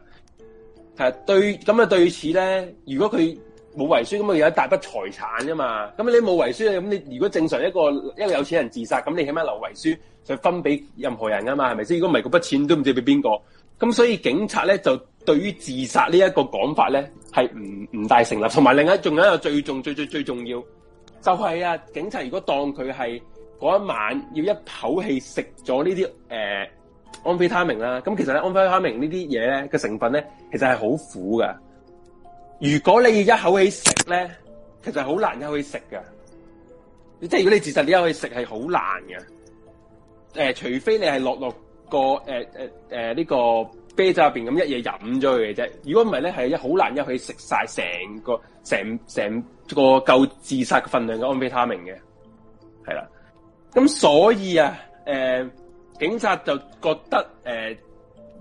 係對咁啊，對此咧，如果佢。冇遺書咁咪有一大筆財產噶嘛？咁你冇遺書咁你如果正常一個一個有錢人自殺，咁你起碼留遺書就分俾任何人噶嘛？係咪先？如果唔係，嗰筆錢都唔知俾邊個。咁所以警察咧就對於自殺呢一個講法咧係唔唔大成立。同埋另一仲有一個最重最最最重要就係啊，警察如果當佢係嗰一晚要一口氣食咗呢啲誒安非他命啦，咁其實咧安非他命呢啲嘢咧個成分咧其實係好苦噶。如果你要一口氣食咧，其實好難一口氣食㗎，即係如果你自殺，你一口氣食係好難嘅。誒、呃，除非你係落落個誒誒誒呢個啤酒入邊咁一嘢飲咗佢嘅啫。如果唔係咧，係一好難一口氣食晒成個成成個夠自殺嘅分量嘅安非他命嘅。係啦，咁所以啊，誒、呃，警察就覺得誒呢、呃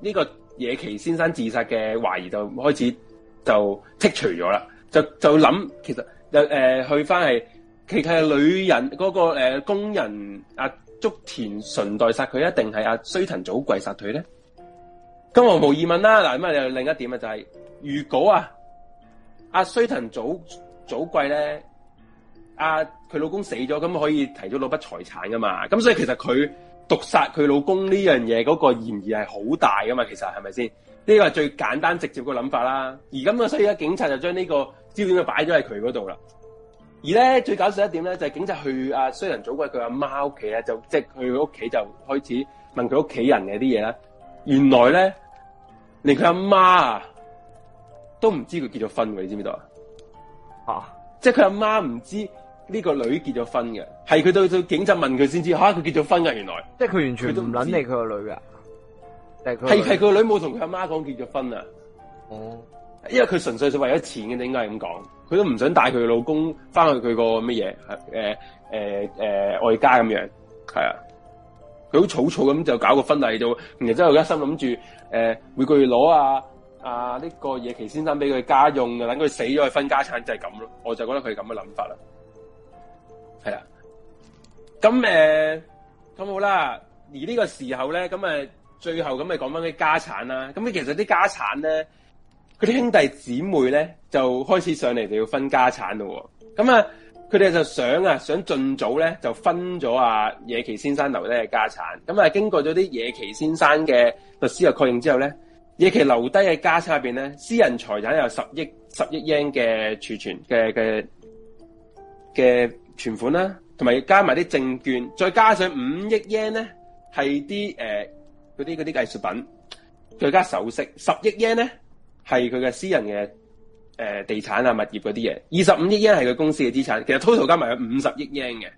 這個野崎先生自殺嘅懷疑就開始就剔除咗啦，就就諗其實誒去翻係，其實係、呃、女人嗰、那個誒、呃、工人阿、啊、竹田純代殺佢一定係阿須藤早貴殺佢咧？咁毫無疑問啦，嗱咁啊，又另一點啊、就是，就係如果啊阿須藤早早貴咧，阿、啊、佢、啊、老公死咗，咁可以提早攞筆財產噶嘛？咁所以其實佢毒殺佢老公呢樣嘢，嗰、那個嫌疑係好大噶嘛？其實係咪先？呢個係最簡單的直接個諗法啦，而咁啊，所以咧，警察就將呢個焦點就擺咗喺佢嗰度啦。而咧最搞笑一點咧，就係警察去阿衰人早鬼佢阿媽屋企咧，就即係去佢屋企就開始問佢屋企人嘅啲嘢啦。原來咧，連佢阿媽啊都唔知佢結咗婚嘅，你知唔知道啊？啊！即係佢阿媽唔知呢個女結咗婚嘅，係佢到到警察問佢先知道。吓、啊，佢結咗婚噶，原來。即係佢完全唔諗你佢個女噶。系系，佢個女冇同佢阿媽講結咗婚啊！哦，因為佢純粹係為咗錢嘅，應該係咁講。佢都唔想帶佢老公翻去佢個乜嘢誒誒誒外家咁樣，係啊！佢好草草咁就搞個婚禮就，然之後佢一心諗住誒每個月攞啊啊呢、這個嘢，野崎先生俾佢家用，等佢死咗去分家產就係咁咯。我就覺得佢咁嘅諗法啦，係啦。咁誒咁好啦，而呢個時候咧咁誒。最後咁咪講翻啲家產啦。咁你其實啲家產咧，佢啲兄弟姊妹咧就開始上嚟就要分家產咯。咁啊，佢哋就想啊，想盡早咧就分咗啊野崎先生留低嘅家產。咁啊，經過咗啲野崎先生嘅律師嘅確認之後咧，野崎留低嘅家產入邊咧，私人財產有十億十億英嘅儲存嘅嘅嘅存款啦，同埋加埋啲證券，再加上五億英 e 咧係啲啲啲藝術品，佢加首飾，十億 yen 咧係佢嘅私人嘅誒、呃、地產啊物業嗰啲嘢，二十五億 yen 係佢公司嘅資產，其實 total 加埋有五十億 yen 嘅。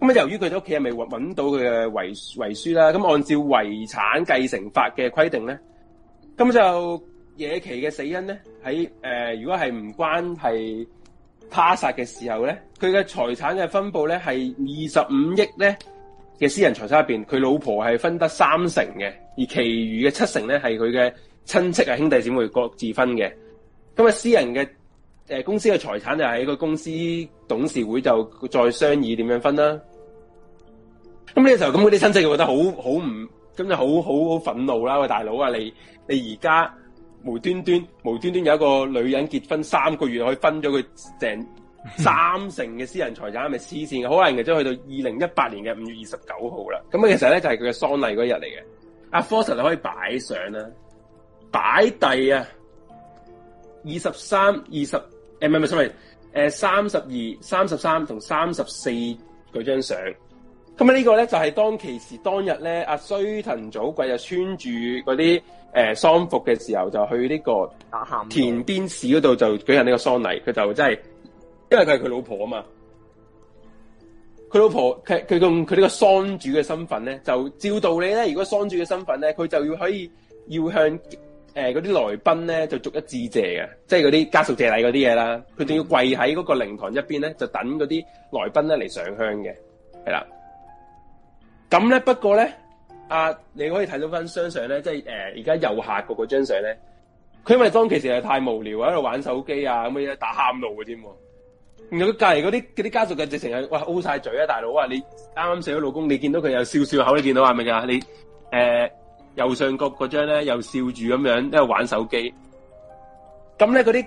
咁啊，由於佢哋屋企係未揾到佢嘅遺遺書啦？咁按照遺產繼承法嘅規定咧，咁就野崎嘅死因咧喺誒，如果係唔關係他殺嘅時候咧，佢嘅財產嘅分布咧係二十五億咧。嘅私人財產入面，佢老婆係分得三成嘅，而其餘嘅七成咧係佢嘅親戚啊、兄弟姊妹各自分嘅。咁啊，私人嘅、呃、公司嘅財產就喺個公司董事會就再商議點樣分啦。咁呢個時候咁佢啲親戚就覺得好好唔，咁就好好好憤怒啦！喂，大佬啊，你你而家無端端無端端有一個女人結婚三個月，可以分咗佢成？嗯、三成嘅私人財產係咪黐線嘅？好難嘅，即係去到二零一八年嘅五月二十九號啦。咁其實咧就係佢嘅喪禮嗰日嚟嘅。阿、啊、Fox、啊、可以擺相啦，擺第啊二十三、二十誒，唔係唔係 sorry，誒三十二、三十三同三十四嗰張相。咁啊，呢、啊、個咧就係當其時當日咧，阿、啊、須藤早貴就穿住嗰啲誒喪服嘅時候，就去呢個田邊市嗰度就舉行呢個喪禮，佢就真係。因為佢係佢老婆啊嘛，佢老婆佢佢用佢呢個喪主嘅身份咧，就照道理咧，如果喪主嘅身份咧，佢就要可以要向誒嗰啲來賓咧，就逐一致謝嘅，即係嗰啲家屬謝禮嗰啲嘢啦。佢仲要跪喺嗰個靈堂一邊咧，就等嗰啲來賓咧嚟上香嘅，係啦。咁咧，不過咧，啊你可以睇到翻張相咧，即係誒而家右下角嗰張相咧，佢因為當其時係太無聊啊，喺度玩手機啊咁嘅嘢打喊路嘅添。佢隔籬嗰啲啲家屬嘅直情係哇，O 晒嘴啊，大佬啊！你啱啱死咗老公，你見到佢又笑笑口，你見到係咪噶？你誒、呃、右上角嗰張咧又笑住咁樣，喺度玩手機。咁咧嗰啲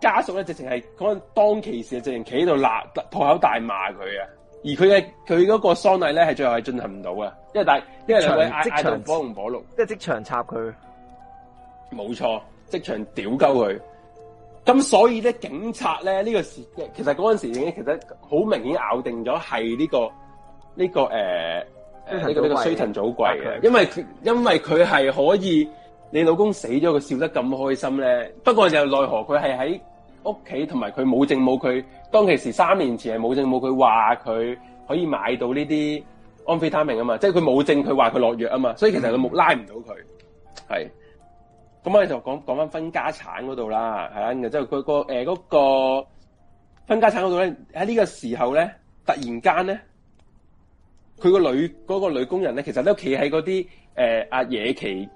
家屬咧直情係嗰陣當其時，直情企喺度嗱破口大罵佢啊！而佢嘅佢嗰個喪禮咧係最後係進行唔到啊！因為但因為佢嗌到火紅火綠，即係即,即場插佢，冇錯，即場屌鳩佢。咁、嗯、所以咧，警察咧呢、這個時，其實嗰陣時已經其實好明顯咬定咗係呢個呢、這個誒呢、呃呃這個衰人早鬼嘅，因為因為佢係可以你老公死咗，佢笑得咁開心咧。不過又奈何佢係喺屋企，同埋佢冇證冇佢。當其時三年前係冇證冇佢話佢可以買到呢啲安非他命啊嘛，即係佢冇證，佢話佢落藥啊嘛，所以其實佢冇拉唔到佢係。嗯咁我哋就講講返分家產嗰度啦，係啊，咁就即係佢個誒嗰、呃嗰個分家產嗰度呢，喺呢個時候呢，突然間呢，佢個女嗰、嗰個女工人呢，其實都企喺嗰啲誒阿野崎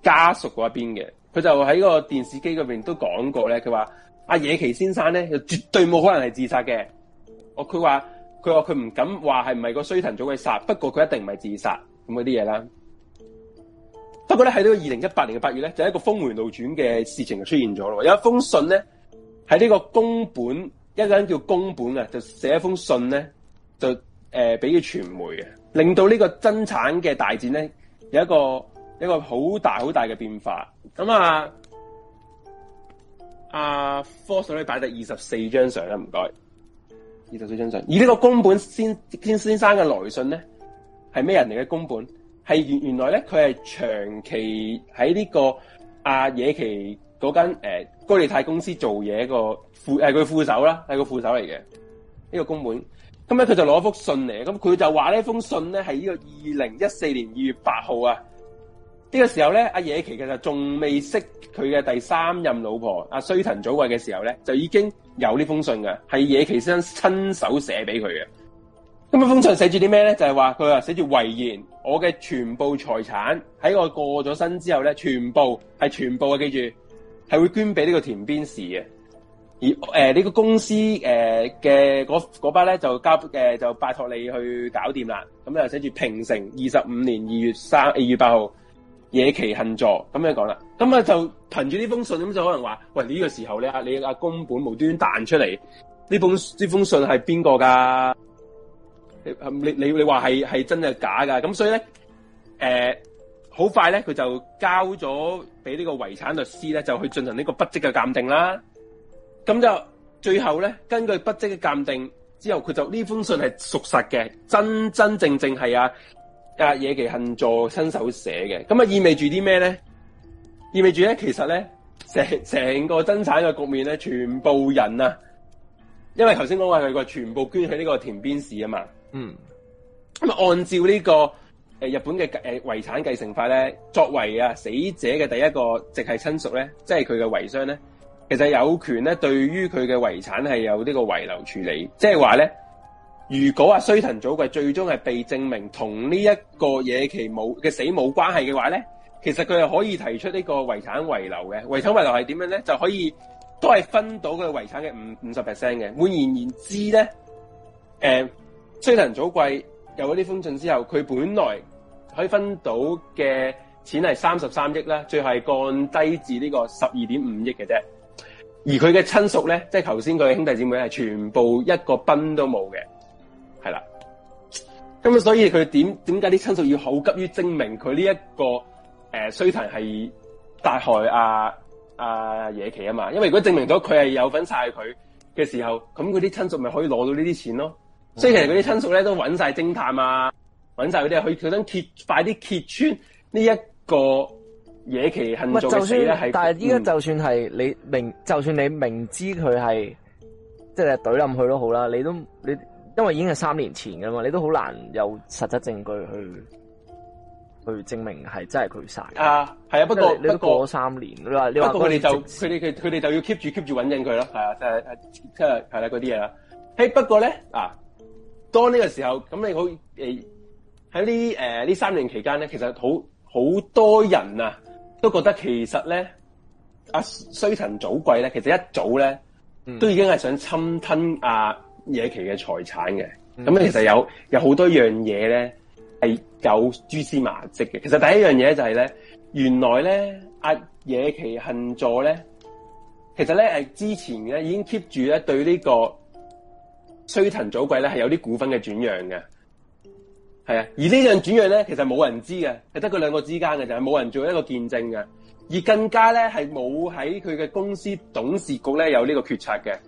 家屬嗰邊嘅，佢就喺個電視機嗰邊都講過呢，佢話阿野崎先生呢，絕對冇可能係自殺嘅，哦，佢話佢話佢唔敢話係唔係個衰騰組去殺，不過佢一定唔係自殺咁嗰啲嘢啦。不過咧喺呢個二零一八年嘅八月咧，就一個峰回路轉嘅事情就出現咗咯。有一封信咧喺呢個宮本，一個人叫宮本啊，就寫一封信咧，就誒俾佢傳媒嘅，令到呢個爭產嘅大戰咧有一個有一個好大好大嘅變化。咁啊，阿 Fox 你擺咗二十四張相啦，唔該，二十四張相。而呢個宮本先先先生嘅來信咧，係咩人嚟嘅？宮本。係原原來咧，佢係長期喺呢、這個阿、啊、野崎嗰間誒高利貸公司做嘢個副，係、呃、佢副手啦，係個副手嚟嘅呢個公館。咁咧佢就攞封信嚟，咁佢就話呢封信咧係呢個二零一四年二月八號啊。呢、這個時候咧，阿、啊、野崎其實仲未識佢嘅第三任老婆阿、啊、須藤早貴嘅時候咧，就已經有呢封信噶，係野崎先生親手寫俾佢嘅。咁啊，封信寫住啲咩咧？就係話佢話寫住遺言，我嘅全部財產喺我過咗身之後咧，全部係全部啊，記住係會捐俾呢個田邊市嘅。而誒呢、呃這個公司誒嘅嗰嗰班咧就交誒、呃、就拜託你去搞掂啦。咁啊寫住平成二十五年二月三二月八號野崎幸助咁樣講啦。咁啊就憑住呢封信咁就可能話喂呢、這個時候咧你，你阿公本無端彈出嚟呢封呢封信係邊個噶？你你你話係係真係假噶？咁所以咧，誒、呃，好快咧，佢就交咗俾呢個遺產律師咧，就去進行呢個筆跡嘅鑑定啦。咁就最後咧，根據筆跡嘅鑑定之後，佢就呢封信係屬實嘅，真真正正係阿阿野崎幸助親手寫嘅。咁啊意味住啲咩咧？意味住咧，其實咧，成成個爭產嘅局面咧，全部人啊，因為頭先講話佢個全部捐喺呢個田邊市啊嘛。嗯，咁啊，按照呢、這個誒、呃、日本嘅誒、呃、遺產繼承法咧，作為啊死者嘅第一個直系親屬咧，即係佢嘅遺孀咧，其實有權咧對於佢嘅遺產係有呢個遺留處理，即係話咧，如果阿、啊、須藤早貴最終係被證明同呢一個野崎嘅死冇關係嘅話咧，其實佢係可以提出呢個遺產遺留嘅遺產遺留係點樣咧，就可以都係分到佢遺產嘅五五十 percent 嘅。換言言之咧，誒、呃。須藤早貴有咗呢封信之後，佢本來可以分到嘅錢係三十三億啦，最後是降低至呢個十二點五億嘅啫。而佢嘅親屬咧，即係頭先佢嘅兄弟姊妹係全部一個崩都冇嘅，係啦。咁所以佢點點解啲親屬要好急於證明佢呢一個誒須、呃、藤係大害啊啊野崎啊嘛？因為如果證明咗佢係有份晒佢嘅時候，咁佢啲親屬咪可以攞到呢啲錢咯。所以其實嗰啲親屬咧都揾晒偵探啊，揾晒嗰啲啊，佢以想揭快啲揭穿呢一個野奇恨造嘅事。但係依家就算係你明，就算你明知佢係即係懟冧佢都好啦，你都你因為已經係三年前噶嘛，你都好難有實質證據去去證明係真係佢殺。啊，係啊，不過你都過咗三年，你不你話佢哋就佢哋佢佢哋就要 keep 住 keep 住揾緊佢咯。係啊，即係即係係啦嗰啲嘢啦。誒、啊啊，不過咧啊。當呢個時候，咁你好喺呢呢三年期間咧，其實好好多人啊都覺得其實咧阿、啊、須藤早貴咧，其實一早咧、嗯、都已經係想侵吞阿、啊、野崎嘅財產嘅。咁、嗯、其實有有好多樣嘢咧係有蛛絲馬跡嘅。其實第一樣嘢就係咧，原來咧阿、啊、野崎幸助咧，其實咧係之前咧已經 keep 住咧對呢、這個。衰騰早貴咧，係有啲股份嘅轉讓嘅，係啊，而轉呢樣轉讓咧，其實冇人知嘅，係得佢兩個之間嘅，就係冇人做一個見證嘅，而更加咧係冇喺佢嘅公司董事局咧有呢個決策嘅，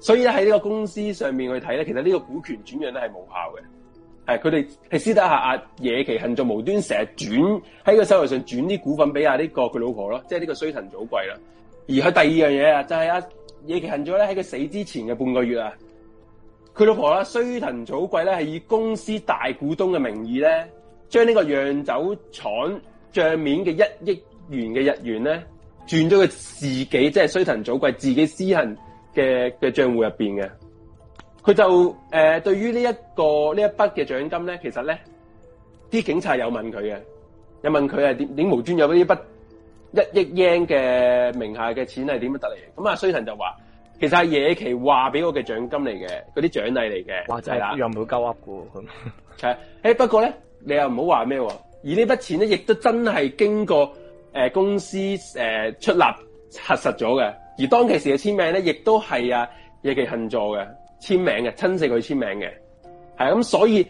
所以咧喺呢個公司上面去睇咧，其實呢個股權轉讓咧係冇效嘅，係佢哋係私底下阿、啊、野崎幸助無端成日轉喺個手頭上轉啲股份俾阿呢個佢老婆咯，即係呢個衰騰早貴啦。而佢第二樣嘢、就係、啊，就係阿野崎幸助咧喺佢死之前嘅半個月啊。佢老婆啦，須藤早貴咧係以公司大股東嘅名義咧，將呢個釀酒廠賬面嘅一億元嘅日元咧，轉咗佢自己，即係須藤早貴自己私行嘅嘅賬戶入邊嘅。佢就誒，對於呢、這、一個呢一筆嘅獎金咧，其實咧，啲警察有問佢嘅，有問佢係點點無端有呢一筆一億英嘅名下嘅錢係點樣得嚟嘅？咁啊，須藤就話。其實係野崎話俾我嘅獎金嚟嘅，嗰啲獎勵嚟嘅，哇真係又唔會鳩噏嘅咁。係， [laughs] 誒不過咧，你又唔好話咩？而這筆呢筆錢咧，亦都真係經過誒、呃、公司誒、呃、出納核實咗嘅。而當其時嘅簽名咧，亦都係啊野崎幸助嘅簽名嘅，親戚佢簽名嘅。係啊，咁所以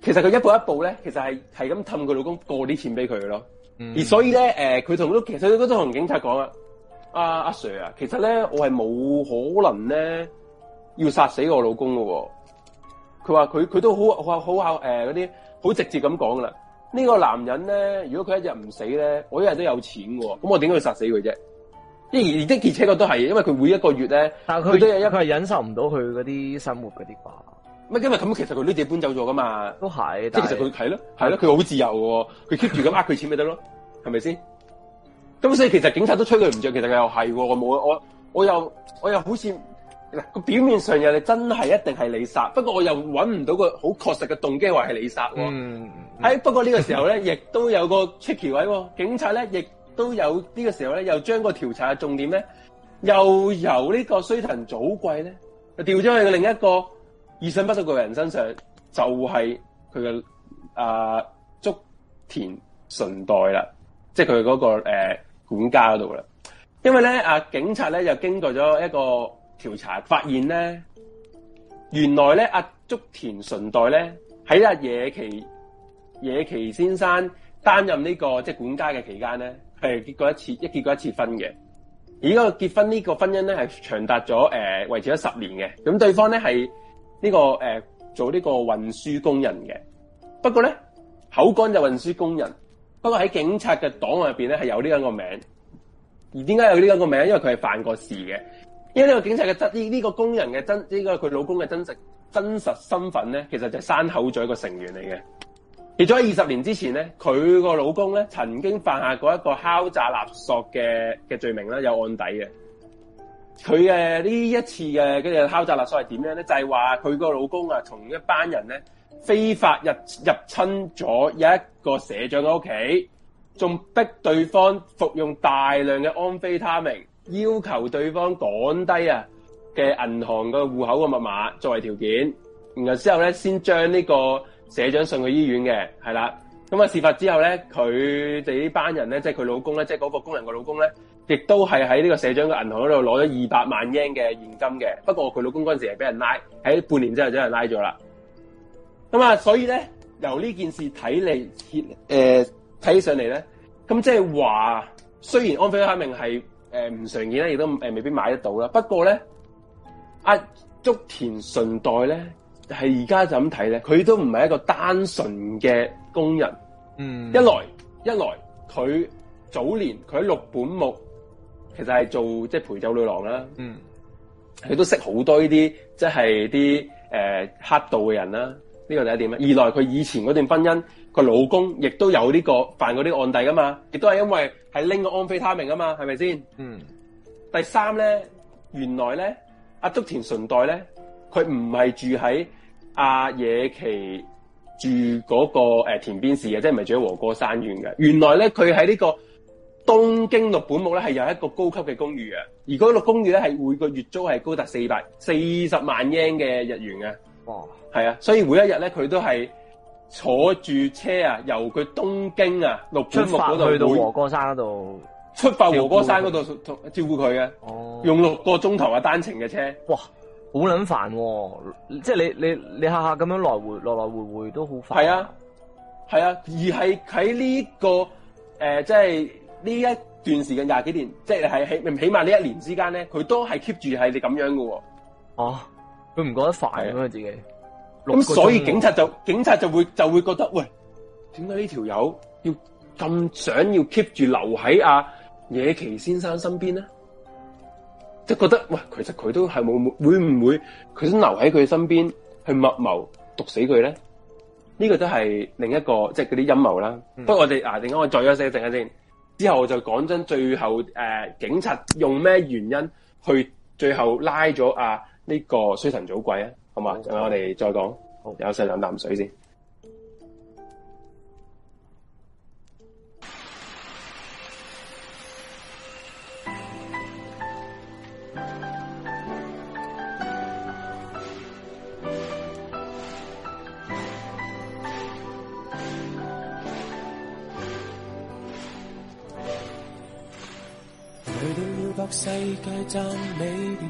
其實佢一步一步咧，其實係係咁氹佢老公過啲錢俾佢咯。嗯、而所以咧，誒佢同都其實佢都同警察講阿阿 Sir 啊，Sir, 其實咧我係冇可能咧要殺死我老公咯。佢話佢佢都好好好誒嗰啲好直接咁講啦。呢、這個男人咧，如果佢一日唔死咧，我一日都有錢嘅。咁我點解要殺死佢啫？即係而且確都係，因為佢每一個月咧，但係佢都係佢係忍受唔到佢嗰啲生活嗰啲啩。咪因為咁其實佢都自己搬走咗噶嘛。都係，即、就是、其實佢係咯，係咯，佢好自由嘅。佢 keep 住咁呃佢錢咪得咯，係咪先？咁所以其實警察都吹佢唔着，其實佢又係喎，冇我我，我又我又好似嗱，表面上又係真係一定係你殺，不過我又揾唔到個好確實嘅動機話係你殺喎。喺、嗯嗯、不過呢個時候咧，亦 [laughs] 都有個 check 位，警察咧亦都有呢個時候咧，又將個調查嘅重點咧，又由呢個須藤早貴咧，調咗去另一個意想不到嘅人身上，就係佢嘅阿竹田順代啦，即係佢嗰個、呃管家嗰度啦，因為咧啊，警察咧又經過咗一個調查，發現咧原來咧阿竹田順代咧喺阿野崎野崎先生擔任呢個即係管家嘅期間咧係結過一次，一結過一次婚嘅。而家個結婚呢個婚姻咧係長達咗誒維持咗十年嘅。咁對方咧係呢個誒、呃、做呢個運輸工人嘅，不過咧口乾就運輸工人。不過喺警察嘅檔案入邊咧，係有呢個個名。而點解有呢個個名？因為佢係犯過事嘅。因為呢個警察嘅真呢、呢個工人嘅真呢、呢個佢老公嘅真實真實身份咧，其實就係山口組一個成員嚟嘅。而且喺二十年之前咧，佢個老公咧曾經犯下過一個敲詐勒索嘅嘅罪名啦，有案底嘅。佢誒呢一次嘅跟住敲詐勒索係點樣咧？就係話佢個老公啊，同一班人咧。非法入入侵咗一個社長嘅屋企，仲逼對方服用大量嘅安非他命，要求對方講低啊嘅銀行嘅戶口嘅密碼作為條件。然後之後咧，先將呢個社長送去醫院嘅，係啦。咁啊，事發之後咧，佢哋呢班人咧，即係佢老公咧，即係嗰個工人嘅老公咧，亦都係喺呢個社長嘅銀行嗰度攞咗二百萬日圓嘅現金嘅。不過佢老公嗰陣時係俾人拉，喺半年之後真係拉咗啦。咁、嗯、啊，所以咧，由呢件事睇嚟，睇起、呃、上嚟咧，咁即係話，雖然安非他命係唔常見啦，亦都未必買得到啦。不過咧，阿、啊、竹田順代咧，係而家就咁睇咧，佢都唔係一個單純嘅工人。嗯，一來一來佢早年佢喺六本木，其實係做即係、就是、陪酒女郎啦。嗯，佢都識好多呢啲即係啲誒黑道嘅人啦。呢個第一點啊。二來佢以前嗰段婚姻，佢老公亦都有呢、這個犯過呢個案底噶嘛，亦都係因為係拎個安非他命啊嘛，係咪先？嗯。第三咧，原來咧，阿、啊、竹田純代咧，佢唔係住喺阿、啊、野崎住嗰、那個、呃、田邊市嘅，即係唔係住喺和歌山縣嘅。原來咧，佢喺呢個東京六本木咧係有一個高級嘅公寓啊。而嗰個公寓咧係每個月租係高達四百四十萬 yen 嘅日元嘅。.係、哦、啊，所以每一日咧，佢都係坐住車啊，由佢東京啊，六本木度出發去到和歌山嗰度，出發和，和歌山嗰度照顧佢嘅、啊，用六個鐘頭嘅單程嘅車。哇，好撚煩、啊，即係你你你，你下下咁樣來回來來回回都好煩。係啊，係啊，啊，而係喺呢個誒、呃，即係呢一段時間廿幾年，即係起起碼呢一年之間咧，佢都係 keep 住係你咁樣嘅。哦。佢唔覺得煩啊嘛，自己咁，所以警察就警察就會就會覺得喂，點解呢條友要咁想要 keep 住留喺阿、啊、野崎先生身邊咧？即係覺得喂，其實佢都係冇會唔會佢想留喺佢身邊去密謀毒死佢咧？呢、這個都係另一個即係嗰啲陰謀啦、嗯。不過我哋啊，陣間我再休息一陣間先？之後我就講真，最後誒、啊，警察用咩原因去最後拉咗阿？呢個衰神早鬼啊，好嘛？咁我哋再講，有先飲兩啖水先。來到了白世界，讚美。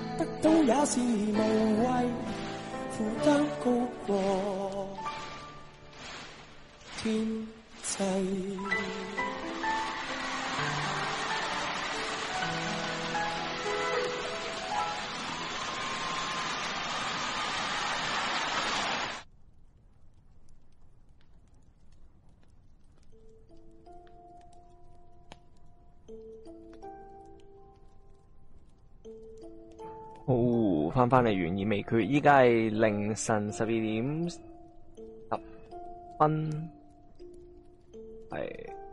得到也是無謂，負擔高過天際。翻翻嚟，懸疑未決。依家係凌晨十二點十分，係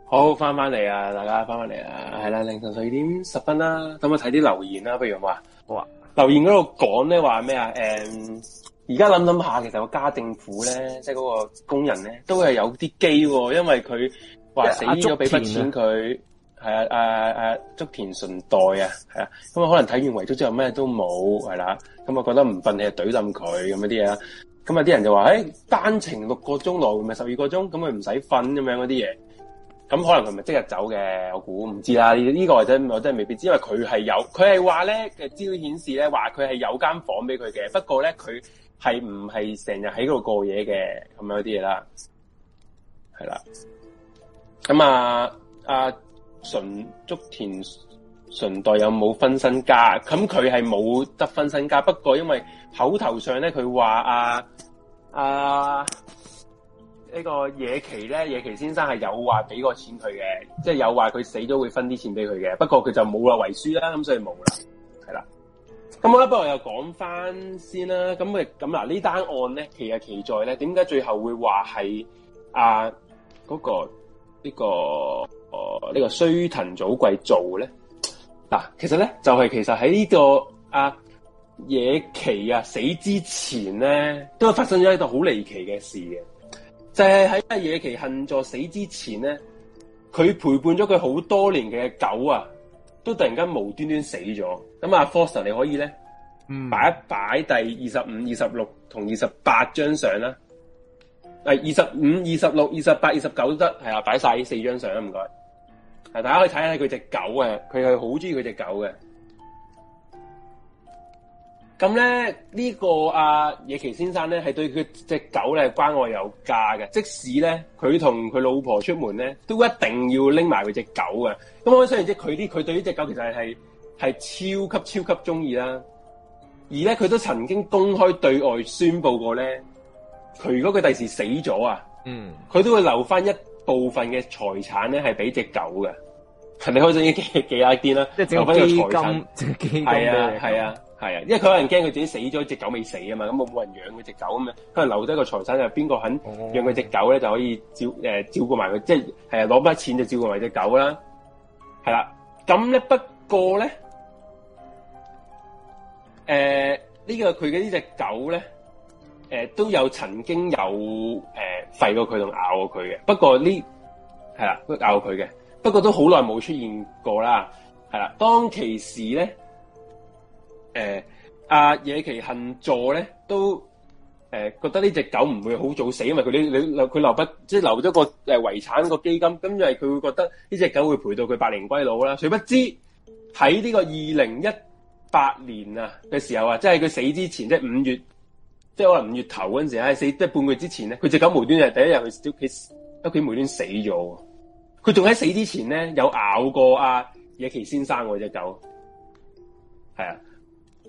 好翻翻嚟啊！大家翻翻嚟啊，係啦，凌晨十二點十分啦。咁我睇啲留言啦，不如我話我留言嗰度講咧話咩啊？誒，而家諗諗下，其實個家政婦咧，即係嗰個工人咧，都係有啲機，因為佢話死咗俾筆錢佢。啊係啊，阿、啊、阿、啊、竹田順代啊，係啊，咁、嗯、啊可能睇完遺囑之後咩都冇，係、啊嗯啊嗯欸嗯、啦，咁啊覺得唔瞓你就懟冧佢咁嗰啲嘢，咁啊啲人就話，誒單程六個鐘耐，咪十二個鐘，咁佢唔使瞓咁樣嗰啲嘢，咁可能佢咪即日走嘅，我估唔知啦。呢個個或者我真係未必知，因為佢係有，佢係話咧嘅資料顯示咧，話佢係有間房俾佢嘅，不過咧佢係唔係成日喺嗰度過夜嘅，咁樣啲嘢啦，係啦，咁啊啊。純竹田純代有冇分身家？咁佢係冇得分身家，不過因為口頭上咧，佢話啊啊呢、這個野崎咧，野崎先生係有話俾過錢佢嘅，即係有話佢死咗會分啲錢俾佢嘅。不過佢就冇落遺書啦，咁所以冇啦，係啦。咁啦不如又講翻先啦。咁嘅咁嗱呢單案咧，其實奇在咧，點解最後會話係啊嗰個呢個？這個哦，呢、這個衰騰早貴做咧，嗱、啊，其實咧就係、是、其實喺呢個阿、啊、野崎啊死之前咧，都發生咗一度好離奇嘅事嘅，就係喺阿野崎幸助死之前咧，佢陪伴咗佢好多年嘅狗啊，都突然間無端端死咗。咁啊，Foster 你可以咧，擺一擺第二十五、二十六同二十八張相啦，係二十五、二十六、二十八、二十九都得，係啊，擺晒呢四張相啦，唔該。大家可以睇下佢隻狗啊，佢係好中意佢隻狗嘅。咁咧呢個阿野崎先生咧，係對佢隻狗咧關愛有加嘅，即使咧佢同佢老婆出門咧都一定要拎埋佢隻狗嘅。咁我相信即係佢呢，佢對呢隻狗其實係係係超級超級中意啦。而咧佢都曾經公開對外宣布過咧，佢如果佢第時死咗啊，嗯，佢都會留翻一。部分嘅財產呢係畀隻狗嘅，人哋開始已經幾啊啲啦，留翻啲財產，即係基金，係啊係啊係啊，啊，因為佢可能驚佢自己死咗，隻狗未死啊嘛，咁我冇人養佢隻狗咁樣，可能留低個財產就邊個肯養佢隻狗呢？就可以照誒、哦、顧埋佢，即係誒攞翻錢就照顧埋隻狗啦，係啦、啊，咁呢？不過呢，呢、呃呢個佢嘅呢隻狗呢。誒、呃，都有曾經有誒吠過佢同咬過佢嘅，不過呢係啦，都咬過佢嘅，不過都好耐冇出現過啦。係啦，當其時咧，誒、呃、阿、啊、野崎幸助咧都誒、呃、覺得呢隻狗唔會好早死，因為佢啲佢留即、就是、留咗個遺產個基金，咁因為佢會覺得呢隻狗會陪到佢百年歸老啦。誰不知喺呢個二零一八年啊嘅時候啊，即係佢死之前，即係五月。即係可能五月頭嗰陣時候，唉死，即係半個月之前咧，佢隻狗無端係第一日去屋企，屋企無端死咗。佢仲喺死之前咧，有咬過阿、啊、野崎先生。嗰隻狗係啊，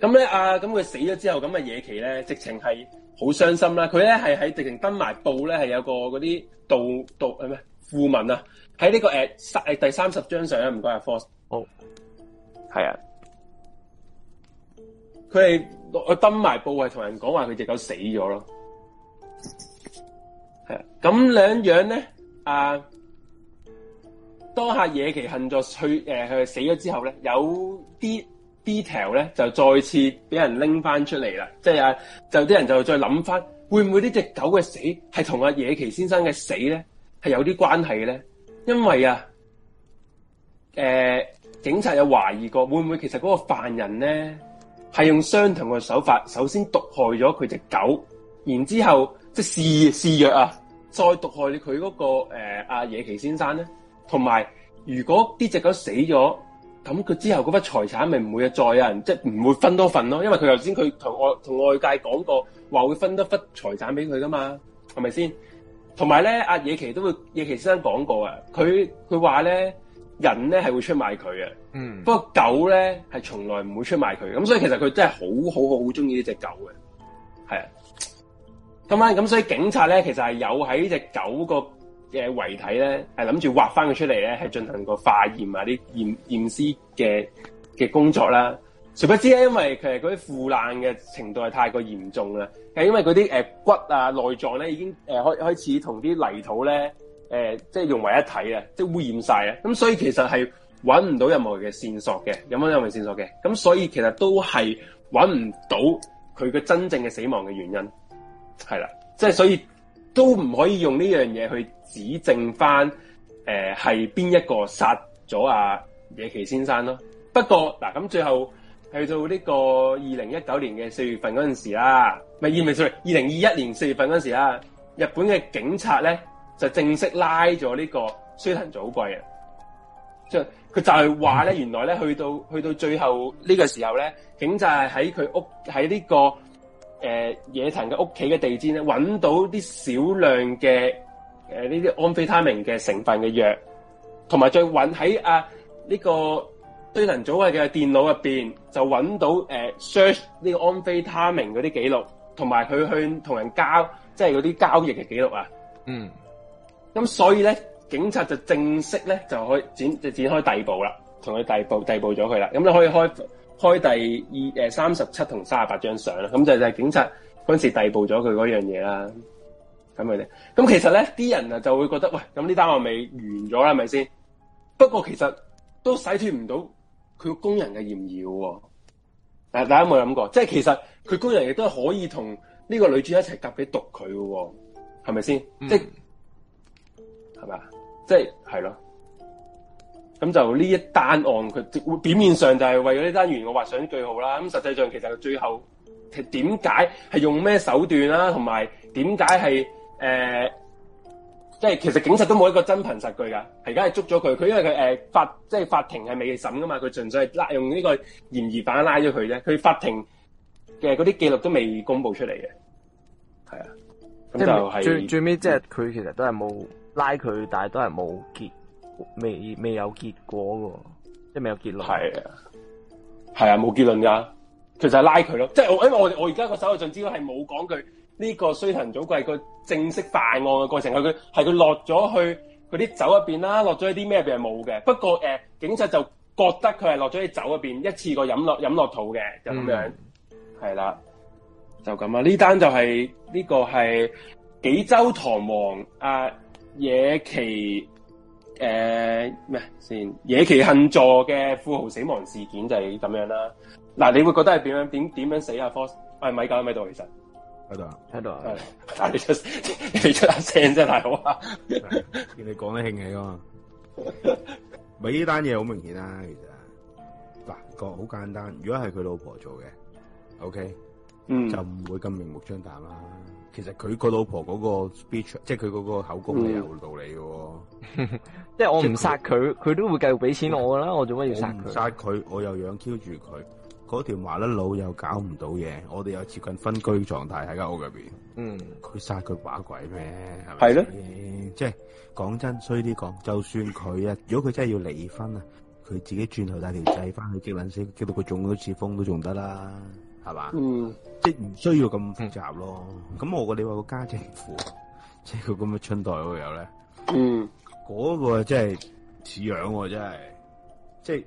咁咧啊，咁佢死咗之後，咁啊野崎咧，直情係好傷心啦。佢咧係喺直情登埋報咧，係有個嗰啲道道咩富民啊，喺呢、這個誒誒第三十張相。咧，唔該阿 Fox。好係啊，佢、啊、係。我登埋報係同人講話佢隻狗死咗咯，係啊，咁兩樣咧，啊，當阿野崎幸助去誒佢、呃、死咗之後咧，有啲 detail 咧就再次俾人拎翻出嚟啦，即、就、係、是、啊，就啲人就再諗翻，會唔會呢隻狗嘅死係同阿野崎先生嘅死咧係有啲關係咧？因為啊，誒、呃，警察有懷疑過，會唔會其實嗰個犯人咧？係用相同嘅手法，首先毒害咗佢隻狗，然之後即試試藥啊，再毒害咗佢嗰個阿、呃、野崎先生咧。同埋，如果呢隻狗死咗，咁佢之後嗰筆財產咪唔會再有人即係唔會分多份咯，因為佢頭先佢同外同外界講過話會分多筆財產俾佢噶嘛，係咪先？同埋咧，阿野崎都會野崎先生講過啊，佢佢話咧。人咧，係會出賣佢嘅、嗯，不過狗咧，係從來唔會出賣佢，咁所以其實佢真係好好好中意呢隻狗嘅，係啊。今晚咁所以警察咧，其實係有喺呢隻狗個嘅遺體咧，係諗住挖翻佢出嚟咧，係進行個化驗啊啲驗驗屍嘅嘅工作啦。殊不知咧，因為其實嗰啲腐爛嘅程度係太過嚴重啦，係因為啲誒、呃、骨啊內臟咧，已經誒開、呃、開始同啲泥土咧。誒、呃，即係融為一體啊，即係污染晒啊，咁所以其實係揾唔到任何嘅線索嘅，有冇任何線索嘅？咁所以其實都係揾唔到佢嘅真正嘅死亡嘅原因，係啦，即係所以都唔可以用呢樣嘢去指證翻誒係邊一個殺咗阿野崎先生咯。不過嗱，咁最後去到呢個二零一九年嘅四月份嗰陣時啦，咪係二零二零二一年四月份嗰陣時啦，日本嘅警察咧。就正式拉咗呢個須藤早貴啊！即係佢就係話咧，原來咧去到去到最後呢個時候咧，警察係喺佢屋喺呢、這個誒、呃、野藤嘅屋企嘅地氈咧揾到啲少量嘅呢啲安非他命嘅成分嘅藥，同埋再揾喺啊呢、這個須藤早貴嘅電腦入面，就揾到 search 呢、呃、個安非他命嗰啲記錄，同埋佢去同人交即係嗰啲交易嘅記錄啊。嗯。咁所以咧，警察就正式咧，就可以展就展開逮捕啦，同佢逮捕逮捕咗佢啦。咁你可以開開第二誒三十七同三十八張相啦。咁就就係警察嗰陣時逮捕咗佢嗰樣嘢啦。咁佢哋咁其實咧，啲人啊就會覺得喂，咁呢單案未完咗啦，係咪先？不過其實都洗脫唔到佢個工人嘅嫌疑喎、哦。但係大家有冇諗過，即係其實佢工人亦都可以同呢個女主一齊夾畀毒佢嘅、哦，係咪先？即係咪？即係係咯，咁就呢一單案佢表面上就係為咗呢單案我畫上句號啦。咁實際上其實佢最後係點解係用咩手段啦，同埋點解係誒，即、呃、係、就係、其實警察都冇一個真憑實據噶，而家係捉咗佢，佢因為佢誒法即係法庭係未審噶嘛，佢純粹係拉用呢個嫌疑犯拉咗佢啫。佢法庭嘅嗰啲記錄都未公布出嚟嘅，係啊，咁就係、係、最最尾即係佢其實都係冇。拉佢，但係都係冇結，未未有結果喎，即係未有結論。係啊，係啊，冇結論噶，其實就係拉佢咯。即係我因為我我而家個手提信資料係冇講佢呢個須藤早貴佢正式犯案嘅過程，佢係佢落咗去嗰啲酒入邊啦，落咗一啲咩入邊冇嘅。不過誒、呃，警察就覺得佢係落咗喺酒入邊一次過飲落飲落肚嘅，就咁樣係啦、嗯，就咁啊。呢單就係、是、呢、這個係紀州唐璜、呃野崎誒咩先？野崎幸助嘅富豪死亡事件就係咁樣啦、啊。嗱、啊，你會覺得係點樣？點點樣死啊？Fox，哎咪搞咪到，其實喺度啊，聽到啊，但、啊啊、你出 [laughs] 你出下聲真大好啊，見你講得興起啊嘛，咪呢單嘢好明顯啦、啊，其實嗱，個、啊、好簡單。如果係佢老婆做嘅，OK，嗯，就唔會咁明目張膽啦。其實佢個老婆嗰個 speech，即係佢嗰個口供係有道理嘅、嗯， [laughs] 即係我唔殺佢，佢都會繼續俾錢我噶啦，我做乜要殺佢？殺佢我又養 Q 住佢，嗰條麻甩佬又搞唔到嘢，我哋又接近分居狀態喺間屋入邊。嗯，佢殺佢把鬼咩？係咪？係咯，即係講真衰啲講，就算佢啊，如果佢真係要離婚啊，佢自己轉頭帶條仔翻去激撚死，激到佢中咗次風都仲得啦。係、嗯，就是嗯，那個、嘛，嘛，嘛？嗯，即係唔需要咁複雜咯。咁我個你話個家庭婦，即係佢咁嘅春代嗰個咧，嗯，嗰個真係似樣，真係，即係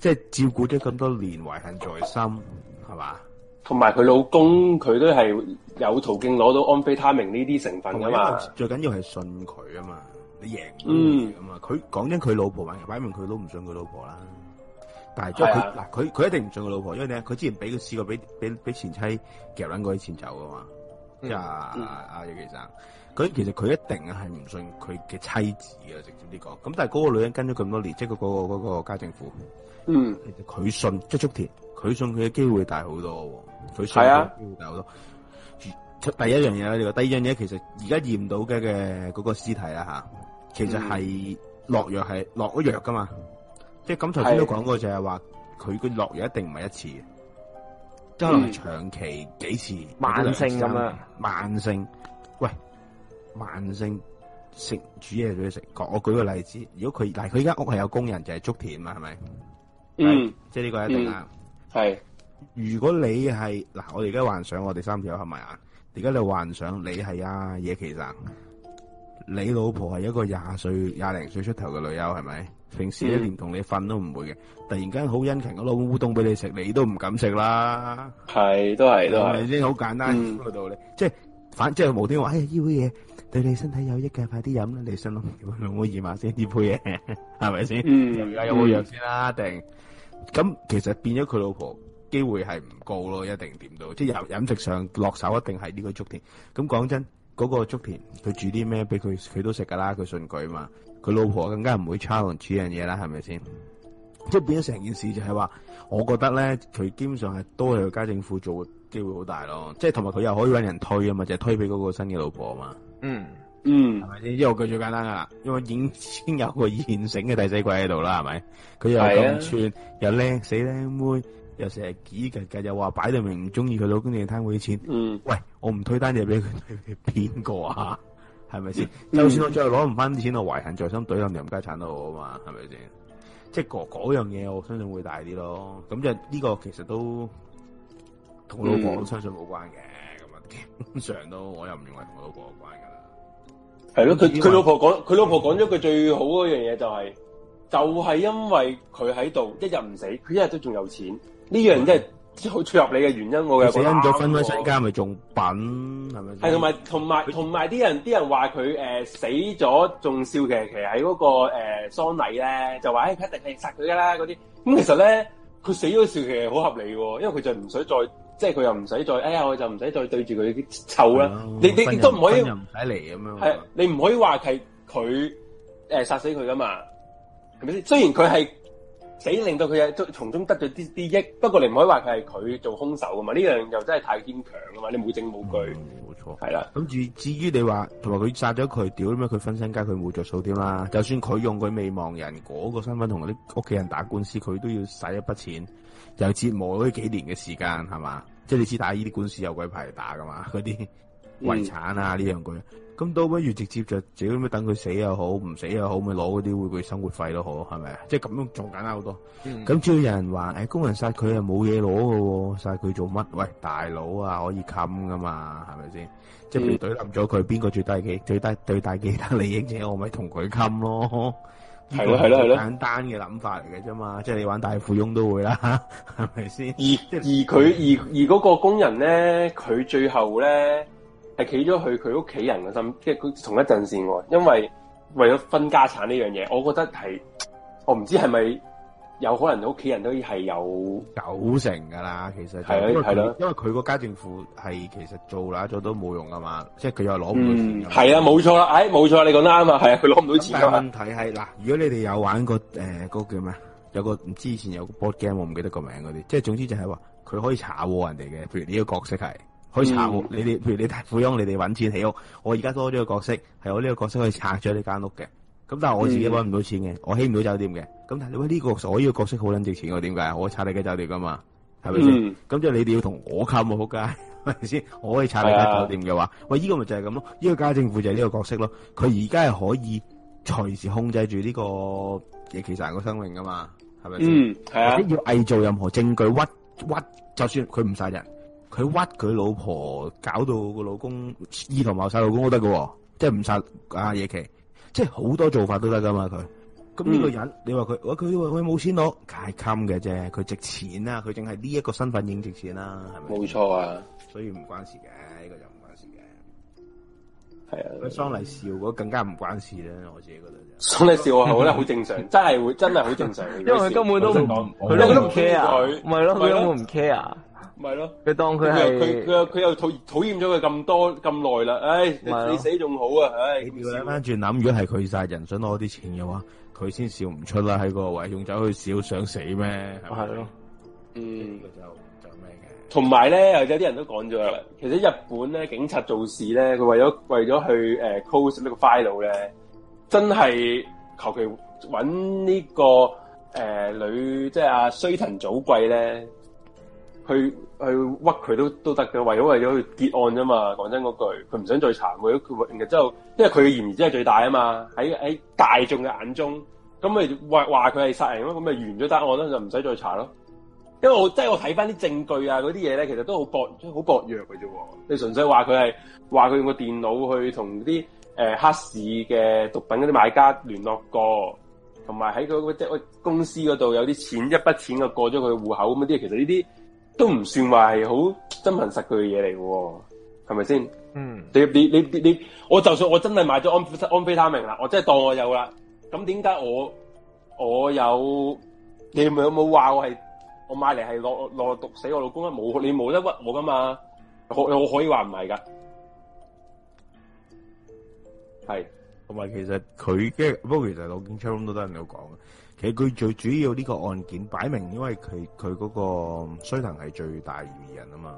即係照顧咗咁多年，懷恨在心，係嘛？同埋佢老公，佢都係有途徑攞到安非他命呢啲成分噶嘛？最緊要係信佢啊嘛，你贏嗯，咁啊，佢講緊，佢老婆，擺明佢都唔信佢老婆啦。但係即係佢嗱佢佢一定唔信佢老婆，因為咧佢之前俾佢試過俾俾俾前妻夾捻過啲錢走噶嘛，即係阿阿葉生，佢、啊嗯、其實佢一定係唔信佢嘅妻子噶，直接啲、講。咁但係嗰個女人跟咗咁多年，即係佢個嗰、那個家政婦，嗯，佢信即係竹田，佢信佢嘅機會大好多，佢信機會大好多、啊。第一樣嘢咧，第二樣嘢其實而家驗到嘅嘅嗰個屍體啦吓，其實係、嗯、落藥係落咗藥噶嘛。即咁頭先都講過就係話佢個落藥一定唔係一次，即可能長期幾次慢性咁樣，慢性，慢性喂，慢性食煮嘢俾佢食。我我舉個例子，如果佢嗱佢依間屋係有工人就係、是、竹田啊，係咪？嗯，即係呢個一定啦。係、嗯、如果你係嗱，我哋而家幻想我哋三條友係咪啊？而家你幻想你係啊，野崎生。你老婆係一個廿歲廿零歲出頭嘅女友係咪？平時一連同你瞓都唔會嘅，突然間好殷勤攞烏冬俾你食，你都唔敢食啦。係，都係，都係，係咪先好簡單個、嗯、道理？即係反，即係無端端話：哎呀，呢杯嘢對你身體有益嘅，快啲飲啦！你想攞攞我二萬先呢杯嘢，係咪、嗯嗯、先？而家有冇藥先啦，定咁其實變咗佢老婆機會係唔高咯，一定點到，即係由飲食上落手一定係呢個足點。咁講真。嗰、那個竹田，佢煮啲咩俾佢，佢都食噶啦，佢信佢嘛。佢老婆更加唔會 challenge 呢樣嘢啦，係咪先？即、嗯、係變咗成件事就係話，我覺得咧，佢基本上係都係去家政婦做嘅機會好大咯。即係同埋佢又可以揾人推啊嘛，就係推俾嗰個新嘅老婆啊嘛。嗯嗯，係咪先？因為佢最簡單噶啦，因為已經有個現成嘅第四季喺度啦，係咪？佢又咁串、嗯、又靚死靚妹。又成日幾近計，又話擺到明唔中意佢老公，你攤嗰啲錢。嗯，喂，我唔推單嘢俾佢，係邊個啊？係咪先？就算我最後攞唔翻啲錢，嗯、我懷恨在心，懟兩條家產都好啊嘛？係咪先？即係嗰樣嘢，我相信會大啲咯。咁即係呢個其實都同老婆相信冇關嘅。咁樣通常都，我又唔認為同佢老婆有關㗎啦。係咯，佢佢老婆講，佢老婆講咗佢最好嗰樣嘢，就係就係因為佢喺度，一日唔死，佢一日都仲有錢。呢樣真係好出合理嘅原因，嗯、我有死咗分開身家，咪仲品係咪？係同埋同埋同埋啲人啲人話佢誒死咗仲笑，嘅、那個呃哎。其實喺嗰個誒喪禮咧就話誒一定係殺佢噶啦嗰啲。咁其實咧佢死咗笑其實好合理的，因為佢就唔使再即係佢又唔使再哎呀，我就唔使再對住佢啲臭啦，啊。你你你都唔可以唔使嚟咁樣。係你唔可以話係佢誒殺死佢噶嘛？係咪先？雖然佢係。死令到佢從中得咗啲啲益，不過你唔可以話佢係佢做兇手㗎嘛？呢樣又真係太堅強㗎嘛！你冇證冇據，冇、嗯、錯，係啦。咁至至於你話同埋佢殺咗佢屌咩？佢分身家，佢冇着數添啦。就算佢用佢未亡人嗰個身份同嗰啲屋企人打官司，佢都要使一筆錢，又折磨咗幾年嘅時間，係嘛？即、就、係、是、你知打呢啲官司有鬼牌嚟打㗎嘛？啲。遺、嗯、產啊呢樣嘢，咁倒不如直接就，只要咁等佢死又好，唔死又好，咪攞嗰啲會佢生活費都好，係咪、嗯欸、啊？即係咁樣仲簡單好多。咁只要有人話，誒工人殺佢係冇嘢攞嘅，殺佢做乜？喂大佬啊，可以冚噶嘛，係咪先？即係被懟冧咗佢，邊個最低嘅最低最大嘅利益者，我咪同佢冚咯。係咯係咯係咯，簡單嘅諗法嚟嘅啫嘛。即係你玩大富翁都會啦，係咪先？而而佢而而嗰個工人咧，佢最後咧。係企咗去佢屋企人嘅心，即係佢同一陣線喎。因為為咗分家產呢樣嘢，我覺得係，我唔知係咪有可能屋企人都係有九成噶啦。其實係、就、咯、係，因為佢個家政婦係其實做啦，做都冇用㗎嘛。即係佢又攞唔到錢。係、嗯、啊，冇錯啦，誒，冇錯、哎，你講啱啊，係啊，佢攞唔到錢。但問題係嗱，如果你哋有玩過誒嗰、呃嗰個叫咩，有個唔知以前有個 board game，我唔記得個名嗰啲，即係總之就係話佢可以查人哋嘅，譬如你個角色係。可以拆、嗯，你哋譬如你富翁，你哋搵錢起屋。我而家多咗個角色，係我呢個角色去拆咗呢間屋嘅。咁但係我自己搵唔到錢嘅、嗯，我起唔到酒店嘅。咁但係你話呢個我呢個角色好撚值錢嘅，點解？我拆你間酒店噶嘛，係咪先？咁、嗯、即係你哋要同我冚好噶，係咪先？我可以拆你間酒店嘅話、嗯，喂，依、這個咪就係咁咯。呢、這個家政婦就係呢個角色咯。佢而家係可以隨時控制住呢、這個嘢，其實係個生命噶嘛，係咪先？或者要偽造任何證據屈屈，就算佢唔殺人。佢屈佢老婆，搞到個老公二同埋晒老公都得噶，即係唔殺阿野崎，即係好多做法都得噶嘛佢。咁呢、嗯、個人，你話佢，佢話佢冇錢攞，太冚嘅啫。佢值錢啦、啊，佢淨係呢一個身份已經值錢啦、啊，係咪？冇錯啊，所以唔關事嘅，呢、這個就唔關事嘅。係啊，桑麗笑嗰更加唔關事啦，我自己覺得。桑、嗯、麗笑我覺得好正常， [laughs] 真係會真係好正常。 [laughs] 因為佢根本都唔，佢都唔 care，佢咪咯，佢根本唔 care。咪咯，佢當佢係佢佢佢又討討厭咗佢咁多咁耐啦，唉，你死仲好啊，唉，調翻轉諗，如果係佢殺人想攞啲錢嘅話，佢先笑唔出啦喺個位，用走去笑想死咩？係咯，嗯，呢就就咩嘅？同埋咧，有啲人都講咗啦，其實日本咧警察做事咧，佢為咗為咗去誒 close 呢個 file 咧，真係求其揾呢個誒、呃、女，即係阿、啊、須藤早貴咧去，去屈佢都都得嘅，為咗為咗去結案啫嘛。講真嗰句，佢唔想再查佢，然之後，因為佢嘅嫌疑真係最大啊嘛。喺喺大眾嘅眼中，咁咪話話佢係殺人咯，咁咪完咗答案咯，就唔使再查咯。因為我即係、就是、我睇翻啲證據啊，嗰啲嘢咧，其實都好薄好薄弱嘅啫、啊。你純粹話佢係話佢用個電腦去同啲誒黑市嘅毒品嗰啲買家聯絡過，同埋喺佢即係公司嗰度有啲錢一筆錢啊過咗佢戶口咁啲，其實呢啲。都唔算話係好真憑實據嘅嘢嚟嘅，係咪先？嗯你，你你你你，我就算我真係買咗安安非他命啦，我真係當我有啦。咁點解我我有？你咪有冇話我係我買嚟係落落毒死我老公啊？冇你冇得屈我噶嘛？我我可以話唔係噶，係同埋其實佢嘅，不過其實老公 c h 都得人哋講嘅。其實佢最主要呢個案件擺明，因為佢佢嗰個衰騰係最大嫌疑人啊嘛。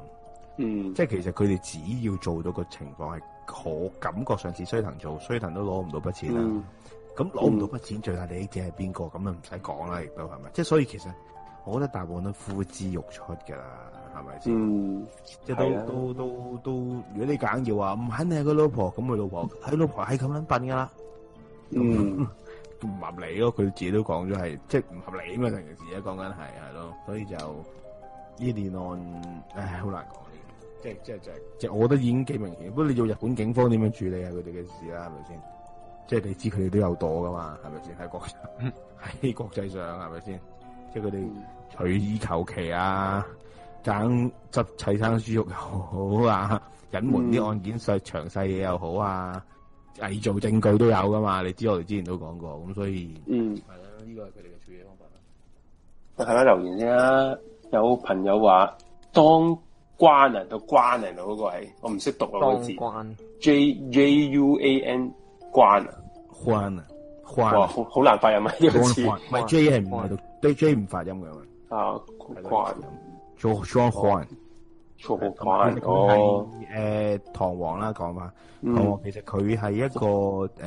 嗯，即係其實佢哋只要做到個情況係可感覺上次衰騰做，衰騰都攞唔到筆錢啦。咁攞唔到筆錢，嗯、最大利益者係邊個？咁啊唔使講啦，亦都係咪？即係所以其實我覺得大部分都呼之欲出噶啦，係咪先？嗯、即係都都都都，如果你揀要話，唔肯定係個老婆，咁佢老婆佢老婆係咁樣笨噶啦。嗯。嗯唔合理咯，佢自己都講咗係，即係唔合理啊嘛，成件事啊，講緊係係咯，所以就呢啲案，唉，好難講呢，即係即係即係，即係我覺得已經幾明顯。不過你要日本警方點樣處理啊佢哋嘅事啦，係咪先？即係你知佢哋都有多㗎嘛，係咪先？喺國喺國際上係咪先？即係佢哋取以求其啊，揀執砌生豬肉又好啊，隱瞞啲案件、嗯、詳細嘢又好啊。偽造證據都有噶嘛？你知我哋之前都講過，咁所以，嗯，係啦，呢個係佢哋嘅處理方法啦。睇留言先啦，有朋友話當關人到關人到啊，嗰個係我唔識讀啊個字。當關 J J U A N 關關啊哇好難發音啊呢個字，唔係 J 係唔係對 J 唔發音噶嘛？啊關做雙關。同埋佢係誒唐王啦講法，唐王其實佢係，嗯，一,一,一,一,一,一個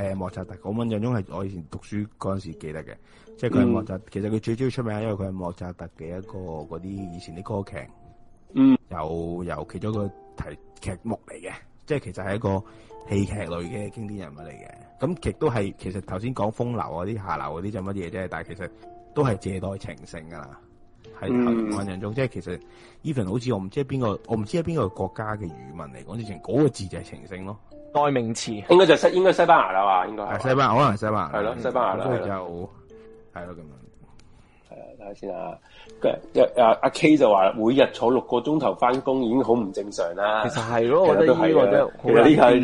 誒莫扎特，我印象中係我以前讀書嗰陣時記得嘅，即係佢係莫扎，其實佢最最出名因為佢係莫扎特嘅一個嗰啲以前啲歌劇，嗯，由由其中一個題劇目嚟嘅，即係其實係一個戲劇類嘅經典人物嚟嘅。咁亦都係其實頭先講風流嗰啲下流嗰啲就乜嘢啫，但係其實都係借代情聖噶啦。係文化人中，即係其實 even 好似我唔知係邊個，我唔知係邊個國家嘅語文嚟講之前，嗰個字就係情聖咯，代名詞，應該就西，應該西班牙啦嘛，應該係西班牙，可能係西班牙，係咯，西班牙啦，仲就，係咯咁。睇下先啊！阿阿阿 K 就話每日坐六個鐘頭翻工，已經好唔正常啦。其實係咯，我覺得呢個都其實呢個真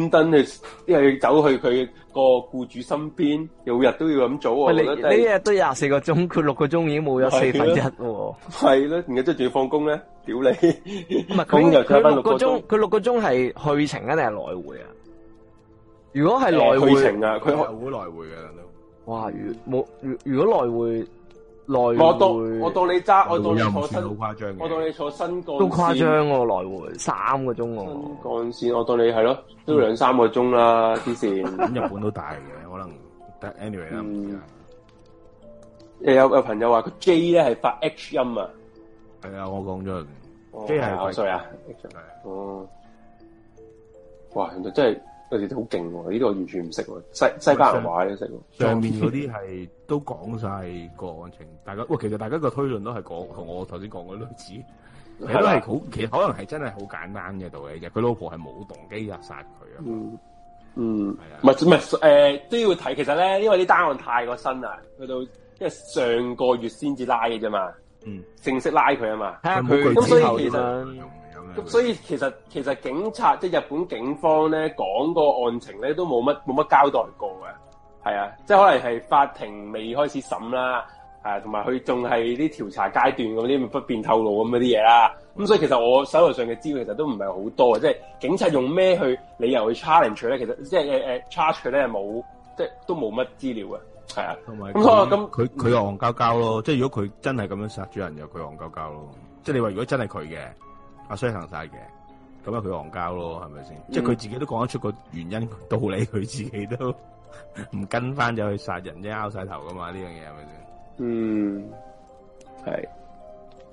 專、這個、登去、因、這、為、個、走去佢個僱主身邊，每日都要咁早。你一日都廿四個鐘，佢六個鐘已經冇咗四分一。係 [laughs] 咯，而家真係仲要放工咧，屌你！佢返六 [laughs] 個鐘，佢六個鐘係去程啊，定係來回啊？如果係來回是，去程啊，佢會來回嘅。哇，如冇如如果來回。來我到，我到你揸我到你坐新我到你坐新幹線都誇張喎、啊、來回三個鐘喎、啊、幹線我到你係咯都兩三個鐘啦啲線日本都大嘅可能，但 anyway 啦唔知啦。有有朋友話佢 J 咧係發 H 音啊。係啊，我講咗 J 係發衰啊 H 係。哦，哇、啊啊啊啊啊啊、原來真係。好勁呢啲完全唔識喎，西西班牙話都識喎。上面嗰啲係都講晒個案情，大家喂，其實大家個推論都係講同我頭先講嘅類似，都係好，其實可能係真係好簡單嘅道理啫。佢老婆係冇動機殺佢啊，嗯，係、嗯、啊，唔係唔係誒，都要睇。其實咧，因為啲單案太過新啦，去到即係上個月先至拉嘅啫嘛，嗯，正式拉佢啊嘛，睇下冇證據之後咁所以其實其實警察即係日本警方咧講個案情咧都冇乜冇乜交代過嘅，係啊，即係可能係法庭未開始審啦，係同埋佢仲係啲調查階段咁啲不便透露咁嗰啲嘢啦。咁所以其實我手頭上嘅資料其實都唔係好多啊，即係警察用咩去理由去 charge 佢咧？其實、就是呃呃、他呢沒即係誒誒 charge 咧冇即係都冇乜資料嘅，係啊。咁所以咁佢佢戇鳩鳩咯，即係如果佢真係咁樣殺主人，又佢戇鳩鳩咯。即係你話如果真係佢嘅。阿衰行晒嘅，咁啊佢戇交咯，係咪先？即係佢自己都講得出個原因道理，佢自己都唔跟翻就去殺人，啫，拗晒頭噶嘛？呢樣嘢係咪先？嗯，係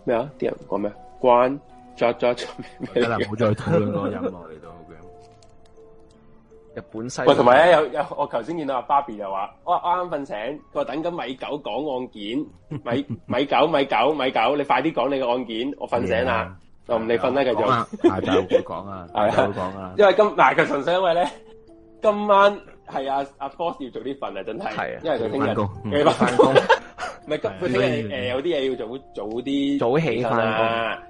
咩啊？啲人講咩？關捉捉咩嘢？得啦，唔好再討論嗰個人咯，嚟到。日本西。喂，同埋咧，有有我頭先見到阿 Barbie 又話，我啱啱瞓醒，佢話等緊米九講案件，米米九，米九，米九，你快啲講你嘅案件，我瞓醒啦。就唔理瞓啦，繼續。係，大家好講啊，大家好講啊。因為今嗱，其實純粹因為咧，今晚係阿阿 Fox 要早啲瞓啊，真係。係啊。因為佢聽日要翻工，唔係今佢聽日誒有啲嘢要做，早啲早起翻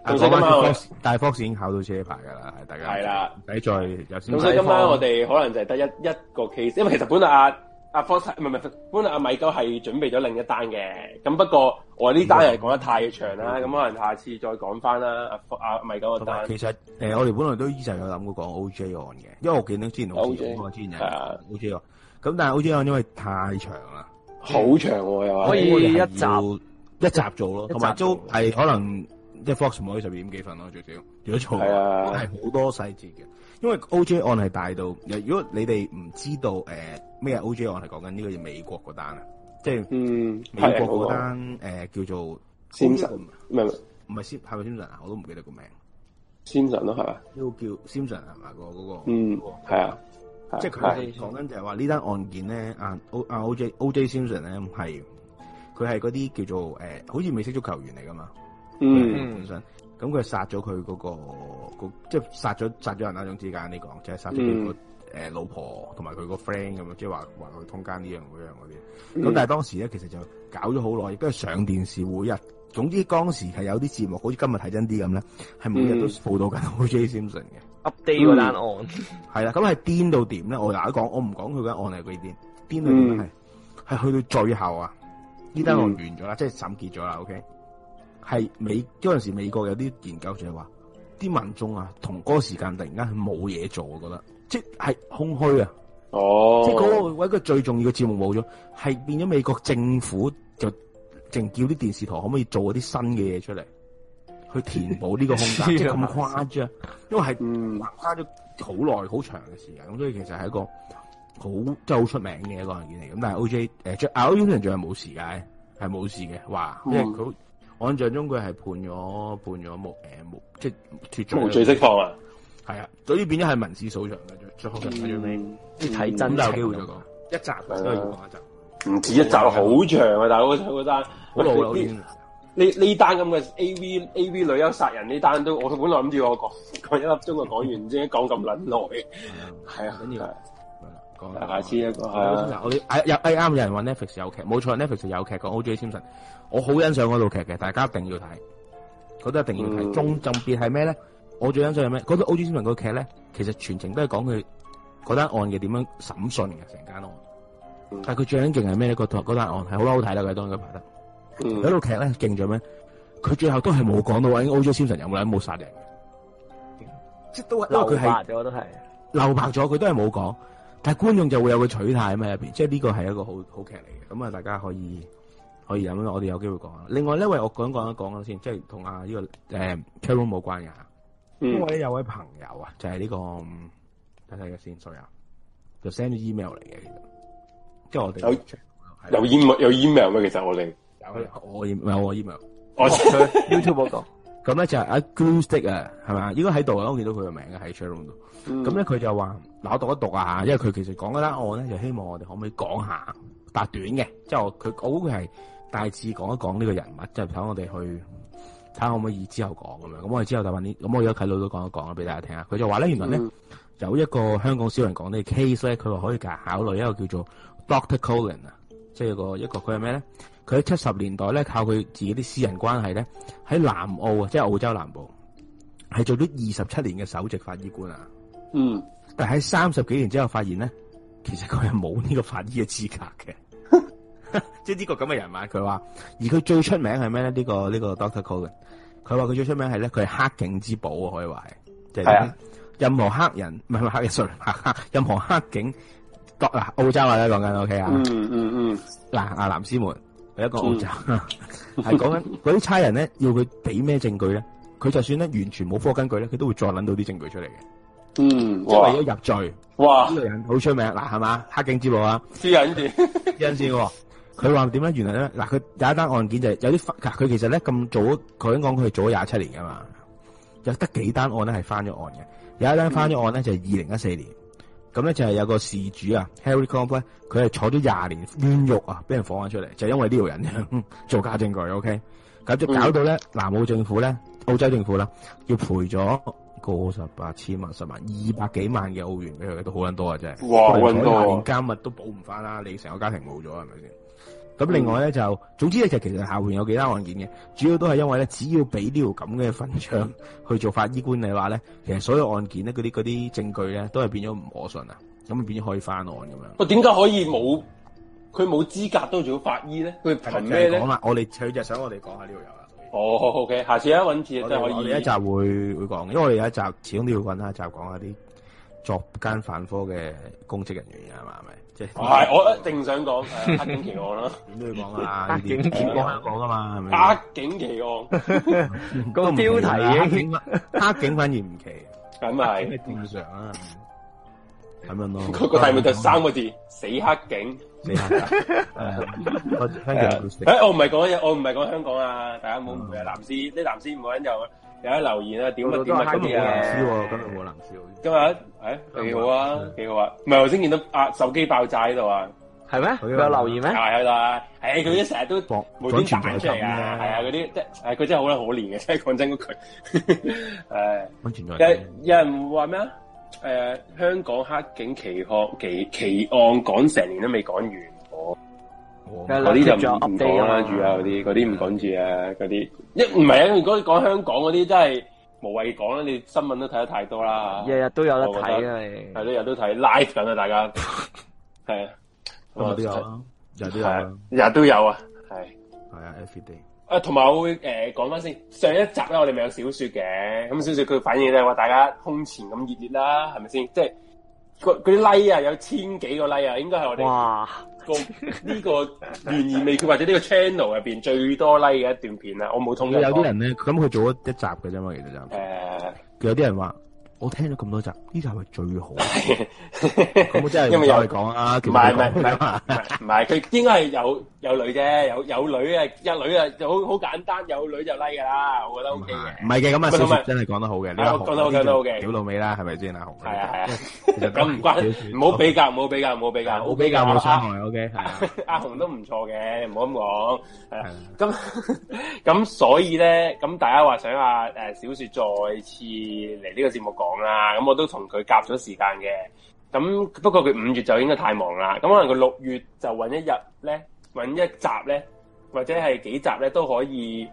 工。咁所以今晚大 Fox 已經考到車牌噶啦，係大家。係啦，抵再有。咁所以今晚我哋可能就係得一一個 case，因為其實本來阿、啊。阿 Fox 唔係唔係本來阿米哥係準備咗另一單嘅，咁不過我呢單又係講得太長啦，咁可能下次再講翻啦。阿阿米哥嘅單其實、呃、我哋本來都依前有諗過講 O J 案嘅，因為我見到之前同 O J 案之前 O J 案，咁但係 O J 案因為太長啦，好長喎又可以一集一集做咯，同埋都可能即係 Fox 可以十二點幾分咯，最少如果做係係好多細節嘅，因為 O J 案係大到，如果你哋唔知道誒。呃咩 O J 我係講緊呢個嘢美國嗰單啊，即係美國嗰單誒叫做 Simpson，唔係？係咪 Simpson 啊？我都唔記得個名。Simpson 咯係嘛？叫 Simpson 係嘛？個嗰個嗯係啊，即係佢係講緊就係話呢單案件咧啊 O 啊 O J O J Simpson 咧係佢係嗰啲叫做誒、呃、好似美式足球員嚟噶嘛，嗯本身咁佢殺咗佢嗰個、那個那個、即係殺咗殺咗人啊種之間你講，就係殺咗佢。嗯誒老婆同埋佢個 friend 咁樣即係話話佢通間，呢樣嗰樣嗰啲。咁、嗯、但係當時呢，其實就搞咗好耐，亦都係上電視會日。總之當時係有啲節目，好似今日睇真啲咁呢，係每日都報道緊。O.J. Simpson 嘅 update 嗰單案係、嗯、啦，咁係癲到點呢？我一講，我唔講佢嗰案係幾癲，癲到點呢？係、嗯、去到最後啊！呢單案完咗啦、嗯，即係審結咗啦。OK，係美嗰時，美國有啲研究就係話，啲民眾啊，同嗰時間突然間冇嘢做，我覺得。即係空虛啊！哦、oh，即嗰個揾最重要嘅節目冇咗，係變咗美國政府就淨叫啲電視台可唔可以做啲新嘅嘢出嚟，去填補呢個空隙。 [laughs] 即係咁誇張，嗯、因為係嗯差咗好耐、好長嘅時間。咁所以其實係一個好即係好出名嘅一個案件嚟。咁但係 O J 誒、呃、O J 呢人仲係冇事嘅，係冇事嘅。哇！因為佢，我印象中佢係判咗判咗無誒無，即係脱罪，無罪釋放啊！係啊，所以變咗係文字數場嘅啫，最後就睇、嗯、真有機會再講、啊。一集集，唔止一集，好、啊、長啊！大佬、啊啊啊、我單好呢呢單咁嘅 A V A V 女優殺人呢單都，我本諗住我講講一粒鐘就講完，唔知講咁卵耐。係啊，跟住、啊，講、啊啊啊、下一次一個。啊、我啱有人話 Netflix 有劇，冇錯，Netflix 有劇講 O J Simpson，我好欣賞嗰套劇嘅，大家一定要睇，覺得一定要睇。仲特別係咩咧？我最欣賞係咩？嗰套《O.J. 辛普森》個劇咧，其實全程都係講佢嗰單案嘅點樣審訊嘅成間案的。但係佢最勁係咩咧？嗰套單案係好啦，好睇啦，佢當年佢拍得套劇咧勁在咩？佢、那個、最後都係冇講到話《O.J. 辛普森》有冇咧冇殺人嘅，即都留白咗。都係留白咗，佢都係冇講。但係觀眾就會有一個取態啊嘛，入邊即係呢個係一個好好劇嚟嘅。咁啊，大家可以可以咁樣，我哋有機會講。另外呢，位我講一講一講先，即係同阿呢個誒 Carol 冇關嘅。邊、嗯、位有位朋友啊，就係、是、呢、這個睇睇嘅先，所、嗯、以啊，就 send 咗 email 嚟嘅，其、就、實、是，即係我哋有有 email 咩？其實我哋有我 email，我 email、哦 [laughs] 哦、YouTube 嗰個。咁咧就阿 Goonstick 啊，係嘛，應該喺度啊，我見到佢個名嘅喺 channel 度。咁咧佢就話嗱我讀一讀啊，因為佢其實講嗰單案咧，就希望我哋可唔可以講下，但短嘅，即係佢好佢係大致講一講呢個人物，即、就、係、是、等我哋去。睇下可唔可以之後講咁樣，咁我哋之後就問啲，咁我而家睇老老講一講啦，俾大家聽啊。佢就話咧，原來咧、嗯、有一個香港小人講呢 case 咧，佢話可以考慮一個叫做 Dr. Colin 啊，即係個一個佢係咩咧？佢喺七十年代咧靠佢自己啲私人關係咧喺南澳啊，即係澳洲南部係做咗二十七年嘅首席法醫官啊。嗯，但係喺三十幾年之後發現咧，其實佢係冇呢個法醫嘅資格嘅。即係呢個咁嘅人物，佢話，而佢最出名係咩咧？呢個呢個 Doctor Cohen，佢話佢最出名係咧，佢係黑警之寶，可以話係，即係任何黑人唔係唔係黑人，sorry，任何黑警，嗱澳洲啊，咧講緊 OK 啊，嗯嗯嗯，嗱阿藍斯門係一個澳洲，係講緊嗰啲差人咧，要佢俾咩證據咧？佢就算咧完全冇科根據咧，佢都會再諗到啲證據出嚟嘅，嗯，即係為咗入罪，哇，呢個人好出名，嗱係嘛，黑警之寶啊，啲人先，啲 [laughs] 人先事。 [laughs] 佢話點咧？原來咧嗱，佢有一單案件就係有啲翻佢其實咧咁早，佢聽講佢係早廿七年噶嘛，又得幾單案咧係翻咗案嘅。有一單翻咗案咧就係二零一四年咁咧，嗯嗯，就係有個事主啊，Harry c o r d 佢係坐咗廿年冤獄啊，俾人放翻出嚟，就因為呢條人啊 [laughs] 做假證據。O K. 咁就搞到咧，嗯，南澳政府咧，澳洲政府啦，要賠咗個十八千萬、十萬二百幾萬嘅澳元俾佢，都好撚多啊！真係哇，撚多連今日都補唔翻啦。你成個家庭冇咗係咪先？是不是？咁另外咧就，總之咧就其實下邊有幾單案件嘅，主要都係因為咧，只要俾呢條咁嘅粉腸去做法醫官嚟話咧，其實所有案件咧嗰啲嗰啲證據咧都係變咗唔可信啊，咁咪變咗可以翻案咁樣。喂、啊，點解可以冇？佢冇資格都做法醫咧？佢憑咩咧？我哋佢就想我哋講下呢條友啦。哦，OK，下次咧揾字真係可以。我我一集會會講，因為我哋有一集始終都要揾下，就講下啲作奸犯科嘅公職人員係咪？係，我一定想講黑警奇案啦。點都要講啊！黑警奇案講噶嘛，係咪？黑警奇案，個標題啊！黑警反而唔奇，咁係正常啊。咁樣咯，個個題目就三個字：死黑警。死黑警，哎，我唔係講嘢，我唔係講香港啊！大家唔好誤會，藍絲呢，藍絲唔好引誘。有啲留言啊，點啊？點啊？今日冇今日冇冷笑。今日係幾好啊？幾、哎、好啊？唔係頭先見到啊，手機爆炸喺度、嗯、啊？係咩、 [laughs] 哎？有留言咩？係啊！係啊！佢一成日都冇端端出嚟啊！係啊！嗰啲即係佢真係好得可憐嘅，即係講真嗰句。誒，安全有有人話咩啊？誒、呃，香港黑警奇案奇奇案講成年都未講完。嗰、哦、啲就唔唔講翻住啊，嗰啲嗰啲唔講住啊，嗰啲一唔係啊，如果你講香港嗰啲真係無謂講啦、啊，你新聞都睇得太多啦，日日都有得睇啊，係日日都睇 live 緊啊，大家係啊，有 [laughs] 日大家、 [laughs] 啊、都有啊，日日都有啊，係係啊，是啊，啊，是啊，every day 啊，同埋我會誒講翻先，上一集咧我哋咪有小説嘅，咁小説佢反映咧話大家空前咁熱烈啦、啊，係咪先？即係嗰啲 like 啊，有千幾個 like 啊，應該係我哋。呢 [laughs] 個懸疑未決？或者呢個 channel 入邊最多 like 嘅一段片啦，我冇統計。有啲人咧，咁佢做咗一集嘅啫嘛，其實就誒，有、uh... 啲人話。我聽咗咁多集，呢集係咪最好？咁我真係因為有佢講啊，唔係唔係唔係，唔係佢應該係有有女啫，有有女啊，有女啊，就好好簡單，有女就 like 噶啦，我覺得 OK 嘅。唔係嘅，咁啊小，真係講得好嘅。講得好，講得好嘅。屌老味啦，係咪先啊？阿紅係啊，係啊。咁唔關事，唔好比較，唔好比較，唔好比較，唔好比較，冇傷害。OK，阿紅都唔錯嘅，唔好咁講。係啊，咁咁所以咧，咁大家話想阿誒小説再次嚟呢個節目講。忙，咁我都同佢夾咗時間嘅。咁不過佢五月就應該太忙啦，咁可能佢六月就揾一日咧，揾一集咧，或者係幾集咧都可以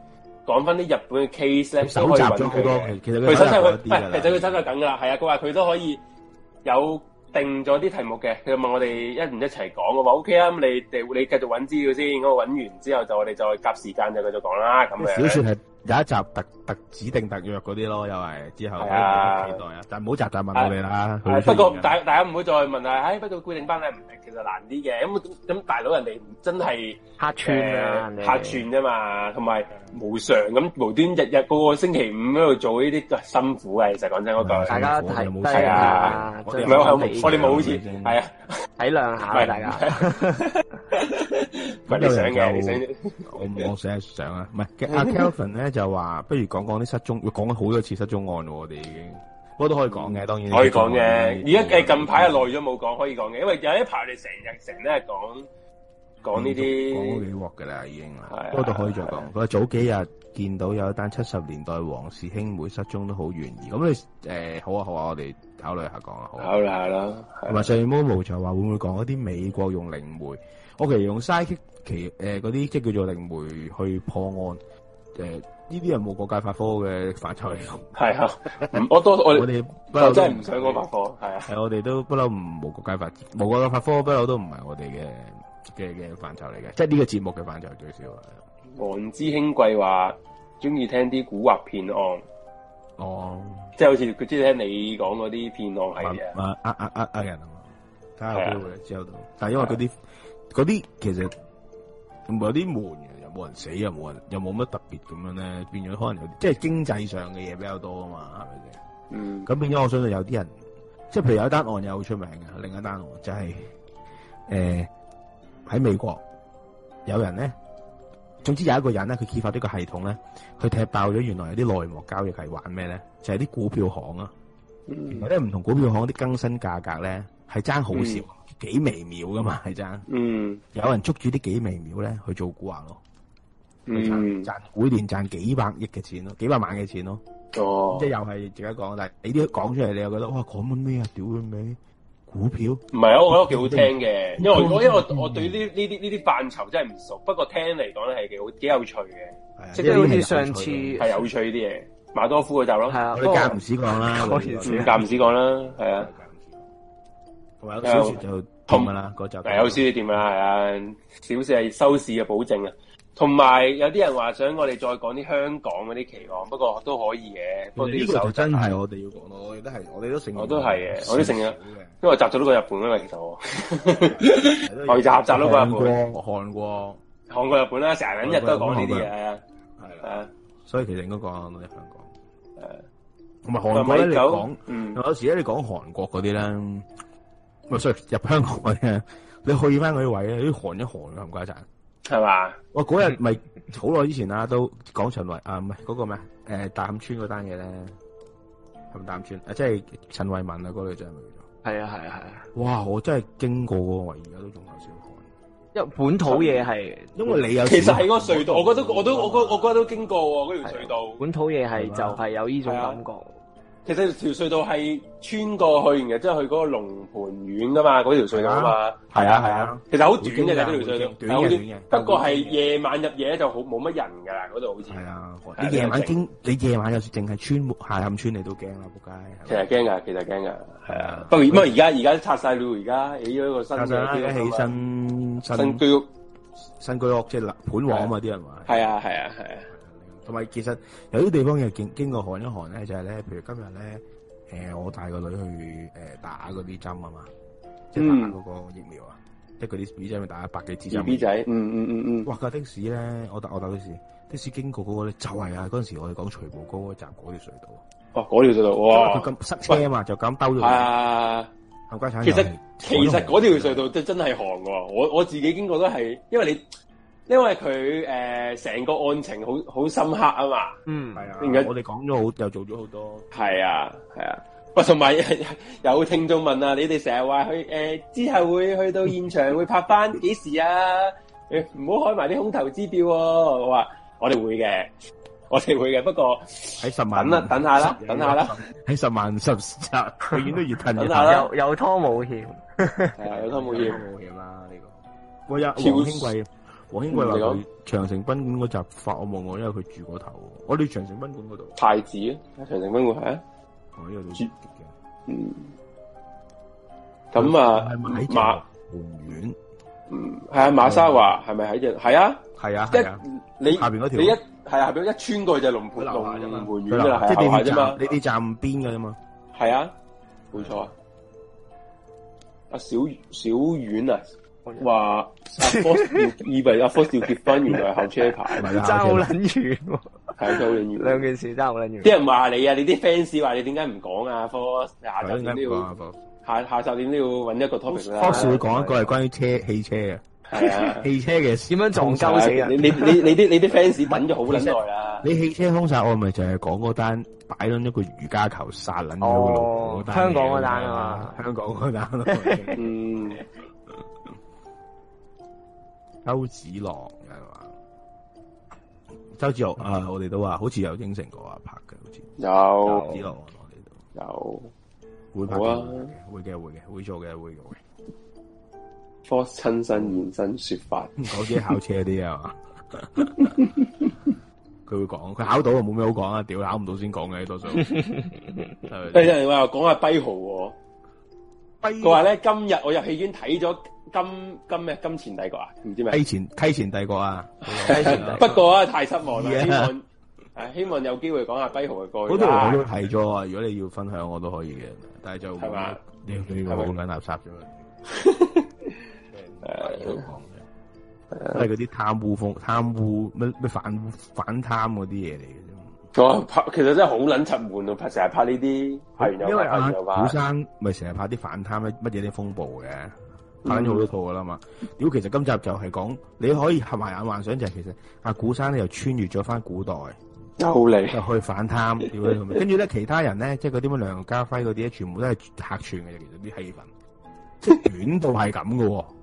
講翻啲日本嘅 case 咧，都可以揾佢。其實佢真係唔係，其實佢真係梗㗎啦。係啊，佢話佢都可以有定咗啲題目嘅。佢問我哋一唔一齊講，我話 O K 啊。你哋你繼續揾資料先，我揾完之後就我哋再夾時間就繼續講啦。咁樣。有一集特特指定特約嗰啲咯，又係之後大家期待啊！但係唔好集集問我哋啦。啊、不過大大家唔會再問啦。唉、哎，不過固定班咧，其實難啲嘅，咁大佬人哋唔真係客串啊，客、呃、串啫嘛，同埋。無常咁無端日日個個星期五喺度做呢啲辛苦嘅，其實講真嗰句。大家睇都係啊，唔係我我哋冇好似係啊體諒下大家。揾啲相嘅，我唔冇寫相啊，唔係阿 Kelvin 咧就話，不如講講啲失蹤，講咗好多次失蹤案咯，我哋已經，我都可以講嘅，當然可以講嘅。而家誒近排啊耐咗冇講，可以講嘅，因為有一排我哋成日成日講。講呢啲講女臥啦，已經啦，度、啊、可以再講。佢、啊啊、早幾日見到有一單七十年代黃氏兄妹失蹤都好懸疑。咁你誒、呃、好啊好啊，我哋考慮下講啊好。考慮下啦。同埋上月冇就話會唔會講一啲美國用靈媒，我哋、啊啊、用 psychic 誒啲、呃、即叫做靈媒去破案。誒呢啲係冇國界法科嘅範疇嚟。係啊， [laughs] 我都 [laughs] [laughs] 啊，啊，我多我哋不嬲都唔想講法科。係啊，係我哋都不嬲唔冇國界法冇國界法科不嬲都唔係我哋嘅。嘅嘅範疇嚟嘅，即係呢個節目嘅範疇最少。王之興貴話中意聽啲古惑片案，哦，即係好似佢中意聽你講嗰啲片案係啊，呃呃呃呃人啊，嘛、啊，睇下機會之後到，但係因為嗰啲嗰啲其實有啲悶嘅，又冇人死，又冇人，又冇乜特別咁樣咧，變咗可能有，即係經濟上嘅嘢比較多啊嘛，係咪先？嗯，咁變咗，我相信有啲人，即係譬如有一單案又好出名嘅，另一單案就係，誒。呃喺美國，有人咧，總之有一個人咧，佢揭發呢個系統咧，佢踢爆咗原來有啲內幕交易係玩咩咧？就係、是、啲股票行啊，而家唔同股票行啲更新價格咧，係爭好少，嗯，幾微秒噶嘛，係爭。嗯，有人捉住啲幾微秒咧去做估劃咯，嗯，賺每年賺幾百億嘅錢咯，幾百萬嘅錢咯，哦，即係又係自己講，但係你啲講出嚟，你又覺得哇，講緊咩啊，屌你咪。股票唔係啊，我覺得幾好聽嘅，因為我我因為我我對呢呢啲呢啲範疇真係唔熟，不過聽嚟講咧係幾好幾有趣嘅，即係好似上次係有趣啲嘢，馬多夫嗰集咯，係啊，我哋夾唔使講啦，唔夾唔使講啦，係啊，同埋有少少點啊啦，嗰集係有少少點啊，係啊，少少係收市嘅保證啊。同埋有啲人話想我哋再講啲香港嗰啲奇案，不過都可以嘅。呢個就係真係我哋要講咯，我覺得係我哋都成日我都係嘅，我都成日，因為我集咗呢個日本啊嘛，其實我外集集多個日本、韓國、韓國、日本啦，成日日,日,日,常常日,日都講呢啲嘢。係啊，所以其實應該講我哋香港，誒，同埋韓國咧，你講、嗯、有時咧，你講韓國嗰啲咧，我所以入香港嘅，你去翻嗰啲位咧，啲韓一韓，唔怪得。係嘛？我嗰日咪好耐之前啦，都講陳偉啊，唔係嗰個咩？誒、呃，大暗村嗰單嘢咧，咁大暗村啊，即係陳偉文、那個、女啊嗰對，真係咪？係啊係啊係啊！哇，我真係經過喎，而家都仲有少少汗。因為本土嘢係，因為你有其實喺個隧道，我覺得我都我覺我覺得，我都，我覺得我都經過喎，嗰條隧道。啊、本土嘢係就係、是、有呢種感覺。其實條隧道係穿過去，然之後去嗰個龍盤苑噶嘛，嗰條隧道嘛，係啊係啊,啊,啊。其實好短嘅，嗰條隧道，短嘅。不過係夜晚入夜就,入夜就好冇乜人噶啦，嗰度好似。係啊，你夜晚驚，你夜晚有時淨係穿下暗穿你都驚啦仆街。其實驚啊，其實驚噶，係啊,啊。不過唔係而家，而家拆晒路，而家起咗個新嘅。拆晒啦，起新新居屋，新居屋即係樓盤王啊！嘛，啲人話。係啊係啊係啊！同埋，其實有啲地方又經經過寒一寒咧，就係咧，譬如今日咧，誒，我帶個女去誒打嗰啲針啊嘛，即係打嗰個疫苗啊，即係嗰啲 B 仔咪打一百幾支針。B 仔，嗯嗯嗯嗯，嗯。哇！架的士咧，我搭我搭的士，的士經過嗰個咧就係啊，嗰陣時我哋講徐步高站嗰條隧道。哦，嗰條隧道哇！咁塞車啊嘛，就咁兜咗嚟。啊，冚家鏟。其實其實嗰條隧道真真係寒喎，我我自己經過都係，因為你。因為佢誒成個案情好好深刻啊嘛，嗯係啊，我哋講咗好又做咗好多，係啊係啊，喂同埋有聽眾問啊，你哋成日話去誒、呃、之後會去到現場會拍翻幾 [laughs] 時啊？唔好開埋啲空頭支票喎！我話我哋會嘅，我哋會嘅，不過喺十萬等啦，等下啦，等下啦，喺十萬十啊，永遠都要等下啦，有拖冇欠，係啊，有拖冇欠。冇欠啦呢個，我有黃興貴。黃應該話佢長城賓館嗰集發我望我，因為佢住嗰頭。我、哦、哋長城賓館嗰度太子啊，長城賓館係啊，哦呢個最勁嘅。嗯，咁啊喺馬湖苑，嗯係啊馬沙華係咪喺度？係啊係啊，一、啊啊就是啊、你下邊嗰條你一係啊下邊一穿過去就龍蟠路啊，龍蟠苑啦，即地鐵站你你站邊嘅啫嘛。係啊，冇錯啊。阿小小苑啊。小小院啊話阿、 [laughs] 啊、Fox 以為阿、啊、 [laughs] Fox 要結婚，原來考車牌。爭好捻遠喎，係啊，爭好捻遠。兩件事爭好捻遠。啲人話你啊，你啲 fans 話你點解唔講啊 Fox 下晝點都要下下晝點都要揾一個 topic 啦、嗯。Fox 會講一個係關於車汽車嘅，係 [laughs] 汽車嘅。點樣撞鳩死啊、嗯？你你你啲你啲 fans 揾咗好耐啦。你汽車兇殺案咪就係講嗰單擺捻一個瑜伽球殺捻咗個囉。香港嗰單啊嘛，香港嗰單、啊。 [laughs] 嗯。周子樂係嘛？周子樂、嗯、啊，我哋都話好似有應承過啊，拍嘅好似有。周子樂我哋都有會拍的啊，會嘅會嘅會,會,會做嘅會做嘅。Fox 親、啊、身現身說法，講 [laughs] 啲考車啲啊嘛，佢 [laughs] [laughs] 會講，佢考到就冇咩好講啊，屌考唔到先講嘅多數。有人話講下跛豪喎。佢話咧今日我入戲院睇咗金金咩金錢帝國啊，唔知咩？溪錢溪錢帝國啊， [laughs] 不過啊太失望啦、yeah.！希望希望有機會講下跛豪嘅歌。嗰度我都睇咗啊，如果你要分享我都可以嘅，但係就係你呢呢個好緊垃圾啫嘛，係佢啲貪污風貪污咩乜反反貪嗰啲嘢嚟嘅。我、哦、其實真係好捻沉悶咯，怕成日拍呢啲。係因為阿、啊、古生咪成日拍啲反貪乜乜嘢啲風暴嘅，反咗好多套噶啦嘛。屌、嗯，如果其實今集就係講，你可以合埋眼幻想就係其實阿、啊、古生咧又穿越咗翻古代，好嚟，又去反貪。跟住咧其他人咧，即係嗰啲乜梁家輝嗰啲，全部都係客串嘅。其實啲戲份，即係短到係咁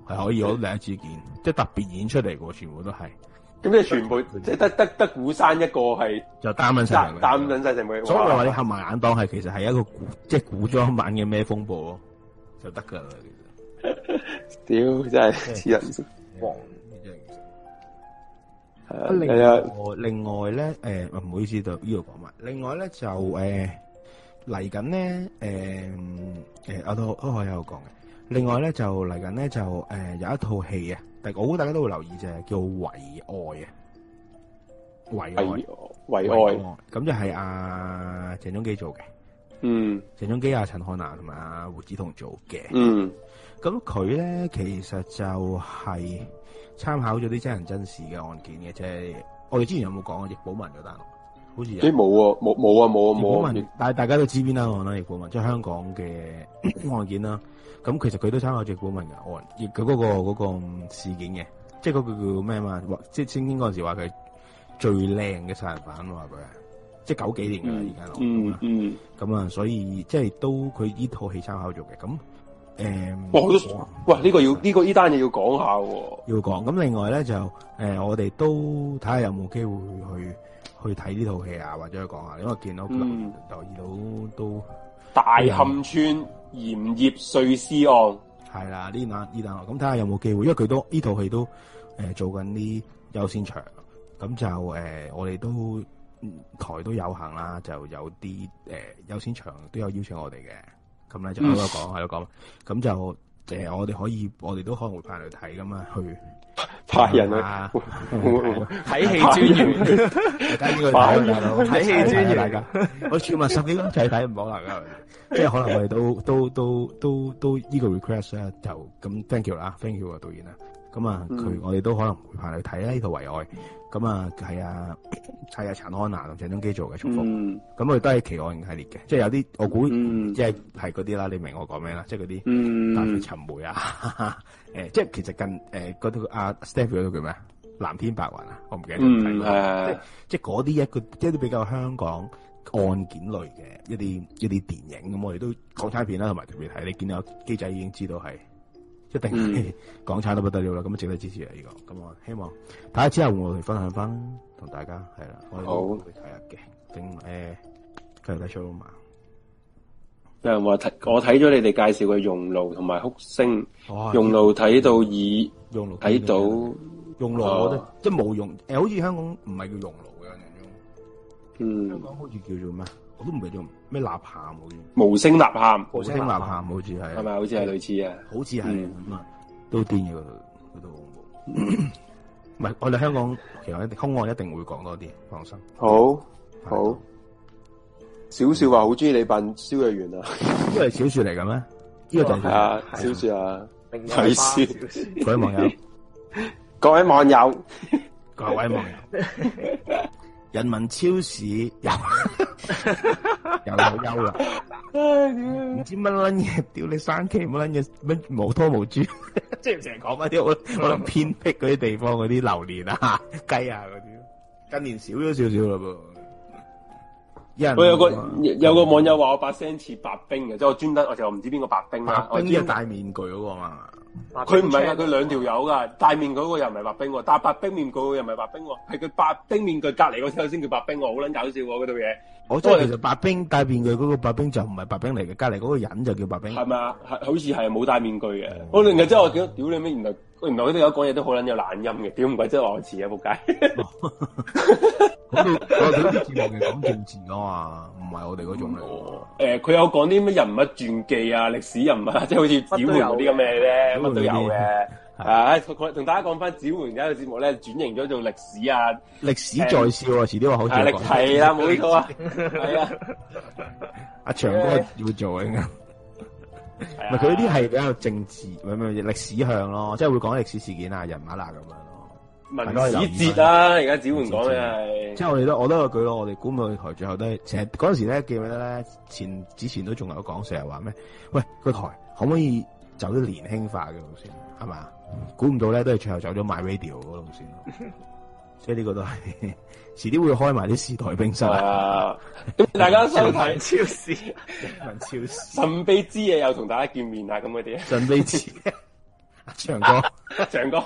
噶，係可以有第一次見，即係特別演出嚟噶，全部都係。咁即係全部，即係得得得，古山一個係就擔緊晒，擔緊晒成部。所以話你合埋眼當係，其實係一個古，即係古裝版嘅咩風暴咯，就得噶啦。其實，屌真係似人王。係啊，另外另外咧，誒唔好意思，對呢度講埋。另外咧就誒嚟緊咧，誒誒我都阿海有講嘅。另外咧就嚟緊咧就誒有一套戲啊。我估大家都會留意就啫，叫《遺愛》愛愛愛愛啊，《遺愛》《遺愛》咁就係阿鄭中基做嘅，嗯，鄭中基啊陳漢娜同埋阿胡子彤做嘅，嗯，咁佢咧其實就係參考咗啲真人真事嘅案件嘅，即係我哋之前有冇講啊？易寶文嗰單，好似即冇啊，冇冇啊，冇冇。易寶大家都知邊啦，案啦，易寶文，即、就、係、是、香港嘅案件啦。 [coughs] 咁其實佢都參考咗古文嘅，佢嗰、那個嗰、那個那個事件嘅，即係嗰叫咩啊嘛，即係青青嗰陣時話佢最靚嘅殺人犯喎，佢即係九幾年㗎喇而家落，嗯嗯，咁啊、嗯，所以即係都佢依套戲參考咗嘅，咁誒、嗯，哇，好多，哇，呢、這個要呢、這個呢單嘢要講下喎、啊，要講。咁另外咧就、呃、我哋都睇下有冇機會去去睇呢套戲啊，或者去講下，因為見到留意到都，都大冚村。啊鹽業碎屍案係啦，呢單呢單案，咁睇下有冇機會，因為佢都呢套戲都誒、呃、做緊啲優先場，咁就誒、呃、我哋都台都有行啦，就有啲誒優先場都有邀請我哋嘅，咁咧就喺度講喺度講，咁、嗯、就。誒、呃，我哋可以，我哋都可以派嚟睇噶嘛，去派人啊，睇戲專員，大家呢個睇戲專員，大家我全問，十幾蚊就睇唔可能，即 [laughs] 係可能我哋都都都都都呢個 request 咧、啊，就咁 thank you 啦，thank you 啊，導演啊。咁啊，佢、嗯、我哋都可能會派去睇啦，呢套為愛。咁啊，係啊，係啊，陳安娜同鄭中基做嘅重複。咁、嗯、佢都係奇案系列嘅、嗯，即係有啲我估、嗯，即係係嗰啲啦。你明我講咩啦？即係嗰啲，踏血尋梅啊，誒、 [laughs] 欸，即係其實近誒嗰套啊 Stephy 嗰套叫咩？藍天白雲啊，我唔記得。嗯，即係嗰啲一個，即係都比較香港案件類嘅一啲一啲電影。咁我哋都港產片啦，同埋特別睇。你見到機仔已經知道係。一定係港產都不得了啦！咁、嗯、啊，這個、值得支持啊呢、這個，咁我希望睇下之後我哋分享翻，同大家係啦。好，睇下嘅，定、呃、誒，繼續睇 show room 嘛？有人話睇，我睇咗你哋介紹嘅熔爐同埋哭聲，熔爐睇到以熔爐睇到熔爐，我覺得、哦、即係冇熔，誒、呃，好似香港唔係叫熔爐嘅，嗯，香港好似叫做咩？我都唔記叫咩吶喊，好似無聲吶喊，無聲吶喊，好似係係咪？好似係類似啊？好似係咁啊，都掂嘅嗰度。唔、嗯、係我哋香港，其實一定凶案一定會講多啲，放心。好，好，好。小少話好中意你扮燒嘢員啊？呢個係小說嚟嘅咩？呢 [laughs] 個就係小、， [laughs] 啊、小說啊！啊小說 [laughs] 各位網友， [laughs] 各位網友， [laughs] 各位網友。 [laughs] 人民超市又又休啦，唔 [laughs] 知乜撚嘢，屌你生，期乜撚嘢，乜冇拖冇豬，即係成日講乜啲，我我諗偏僻嗰啲地方嗰啲榴蓮啊、雞啊嗰啲，近年少咗少少咯噃。有人，有個有個網友話我把聲似白冰嘅，即係我專登，我就唔知邊個白冰啦，白冰係戴面具嗰個嘛。佢唔係啊，佢兩條友噶，戴面具嗰個又唔係白冰，戴白冰面具嗰個又唔係白冰，係佢白冰面具隔籬嗰條友先叫白冰，好捻搞笑嗰套嘢。我真係其實白冰戴面具嗰個白冰就唔係白冰嚟嘅，隔籬嗰個人就叫白冰。係咪？係好似係冇戴面具嘅、嗯。我另外即係我見到，屌你咩原來。佢原來佢哋有講嘢都好撚有懶音嘅，屌唔怪即係話我遲啊，仆街。嗰個嗰個節目係講傳奇噶嘛，唔係我哋嗰種嚟喎。誒，佢有講啲咩人物傳記啊、歷史人物、啊，即係好似《子午》嗰啲咁嘅呢。乜都有嘅。同、啊、大家講返子午》而家嘅節目呢，轉型咗做歷史啊，歷史在線、啊、喎、欸，遲啲話好睇。係，係啦，冇呢個啊，係啊，阿、 [laughs] 啊啊、長哥要做啊。 [laughs] 係佢呢啲係比較政治，唔歷史向咯，即係會講啲歷史事件啊、人物啦咁樣咯。史節啦，而家只換講嘅。即係我哋都，我都有句咯，我哋估廣播台最後都係，嗰陣時咧，記唔記得咧？前之前都仲有講，成日話咩？喂，個台可唔可以走啲年輕化嘅路線？係咪？估、嗯、唔到咧，都係最後走咗賣 radio 嗰路線。 [laughs] 即係呢個都係，遲啲會開埋啲時代冰室。啊，大家收睇，超市，人民超市。神秘之夜又同大家見面啦，咁嗰啲。神秘之夜長哥，長哥，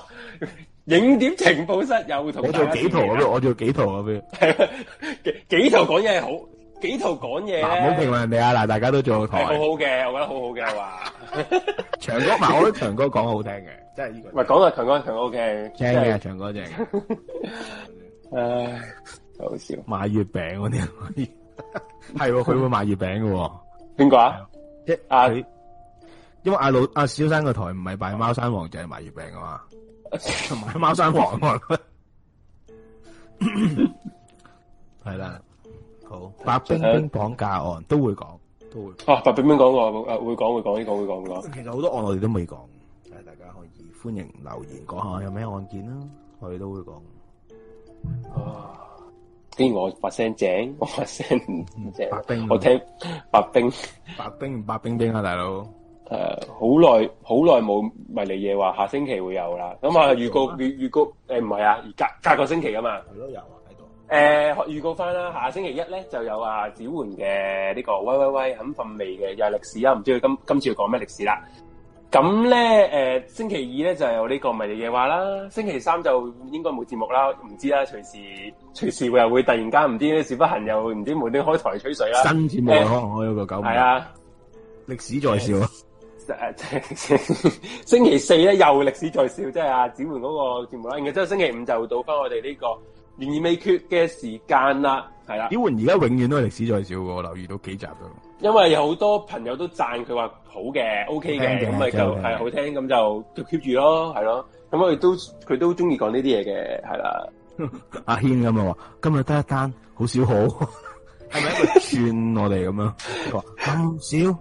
影碟情報室又同大家做圖我。我做幾圖我？我做幾圖？啊？邊？幾幾幾套講嘢好。幾套講嘢，唔好評論人哋啊！嗱，大家都做台，欸、好好嘅，我覺得好 [laughs] 好嘅話、OK，長哥埋，我覺得長哥講好聽嘅，真係呢個，唔係講到長哥長 o 嘅，正嘅長哥正，唉，好笑，買月餅嗰啲，係佢、 [laughs] [laughs] 啊、會買月餅嘅，邊個啊？阿， [laughs] 因為阿老阿小生個台唔係擺貓山王，就係賣月餅嘅嘛，賣 [laughs] 貓山王、啊，係 [laughs] 啦。 [coughs] [coughs] [coughs] [coughs] [coughs] [coughs] [coughs] [coughs] 好，白冰冰綁架案都會講，都會。啊，白冰冰講過，誒，會講會講，呢個會講唔講？其實好多案我哋都未講，誒，大家可以歡迎留言講下有咩案件啦，我哋都會講。啊，不如我發聲正，我發聲唔正。白冰，我聽白冰，白冰，白冰冰啊，大佬。誒，好耐好耐冇，迷離夜話下星期會有啦。咁啊，預告預預告誒，唔係啊，隔隔個星期啊嘛。係咯，有啊。誒、呃、預告翻啦，下星期一咧就有阿子媛嘅呢個喂喂喂咁氛味嘅又係歷史啦，唔知佢今今次要講咩歷史啦。咁咧星期二咧就係有呢、這個迷你嘅話啦。星期三就應該冇節目啦，唔知啦，隨時隨時又會，會突然間唔知事不行又唔知無端開台吹水啦。新節目、呃、又可能我有個九，係啊歷史在笑。誒、呃呃呃、星期四咧又歷史在笑，即係阿子媛嗰個節目啦。然之後星期五就到翻我哋呢、這個。懸疑未決嘅時間啦，係啦。現在是在小丸而家永遠都係歷史最少嘅，我留意到幾集嘅。因為有好多朋友都讚佢話好嘅，OK 嘅，咁咪就係、就是、好聽，咁就就 keep 住咯，係咯。咁我哋都佢都中意講呢啲嘢嘅，係啦。阿軒咁樣話，今日得一單，好少好，係 [laughs] 咪一個串 [laughs] 我哋咁樣？咁少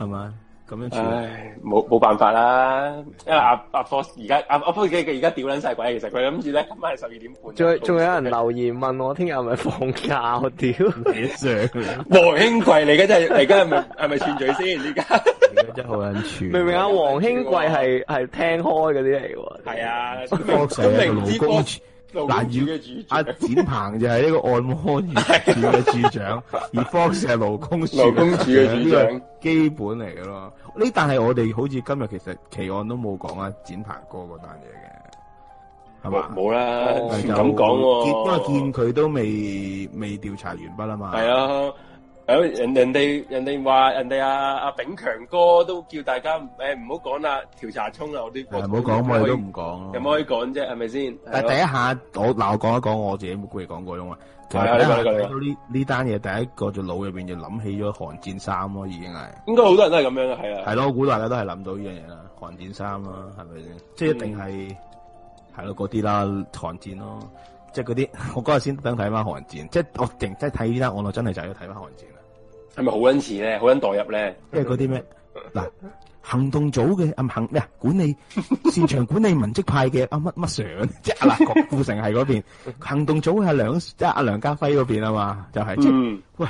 係咪？咁樣住，唉，冇冇辦法啦！因為阿阿 Fox 而家阿阿 Fox 而家屌捻晒鬼，其實佢諗住咧，今晚係十二點半。仲仲有，有人留言問我，聽日係咪放假？我屌，唔識上。黃興貴嚟，而家真係，而家係咪係咪串嘴先？而家真係好捻串。明唔明啊？黃興貴係係聽開嗰啲嚟喎！係啊，都明、啊、知嗱，阿 [laughs] 啊、展鵬就係一個按摩院嘅處長， [laughs] 而 Fox 係勞工勞工處嘅處長，主長，基本嚟嘅咯。呢但係我哋好似今日其實奇案都冇講啊、哦、啊，展鵬哥嗰單嘢嘅，係嘛？冇啦，咁講，因為見佢都未未調查完畢啦嘛。係啊。人哋人哋話人哋阿阿炳強哥都叫大家誒唔好講啦，調查衝啦，我啲唔好講，我哋都唔講，有冇可以講啫？係咪先？但第一下我嗱，我講一講我自己冇故意講過嘅嘛。啊，講到呢呢單嘢，第一個就腦入邊就諗起咗寒戰三咯，已經係。應該好多人都係咁樣嘅，係啊。係咯，我估大家都係諗到呢樣嘢啦，寒戰三啦，係咪先？即係一定係係咯，嗰啲啦，寒戰咯，嗯、即係嗰啲。我嗰日先等睇翻寒戰，即係我淨即係睇呢單，我真係就要睇翻寒戰。係咪好恩賜咧？好忍代入咧？即係嗰啲咩？嗱，行動組嘅阿行咩管理擅長管理文職派嘅阿乜乜 Sir，即係阿郭富城喺嗰邊。 [laughs] 行動組係梁，即係阿梁家輝嗰邊啊嘛，就係。嗯。喂，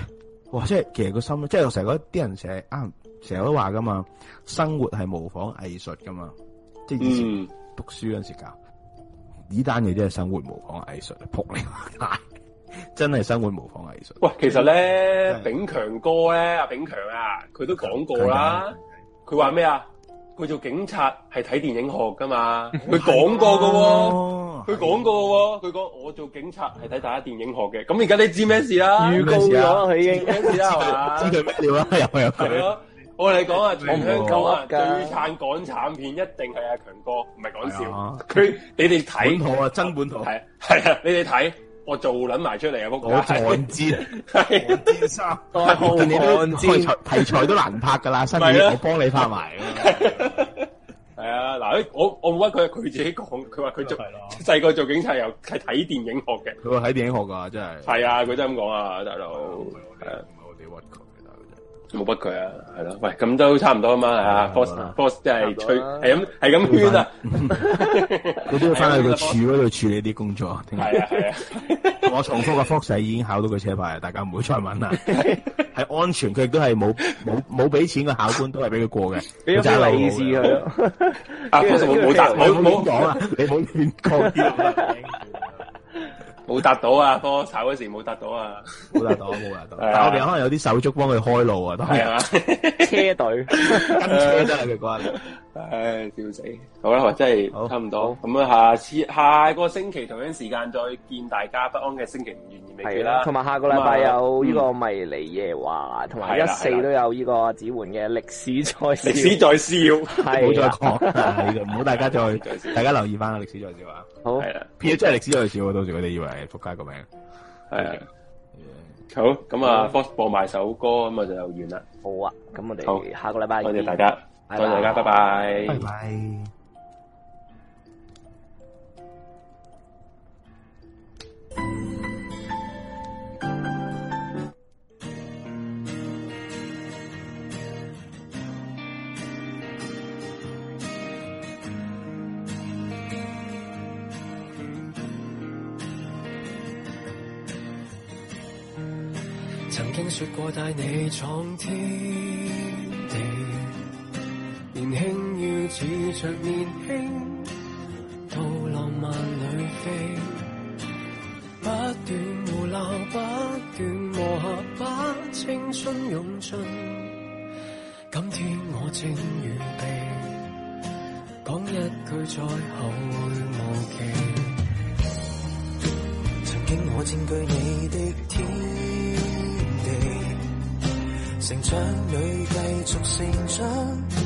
哇！即係其實個心，即係我成日嗰啲人成日啊，成日都話噶嘛，生活係模仿藝術噶嘛，即係以前讀書嗰陣時教。呢單嘢都係生活模仿藝術，撲你！ [laughs] 真係生活模仿藝術。喂，其實咧，炳強哥咧，阿炳強啊，佢都講過啦。佢話咩啊？佢做警察係睇電影學噶嘛？佢、哦、講過噶、哦，佢講、啊、過、哦。佢講、啊、我做警察係睇大家電影學嘅。咁而家你知咩事啦、啊？預告咗佢已經知咩事啦？知咩料啦？有又我哋講啊，香港啊，最嘆港產片一定係阿強哥，唔係講笑。佢、啊、你哋睇本土啊，真本土係係啊,啊,啊，你哋睇。我做捻埋出嚟啊！嗰個我漢知係漢奸三多漢奸題材都難拍噶啦，甚至、啊、我幫你拍埋。係啊，嗱、啊啊啊啊，我我唔屈佢，佢自己講，佢話佢做細個、啊啊、做警察又係睇電影學嘅。佢話睇電影學噶，真係。係啊，佢真係咁講啊，大佬，唔係我哋屈佢。冇不佢啊，係咯，喂，咁都差唔多啊嘛，啊，Fox Fox 即係吹，係咁係咁圈啊，佢 [laughs] 都要翻去個處嗰度處理啲工作。係啊係啊，啊 [laughs] 我重複個 Fox 仔已經考到個車牌，大家唔好再問啦。係安全，佢都係冇冇冇俾錢個考官都，都係俾佢過嘅，就係意思佢、啊。 [laughs] 啊，Fox 我冇答，冇講啊，啊，你冇亂講啊。 [laughs] 冇達到啊！幫 [laughs] 我炒嗰時冇達到啊！冇達到、啊、到，冇達到。但係我哋可能有啲手足幫佢開路啊，都係啊， [laughs] 車隊隊笑， [laughs] 跟車真係幾乖。誒，笑死！好啦，真係差唔多，咁啊，下次下個星期同樣時間再見大家。不安嘅星期五，唔願意未？係啦，同埋下個禮拜有呢個迷離夜話，同埋一四都有呢個指煥嘅歷史在笑。歷史在笑，係唔好再講，唔 [laughs] 好、啊啊、大家再 [laughs] 笑大家留意翻啦。歷史在笑啊！好，係啦，PS 真係歷史在笑。到時佢哋以為係扑街個名，係、啊啊 yeah. 好。咁啊，放播埋首歌，咁啊就完啦。好啊，咁我哋下個禮拜見。多謝，謝大家。多謝大家，拜拜。拜拜。曾經說過帶你闖天。恃着年輕，到浪漫裏飛，不斷胡鬧，不斷磨合，把青春用盡。今天我正預備講一句，再後會無期。曾經我佔據你的天地，成長裏繼續成長。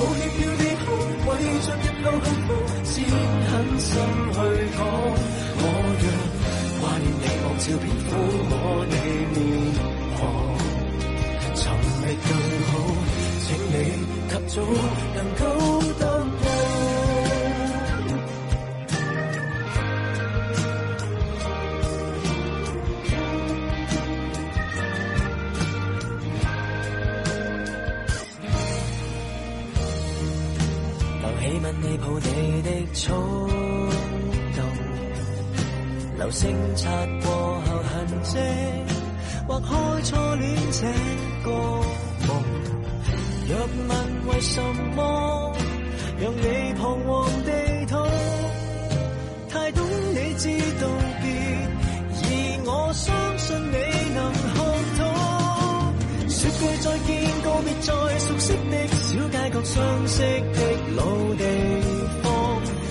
抱歉要離開，為着一路幸福，先狠心去講。我若懷念你，望照片撫摸你面龐，尋覓更好，請你及早能夠。衝動，流星擦過後痕跡，劃開初戀這個夢。若問為什麼，讓你彷徨地痛，太懂你知道別，而我相信你能看懂。說句再見，告別在熟悉的小街角相識的老地方。